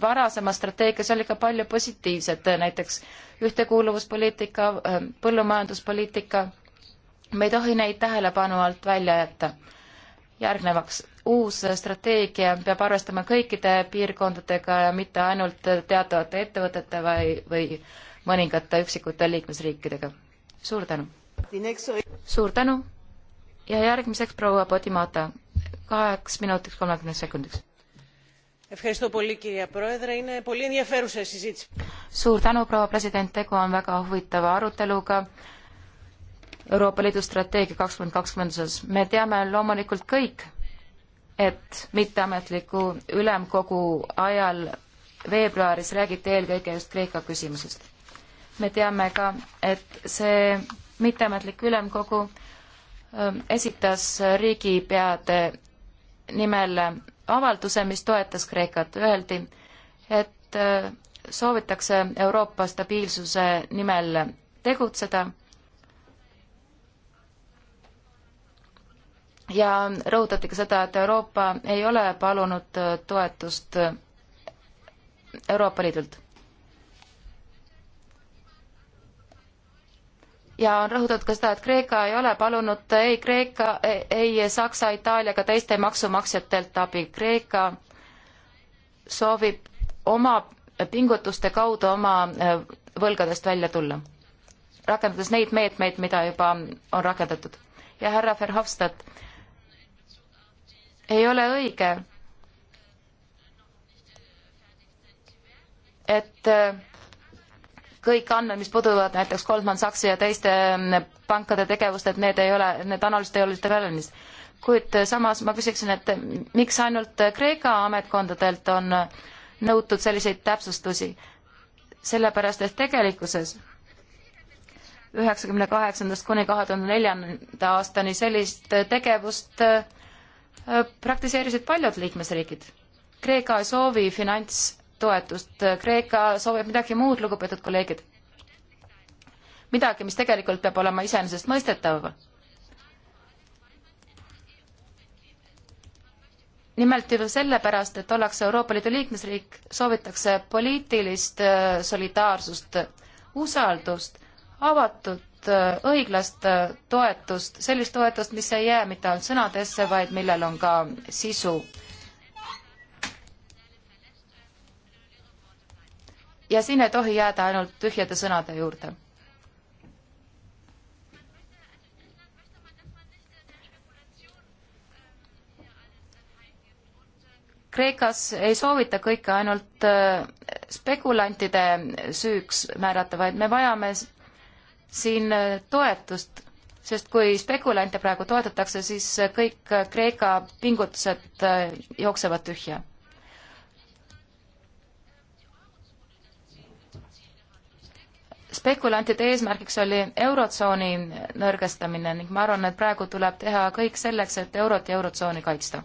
varasemas strateegias oli ka palju positiivset, näiteks ühtekuuluvuspoliitika, ähm, põllumajanduspoliitika. me ei tohi neid tähelepanu alt välja jätta. järgnevaks, uus strateegia peab arvestama kõikide piirkondadega ja mitte ainult teatavate ettevõtete või, või mõningate üksikute liikmesriikidega. suur tänu! suur tänu ja järgmiseks proua Podimata kaheks minutiks kolmekümneks sekundiks suur tänu, proua president, tegu on väga huvitava aruteluga Euroopa Liidu strateegia kakskümmend kakskümmend osas. me teame loomulikult kõik, et mitteametliku ülemkogu ajal veebruaris räägiti eelkõige just Kreeka küsimusest. me teame ka, et see mitteametlik ülemkogu ähm, esitas riigipeade nimel avalduse, mis toetas Kreekat. Öeldi, et äh, soovitakse Euroopa stabiilsuse nimel tegutseda ja rõhutati ka seda, et Euroopa ei ole palunud äh, toetust Euroopa Liidult ja on rõhutatud ka seda, et Kreeka ei ole palunud ei Kreeka, ei Saksa, Itaalia ega teiste maksumaksjatelt abi. Kreeka soovib oma pingutuste kaudu oma äh, võlgadest välja tulla, rakendades neid meetmeid, mida juba on rakendatud. ja härra Verhofstadt, ei ole õige, et äh, kõik andmed, mis puuduvad näiteks Goldman Sachsi ja teiste mm, pankade tegevust, et need ei ole, need analüüsid ei ole üldse väljumis. kuid äh, samas ma küsiksin, et äh, miks ainult äh, Kreeka ametkondadelt on nõutud selliseid täpsustusi, sellepärast et tegelikkuses üheksakümne kaheksandast kuni kahe tuhande neljanda aastani sellist tegevust praktiseerisid paljud liikmesriigid. Kreeka ei soovi finants toetust. Kreeka soovib midagi muud, lugupeetud kolleegid. midagi, mis tegelikult peab olema iseenesestmõistetav. nimelt juba sellepärast, et ollakse Euroopa Liidu liikmesriik, soovitakse poliitilist äh, solidaarsust, usaldust, avatud, äh, õiglast äh, toetust, sellist toetust, mis ei jää mitte ainult sõnadesse, vaid millel on ka sisu ja siin ei tohi jääda ainult tühjade sõnade juurde. Kreekas ei soovita kõike ainult äh, spekulantide süüks määrata, vaid me vajame siin äh, toetust, sest kui spekulante praegu toetatakse, siis äh, kõik Kreeka pingutused jooksevad tühja spekulantide eesmärgiks oli Eurotsooni nõrgestamine ning ma arvan, et praegu tuleb teha kõik selleks, et Eurot ja Eurotsooni kaitsta.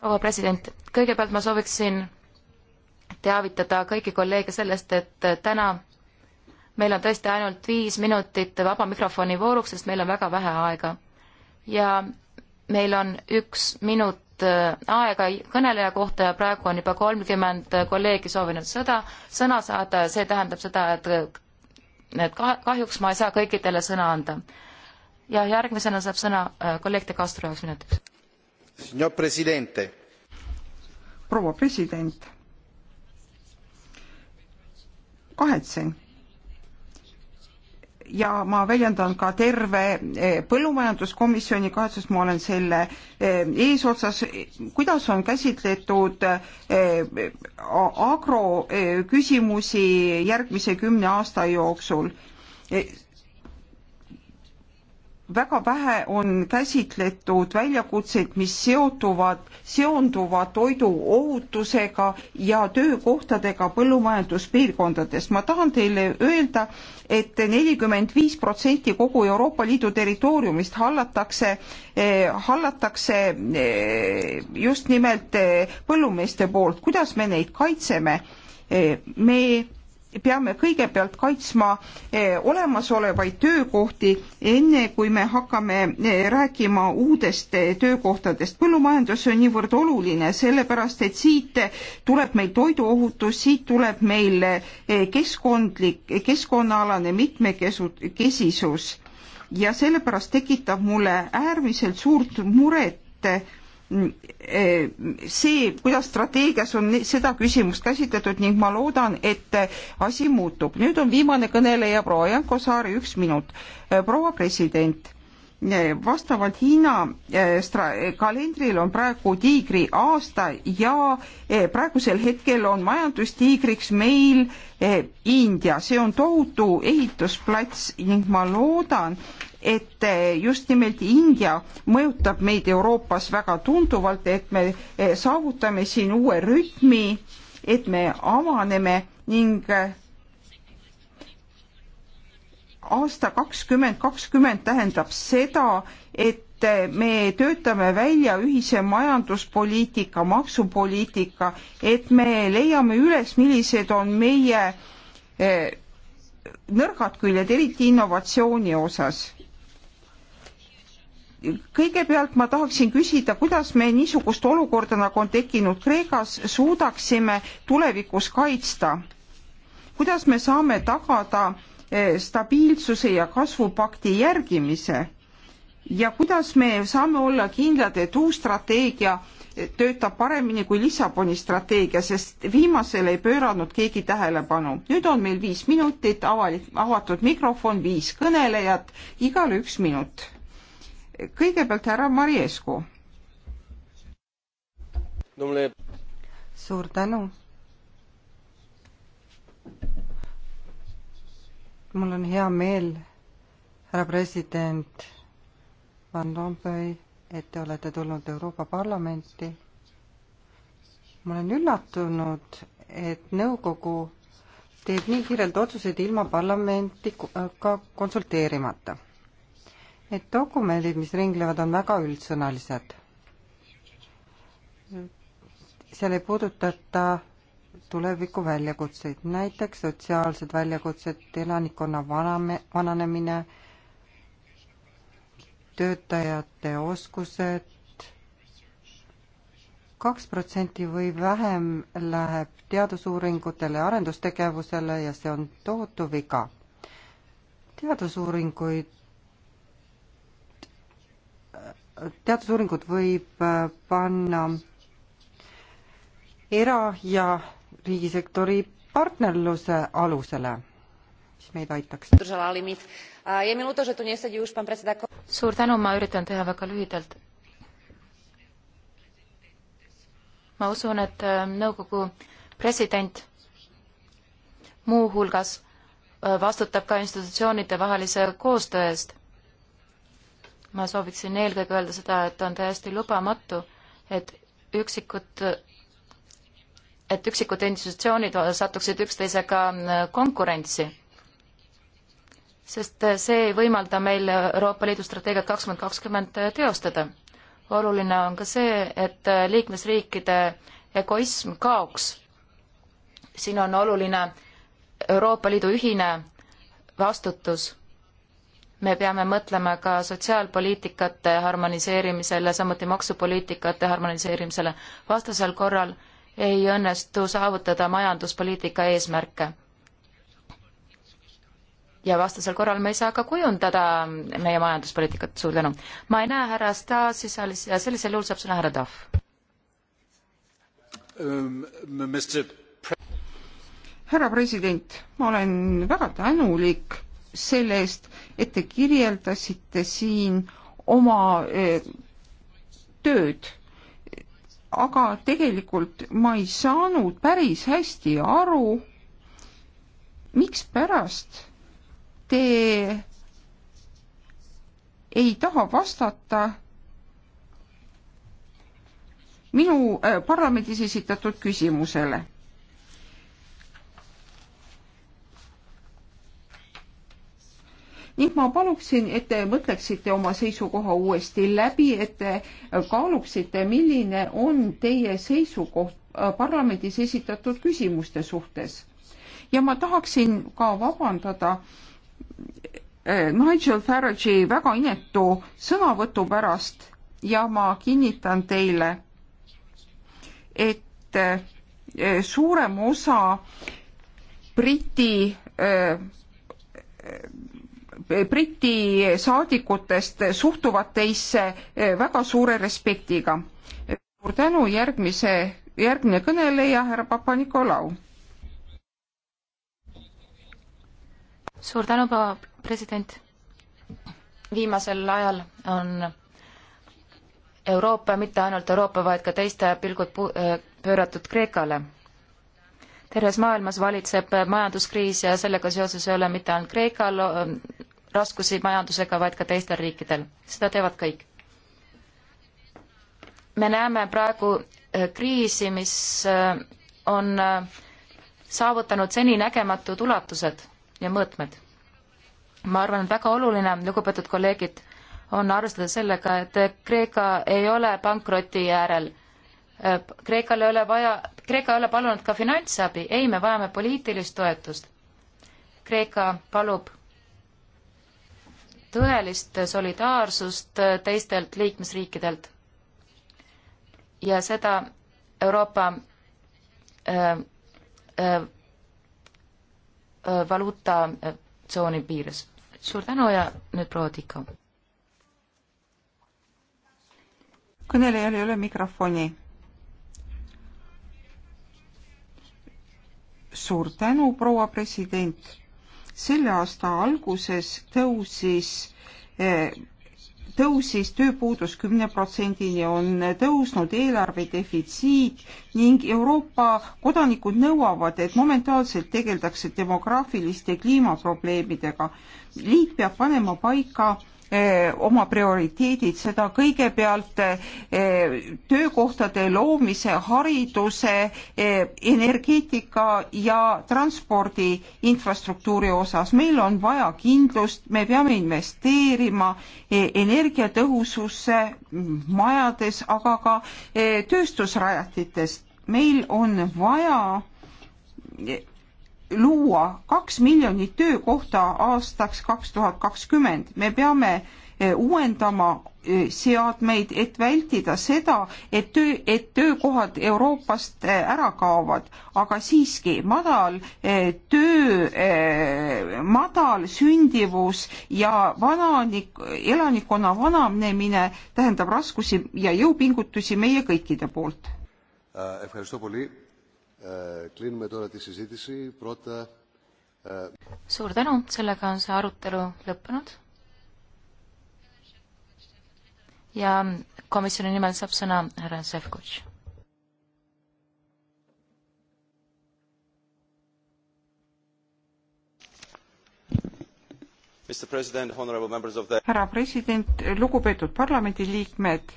proua president, kõigepealt ma sooviksin teavitada kõiki kolleege sellest, et täna meil on tõesti ainult viis minutit vaba mikrofoni vooruks, sest meil on väga vähe aega. ja meil on üks minut minutit äh, aega kõneleja kohta ja praegu on juba kolmkümmend äh, kolleegi soovinud sõda, sõna saada, see tähendab seda, et äh, et kahjuks ma ei saa kõikidele sõna anda. ja järgmisena saab sõna kolleeg De Castro jaoks minutiks. proua president, kahetsen ja ma väljendan ka terve eh, põllumajanduskomisjoni kahetsust, ma olen selle eh, eesotsas, kuidas on käsitletud eh, agroküsimusi järgmise kümne aasta jooksul väga vähe on käsitletud väljakutseid, mis seotuvad, seonduvad toiduohutusega ja töökohtadega põllumajanduspiirkondades. ma tahan teile öelda et, et nelikümmend viis protsenti kogu Euroopa Liidu territooriumist hallatakse eh,, hallatakse eh, just nimelt eh, põllumeeste poolt. kuidas me neid kaitseme? Eh, me peame kõigepealt kaitsma eh, olemasolevaid töökohti, enne kui me hakkame eh, rääkima uudest eh, töökohtadest. põllumajandus on niivõrd oluline, sellepärast et siit tuleb meil toiduohutus, siit tuleb meil keskkondlik, keskkonnaalane mitmekesisus ja sellepärast tekitab mulle äärmiselt suurt muret see, kuidas strateegias on seda küsimust käsitletud ning ma loodan, et asi muutub. nüüd on viimane kõneleja proua Janko Saari, üks minut. proua president, vastavalt Hiina eh, kalendril on praegu tiigri aasta ja eh, praegusel hetkel on majandustiigriks meil eh, India, see on tohutu ehitusplats ning ma loodan, et eh, just nimelt India mõjutab meid Euroopas väga tunduvalt, et me eh, saavutame siin uue rütmi, et me avaneme ning eh, aasta kakskümmend kakskümmend tähendab seda, et me töötame välja ühise majanduspoliitika, maksupoliitika, et me leiame üles, millised on meie nõrgad küljed, eriti innovatsiooni osas kõigepealt ma tahaksin küsida, kuidas me niisugust olukorda, nagu on tekkinud Kreekas, suudaksime tulevikus kaitsta? kuidas me saame tagada eh, stabiilsuse ja kasvupakti järgimise? ja kuidas me saame olla kindlad, et uus strateegia eh, töötab paremini kui Lissaboni strateegia, sest viimasele ei pööranud keegi tähelepanu. nüüd on meil viis minutit, avalik, avatud mikrofon, viis kõnelejat, igale üks minut kõigepealt härra Mariescu. suur tänu. mul on hea meel, härra president Van Rompuy, et te olete tulnud Euroopa Parlamenti. ma olen üllatunud, et nõukogu teeb nii kiirelt otsuseid ilma parlamenti ka konsulteerimata et dokumendid, mis ringlevad, on väga üldsõnalised. seal ei puudutata tuleviku väljakutseid, näiteks sotsiaalsed väljakutsed, elanikkonna vaname, vananemine, töötajate oskused, kaks protsenti või vähem läheb teadusuuringutele ja arendustegevusele ja see on tohutu viga. teadusuuringuid teadusuuringut võib äh, panna era- ja riigisektori partnerluse alusele, mis meid aitaks. suur tänu, ma üritan teha väga lühidalt. ma usun, et äh, nõukogu president muuhulgas äh, vastutab ka institutsioonide vahelise koostöö eest ma sooviksin eelkõige öelda seda, et on täiesti lubamatu, et üksikud, et üksikud institutsioonid satuksid üksteisega konkurentsi. sest see ei võimalda meil Euroopa Liidu strateegiat kakskümmend kakskümmend teostada. oluline on ka see, et liikmesriikide egoism kaoks. siin on oluline Euroopa Liidu ühine vastutus me peame mõtlema ka sotsiaalpoliitikate harmoniseerimisele, samuti maksupoliitikate harmoniseerimisele. vastasel korral ei õnnestu saavutada majanduspoliitika eesmärke. ja vastasel korral me ei saa ka kujundada meie majanduspoliitikat, suur tänu. ma ei näe härra Stasi saalis ja sellisel juhul saab sõna härra Tahv um,. härra president, ma olen väga tänulik selle eest, et te kirjeldasite siin oma eh, tööd. aga tegelikult ma ei saanud päris hästi aru, mikspärast te ei taha vastata minu eh, parlamendis esitatud küsimusele ning ma paluksin, et te mõtleksite oma seisukoha uuesti läbi, et te kaaluksite, milline on teie seisukoht äh, parlamendis esitatud küsimuste suhtes. ja ma tahaksin ka vabandada äh, Nigel Farage'i väga inetu sõnavõtu pärast ja ma kinnitan teile, et äh, suurem osa Briti Briti saadikutest suhtuvad teisse eh, väga suure respektiga. suur tänu, järgmise, järgmine kõneleja, härra Papa-Nikolau. suur tänu, proua president. viimasel ajal on Euroopa, mitte ainult Euroopa, vaid ka teiste pilgud eh, pööratud Kreekale terves maailmas valitseb majanduskriis ja sellega seoses ei ole mitte ainult Kreekal raskusi majandusega, vaid ka teistel riikidel. seda teevad kõik. me näeme praegu äh, kriisi, mis äh, on äh, saavutanud seninägematud ulatused ja mõõtmed. ma arvan, et väga oluline, lugupeetud kolleegid, on arvestada sellega, et Kreeka ei ole pankroti äärel. Kreekal ei ole vaja, Kreeka ei ole palunud ka finantsabi, ei, me vajame poliitilist toetust. Kreeka palub tõelist solidaarsust teistelt liikmesriikidelt. ja seda Euroopa äh, äh, äh valuutatsooni piires. suur tänu ja nüüd proua Tiko. kõnelejal ei ole mikrofoni. suur tänu, proua president selle aasta alguses tõusis eh, tõusis tööpuudus kümne protsendini, on tõusnud eelarve defitsiit ning Euroopa kodanikud nõuavad, et momentaalselt tegeldakse demograafiliste kliimaprobleemidega. liit peab panema paika Eh, oma prioriteedid, seda kõigepealt eh, töökohtade loomise, hariduse, eh, energeetika ja transpordi infrastruktuuri osas. meil on vaja kindlust, me peame investeerima energiatõhususse majades, aga ka tööstusrajatites. meil on vaja luua kaks miljonit töökohta aastaks kaks tuhat kakskümmend. me peame eh, uuendama eh, seadmeid, et vältida seda, et töö, et töökohad Euroopast eh, ära kaovad, aga siiski madal töö, madal sündivus ja vananik, elanikkonna vananemine tähendab raskusi ja jõupingutusi meie kõikide poolt uh,. Κλείνουμε τώρα τη συζήτηση. Πρώτα... Suur tänu, sellega on see arutelu lõppenud. ja komisjoni nimel saab sõna härra Sefkutš. härra president, lugupeetud parlamendiliikmed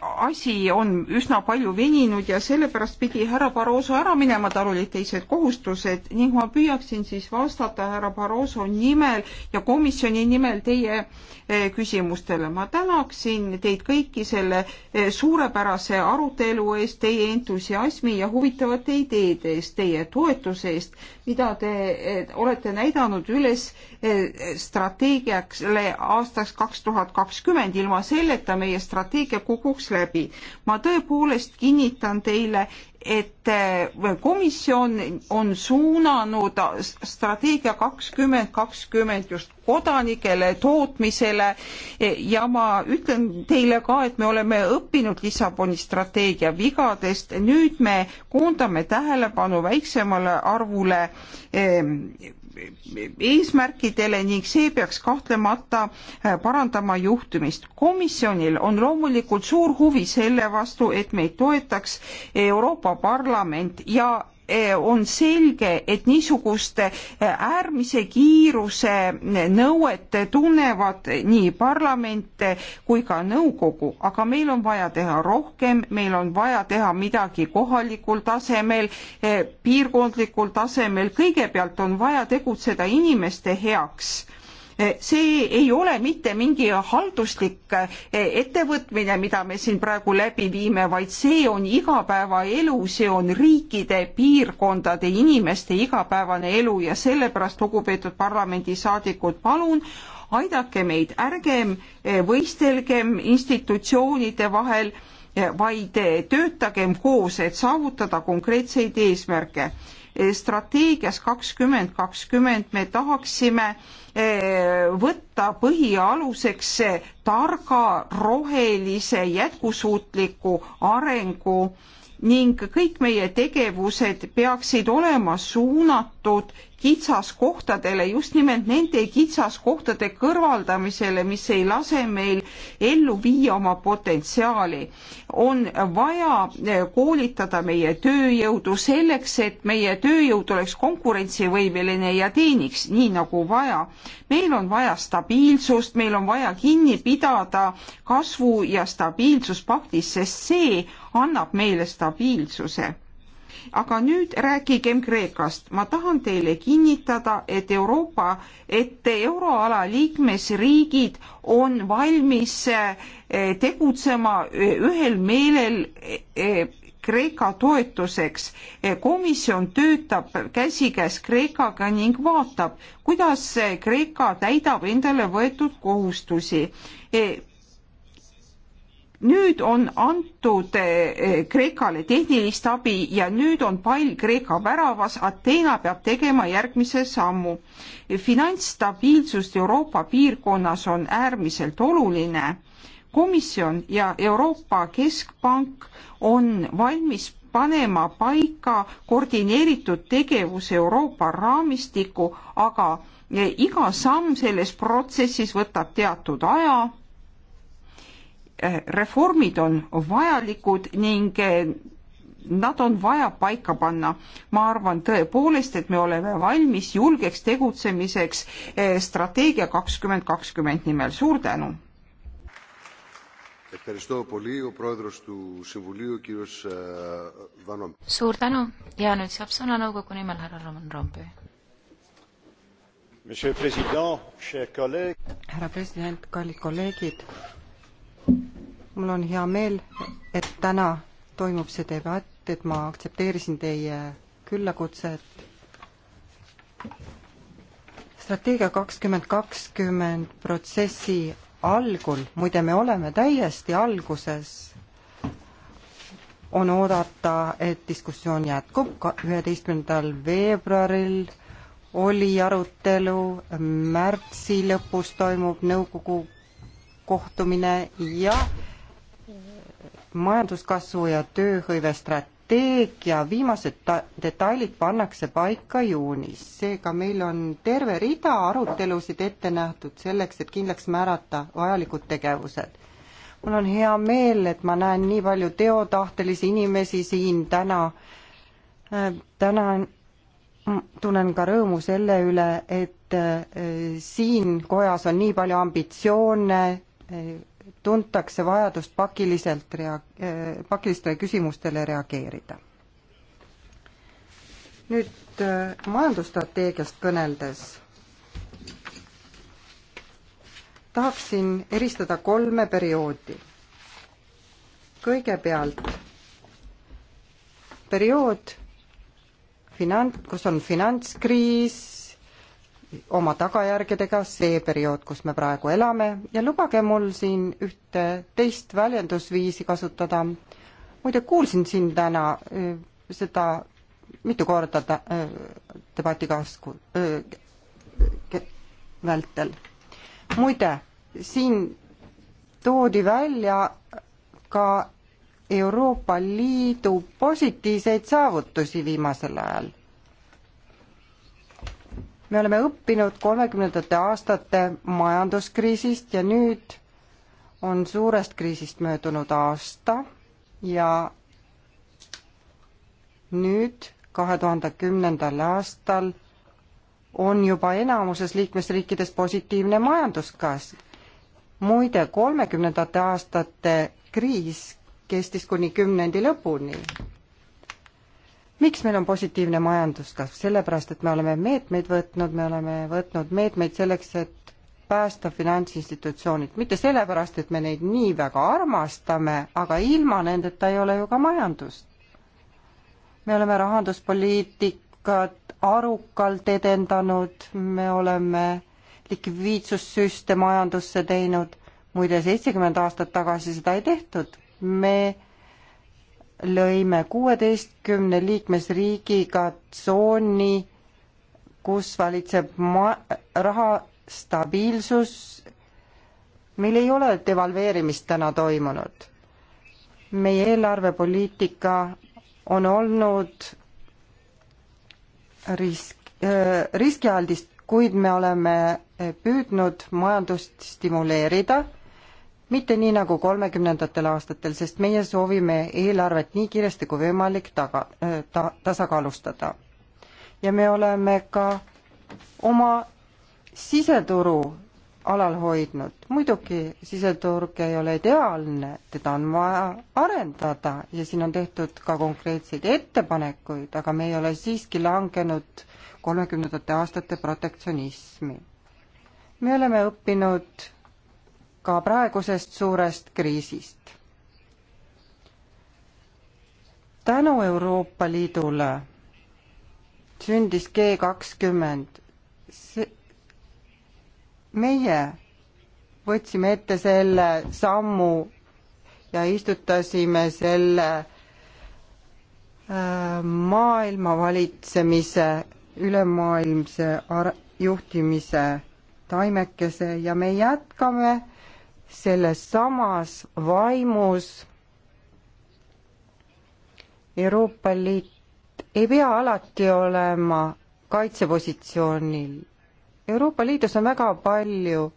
asi on üsna palju veninud ja sellepärast pidi härra Barroso ära minema, tal olid teised kohustused ning ma püüaksin siis vastata härra Barroso nimel ja komisjoni nimel teie eh, küsimustele. ma tänaksin teid kõiki selle eh, suurepärase arutelu eest, teie entusiasmi ja huvitavate ideede eest, teie toetuse eest, mida te eh, olete näidanud üles strateegiaks aastaks kaks tuhat kakskümmend. ilma selleta meie strateegia kukuks läbi. ma tõepoolest kinnitan teile, et äh, komisjon on suunanud strateegia kakskümmend kakskümmend just kodanikele, tootmisele ja ma ütlen teile ka, et me oleme õppinud Lissaboni strateegia vigadest, nüüd me koondame tähelepanu väiksemale arvule eh, eesmärkidele ning see peaks kahtlemata äh, parandama juhtimist. komisjonil on loomulikult suur huvi selle vastu, et meid toetaks Euroopa Parlament ja Eh, on selge, et niisugust eh, äärmise kiiruse eh, nõuet tunnevad nii parlament kui ka nõukogu, aga meil on vaja teha rohkem, meil on vaja teha midagi kohalikul tasemel, piirkondlikul tasemel, kõigepealt on vaja tegutseda inimeste heaks see ei ole mitte mingi halduslik eh, ettevõtmine, mida me siin praegu läbi viime, vaid see on igapäevaelu, see on riikide, piirkondade, inimeste igapäevane elu ja sellepärast, lugupeetud parlamendisaadikud, palun aidake meid, ärgem eh, võistelgem institutsioonide vahel, eh, vaid töötagem koos, et saavutada konkreetseid eesmärke strateegias kakskümmend kakskümmend me tahaksime eh, võtta põhialuseks targa, rohelise, jätkusuutliku arengu ning kõik meie tegevused peaksid olema suunatud kitsaskohtadele, just nimelt nende kitsaskohtade kõrvaldamisele, mis ei lase meil ellu viia oma potentsiaali. on vaja eh, koolitada meie tööjõudu selleks, et meie tööjõud oleks konkurentsivõimeline ja teeniks nii nagu vaja. meil on vaja stabiilsust, meil on vaja kinni pidada kasvu ja stabiilsuspaktis, sest see annab meile stabiilsuse aga nüüd rääkigem Kreekast. ma tahan teile kinnitada, et Euroopa, et euroala liikmesriigid on valmis eh, tegutsema eh, ühel meelel eh, Kreeka toetuseks. komisjon töötab käsikäes Kreekaga ning vaatab, kuidas Kreeka täidab endale võetud kohustusi nüüd on antud eh, Kreekale tehnilist abi ja nüüd on pall Kreeka väravas, Ateena peab tegema järgmise sammu. finantsstabiilsust Euroopa piirkonnas on äärmiselt oluline. komisjon ja Euroopa Keskpank on valmis panema paika koordineeritud tegevus Euroopa raamistiku, aga eh, iga samm selles protsessis võtab teatud aja Eh, reformid on vajalikud ning eh, nad on vaja paika panna. ma arvan tõepoolest, et me oleme valmis julgeks tegutsemiseks eh, strateegia kakskümmend kakskümmend nimel, suur tänu. suur tänu ja nüüd saab sõna nõukogu nimel härra Roman Rompuy. härra president, kallid kolleegid mul on hea meel, et täna toimub see debatt, et ma aktsepteerisin teie küllakutset. strateegia kakskümmend kakskümmend protsessi algul, muide, me oleme täiesti alguses, on oodata, et diskussioon jätkub ka üheteistkümnendal veebruaril oli arutelu, märtsi lõpus toimub nõukogu kohtumine ja majanduskasvu ja tööhõive strateegia viimased detailid pannakse paika juunis. seega meil on terve rida arutelusid ette nähtud selleks, et kindlaks määrata vajalikud tegevused. mul on hea meel, et ma näen nii palju teotahtelisi inimesi siin täna. Äh, täna tunnen ka rõõmu selle üle, et äh, siin kojas on nii palju ambitsioone, tuntakse vajadust pakiliselt rea-, eh, pakilistele küsimustele reageerida. nüüd eh, majandusstrateegiast kõneldes tahaksin eristada kolme perioodi. kõigepealt periood, finant-, kus on finantskriis, oma tagajärgedega, see periood, kus me praegu elame ja lubage mul siin ühte teist väljendusviisi kasutada. muide, kuulsin siin täna äh, seda mitu korda ta, äh, debati kasku äh, vältel. muide, siin toodi välja ka Euroopa Liidu positiivseid saavutusi viimasel ajal me oleme õppinud kolmekümnendate aastate majanduskriisist ja nüüd on suurest kriisist möödunud aasta ja nüüd, kahe tuhande kümnendal aastal on juba enamuses liikmesriikides positiivne majanduskasv. muide, kolmekümnendate aastate kriis kestis kuni kümnendi lõpuni miks meil on positiivne majanduskasv? sellepärast, et me oleme meetmeid võtnud, me oleme võtnud meetmeid selleks, et päästa finantsinstitutsioonid, mitte sellepärast, et me neid nii väga armastame, aga ilma nendeta ei ole ju ka majandust. me oleme rahanduspoliitikat arukalt edendanud, me oleme likviidsussüste majandusse teinud, muide seitsekümmend aastat tagasi seda ei tehtud, me lõime kuueteistkümne liikmesriigiga tsooni, kus valitseb ma-, raha stabiilsus, meil ei ole devalveerimist täna toimunud. meie eelarvepoliitika on olnud risk, riskialdist, kuid me oleme püüdnud majandust stimuleerida mitte nii nagu kolmekümnendatel aastatel, sest meie soovime eelarvet nii kiiresti kui võimalik taga, äh, ta-, tasakaalustada. ja me oleme ka oma siseturu alal hoidnud. muidugi siseturg ei ole ideaalne, teda on vaja arendada ja siin on tehtud ka konkreetseid ettepanekuid, aga me ei ole siiski langenud kolmekümnendate aastate protektsionismi. me oleme õppinud ka praegusest suurest kriisist. tänu Euroopa Liidule sündis G kakskümmend. see, meie võtsime ette selle sammu ja istutasime selle äh, maailma valitsemise, ülemaailmse juhtimise taimekese ja me jätkame selles samas vaimus. Euroopa Liit ei pea alati olema kaitsepositsioonil. Euroopa Liidus on väga palju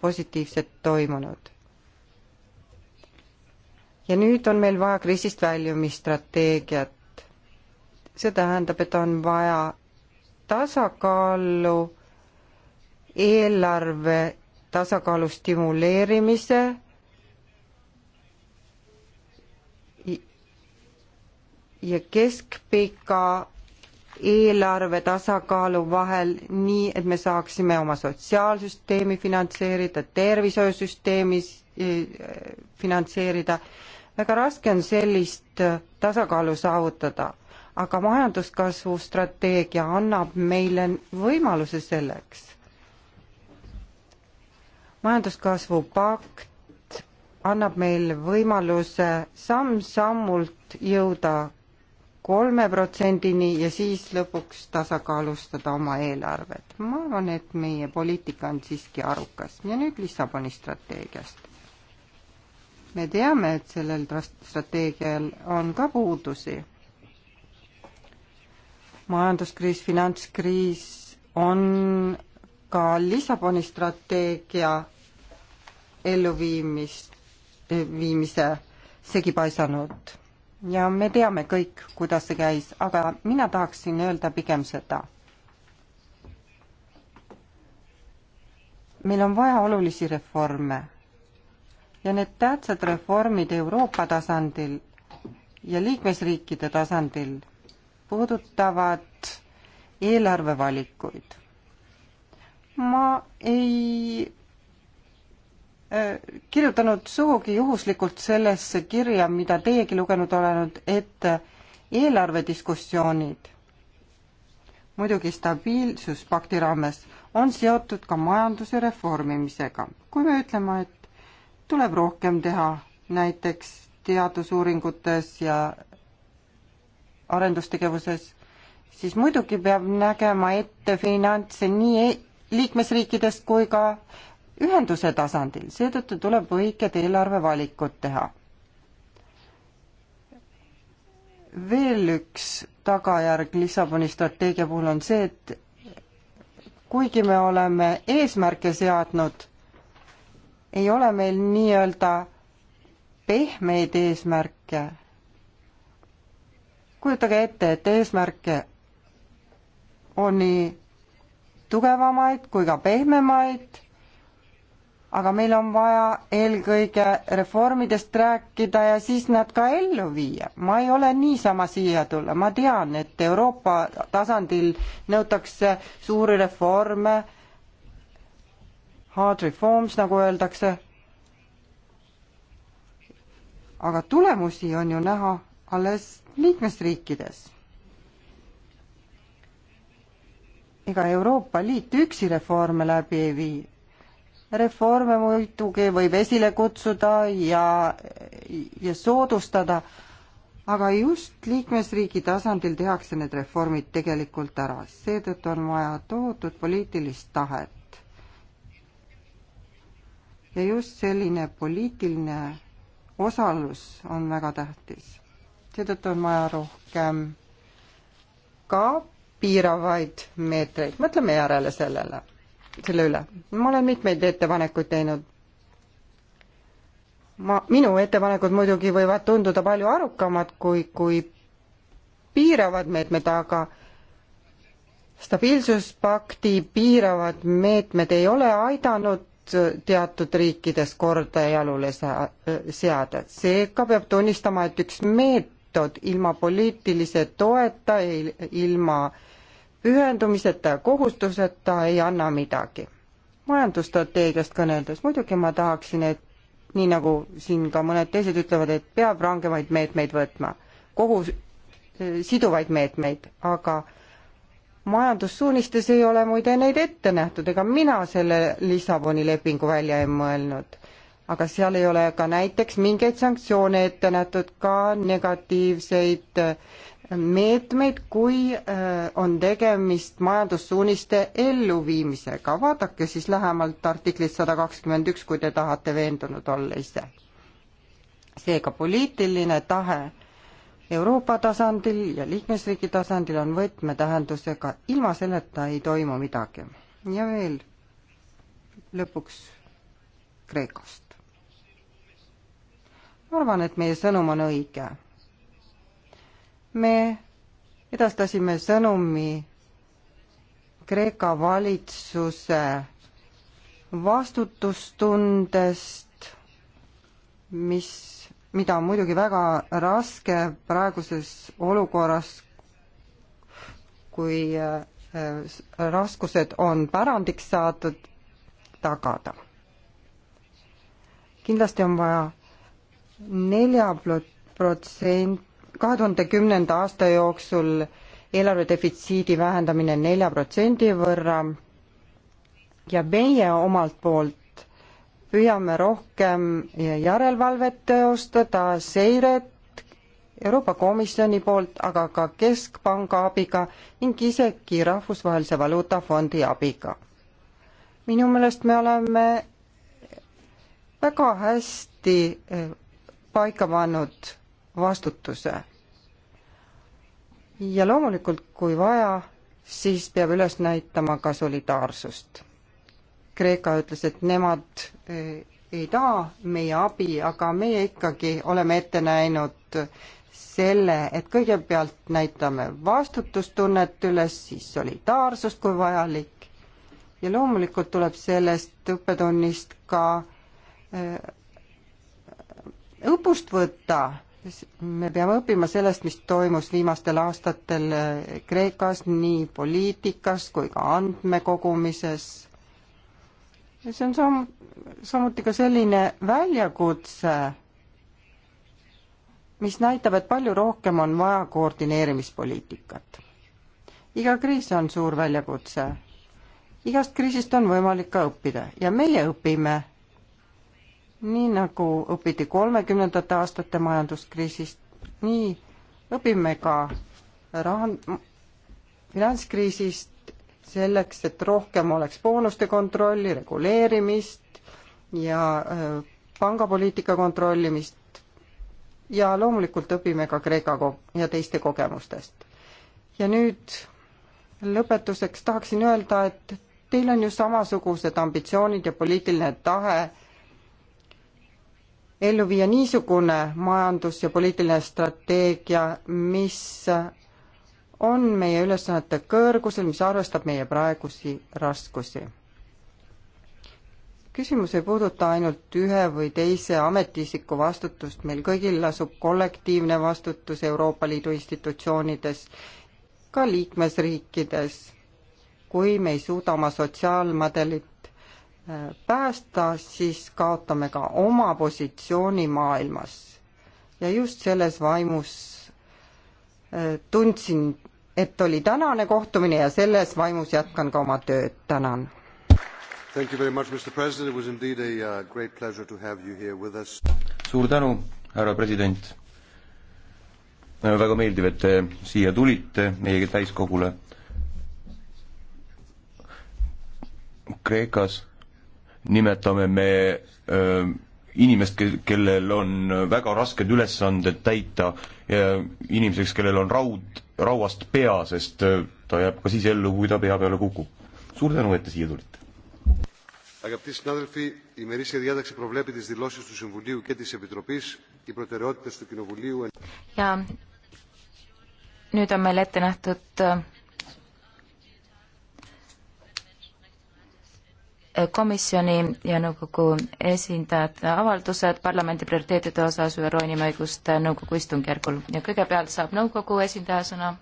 positiivset toimunud. ja nüüd on meil vaja kriisist väljumisstrateegiat. see tähendab, et on vaja tasakaalu eelarve tasakaalu stimuleerimise ja keskpika eelarve tasakaalu vahel, nii et me saaksime oma sotsiaalsüsteemi finantseerida, tervishoiusüsteemi eh, finantseerida. väga raske on sellist eh, tasakaalu saavutada, aga majanduskasvu strateegia annab meile võimaluse selleks majanduskasvu pakt annab meil võimaluse samm-sammult jõuda kolme protsendini ja siis lõpuks tasakaalustada oma eelarvet. ma arvan, et meie poliitika on siiski arukas ja nüüd Lissaboni strateegiast. me teame, et sellel strateegial on ka puudusi. majanduskriis, finantskriis on ka Lissaboni strateegia elluviimist, viimise segi paisanud. ja me teame kõik, kuidas see käis, aga mina tahaksin öelda pigem seda. meil on vaja olulisi reforme ja need tähtsad reformid Euroopa tasandil ja liikmesriikide tasandil puudutavad eelarvevalikuid. ma ei Äh, kirjutanud sugugi juhuslikult sellesse kirja, mida teiegi lugenud olenud, et äh, eelarvediskussioonid muidugi stabiilsuspakti raames on seotud ka majanduse reformimisega. kui me ütleme, et tuleb rohkem teha näiteks teadusuuringutes ja arendustegevuses, siis muidugi peab nägema ette finantse nii e-, liikmesriikidest kui ka ühenduse tasandil, seetõttu tuleb õiged eelarvevalikud teha. veel üks tagajärg Lissaboni strateegia puhul on see, et kuigi me oleme eesmärke seadnud, ei ole meil nii-öelda pehmeid eesmärke. kujutage ette, et eesmärke on nii tugevamaid kui ka pehmemaid aga meil on vaja eelkõige reformidest rääkida ja siis nad ka ellu viia. ma ei ole niisama siia tulla, ma tean, et Euroopa tasandil nõutakse suuri reforme, hard reforms, nagu öeldakse, aga tulemusi on ju näha alles liikmesriikides. ega Euroopa Liit üksi reforme läbi ei vii reforme muidugi võib esile kutsuda ja, ja soodustada, aga just liikmesriigi tasandil tehakse need reformid tegelikult ära, seetõttu on vaja tohutut poliitilist tahet. ja just selline poliitiline osalus on väga tähtis. seetõttu on vaja rohkem ka piiravaid meetreid, mõtleme järele sellele selle üle. ma olen mitmeid ettepanekuid teinud. ma, minu ettepanekud muidugi võivad tunduda palju arukamad kui, kui piiravad meetmed, aga stabiilsuspakti piiravad meetmed ei ole aidanud teatud riikides korda jalule seada. seega peab tunnistama, et üks meetod ilma poliitilise toeta, ilma äh, ühendumiseta ja kohustuseta ei anna midagi. majandusstrateegiast kõneldes muidugi ma tahaksin, et nii nagu siin ka mõned teised ütlevad, et peab rangemaid meetmeid võtma, kohus, siduvaid meetmeid, aga majandussuunistes ei ole muide neid ette nähtud, ega mina selle Lissaboni lepingu välja ei mõelnud. aga seal ei ole ka näiteks mingeid sanktsioone ette nähtud, ka negatiivseid meetmeid, kui äh, on tegemist majandussuuniste elluviimisega. vaadake siis lähemalt artiklit sada kakskümmend üks, kui te tahate veendunud olla ise. seega poliitiline tahe Euroopa tasandil ja liikmesriigi tasandil on võtmetähendusega, ilma selleta ei toimu midagi. ja veel lõpuks Kreekost. ma arvan, et meie sõnum on õige me edastasime sõnumi Kreeka valitsuse vastutustundest, mis, mida on muidugi väga raske praeguses olukorras, kui äh, raskused on pärandiks saadud, tagada. kindlasti on vaja nelja protsenti kahe tuhande kümnenda aasta jooksul eelarve defitsiidi vähendamine nelja protsendi võrra ja meie omalt poolt püüame rohkem järelevalvet teostada, seiret Euroopa Komisjoni poolt, aga ka Keskpanga abiga ning isegi Rahvusvahelise Valuutafondi abiga. minu meelest me oleme väga hästi paika pannud vastutuse. ja loomulikult, kui vaja, siis peab üles näitama ka solidaarsust. Kreeka ütles, et nemad e, ei taha meie abi, aga meie ikkagi oleme ette näinud selle, et kõigepealt näitame vastutustunnet üles, siis solidaarsust, kui vajalik, ja loomulikult tuleb sellest õppetunnist ka e, õppust võtta me peame õppima sellest, mis toimus viimastel aastatel Kreekas nii poliitikas kui ka andmekogumises. see on sam-, samuti ka selline väljakutse, mis näitab, et palju rohkem on vaja koordineerimispoliitikat. iga kriis on suur väljakutse. igast kriisist on võimalik ka õppida ja meie õpime nii nagu õpiti kolmekümnendate aastate majanduskriisist, nii õpime ka rahan-, finantskriisist selleks, et rohkem oleks boonuste kontrolli, reguleerimist ja äh, pangapoliitika kontrollimist ja loomulikult õpime ka Kreeka ko- ja teiste kogemustest. ja nüüd lõpetuseks tahaksin öelda, et teil on ju samasugused ambitsioonid ja poliitiline tahe ellu viia niisugune majandus- ja poliitiline strateegia, mis on meie ülesannete kõrgusel, mis arvestab meie praegusi raskusi. küsimus ei puuduta ainult ühe või teise ametiisiku vastutust, meil kõigil lasub kollektiivne vastutus Euroopa Liidu institutsioonides, ka liikmesriikides. kui me ei suuda oma sotsiaalmadelit päästa, siis kaotame ka oma positsiooni maailmas. ja just selles vaimus äh, tundsin, et oli tänane kohtumine ja selles vaimus jätkan ka oma tööd, tänan. Thank you very much, Mr President, it was indeed a uh, great pleasure to have you here with us. suur tänu, härra president. väga meeldiv, et te siia tulite meie täiskogule. Kreekas nimetame me öö, inimest, kellel on väga rasked ülesanded täita, inimeseks, kellel on raud, rauast pea, sest ta jääb ka siis ellu, kui ta pea peale kukub. suur tänu, et te siia tulite. Αγαπητοί συνάδελφοι, η μερίσια διάταξη προβλέπει τις δηλώσεις του Συμβουλίου και της Επιτροπής, οι προτεραιότητες του Κοινοβουλίου. Ja, nyt on meille ette nähtud komisjoni ja nõukogu esindajate avaldused parlamendi prioriteetide osas ÜRO Inimõiguste Nõukogu istungjärgul ja kõigepealt saab nõukogu esindaja sõna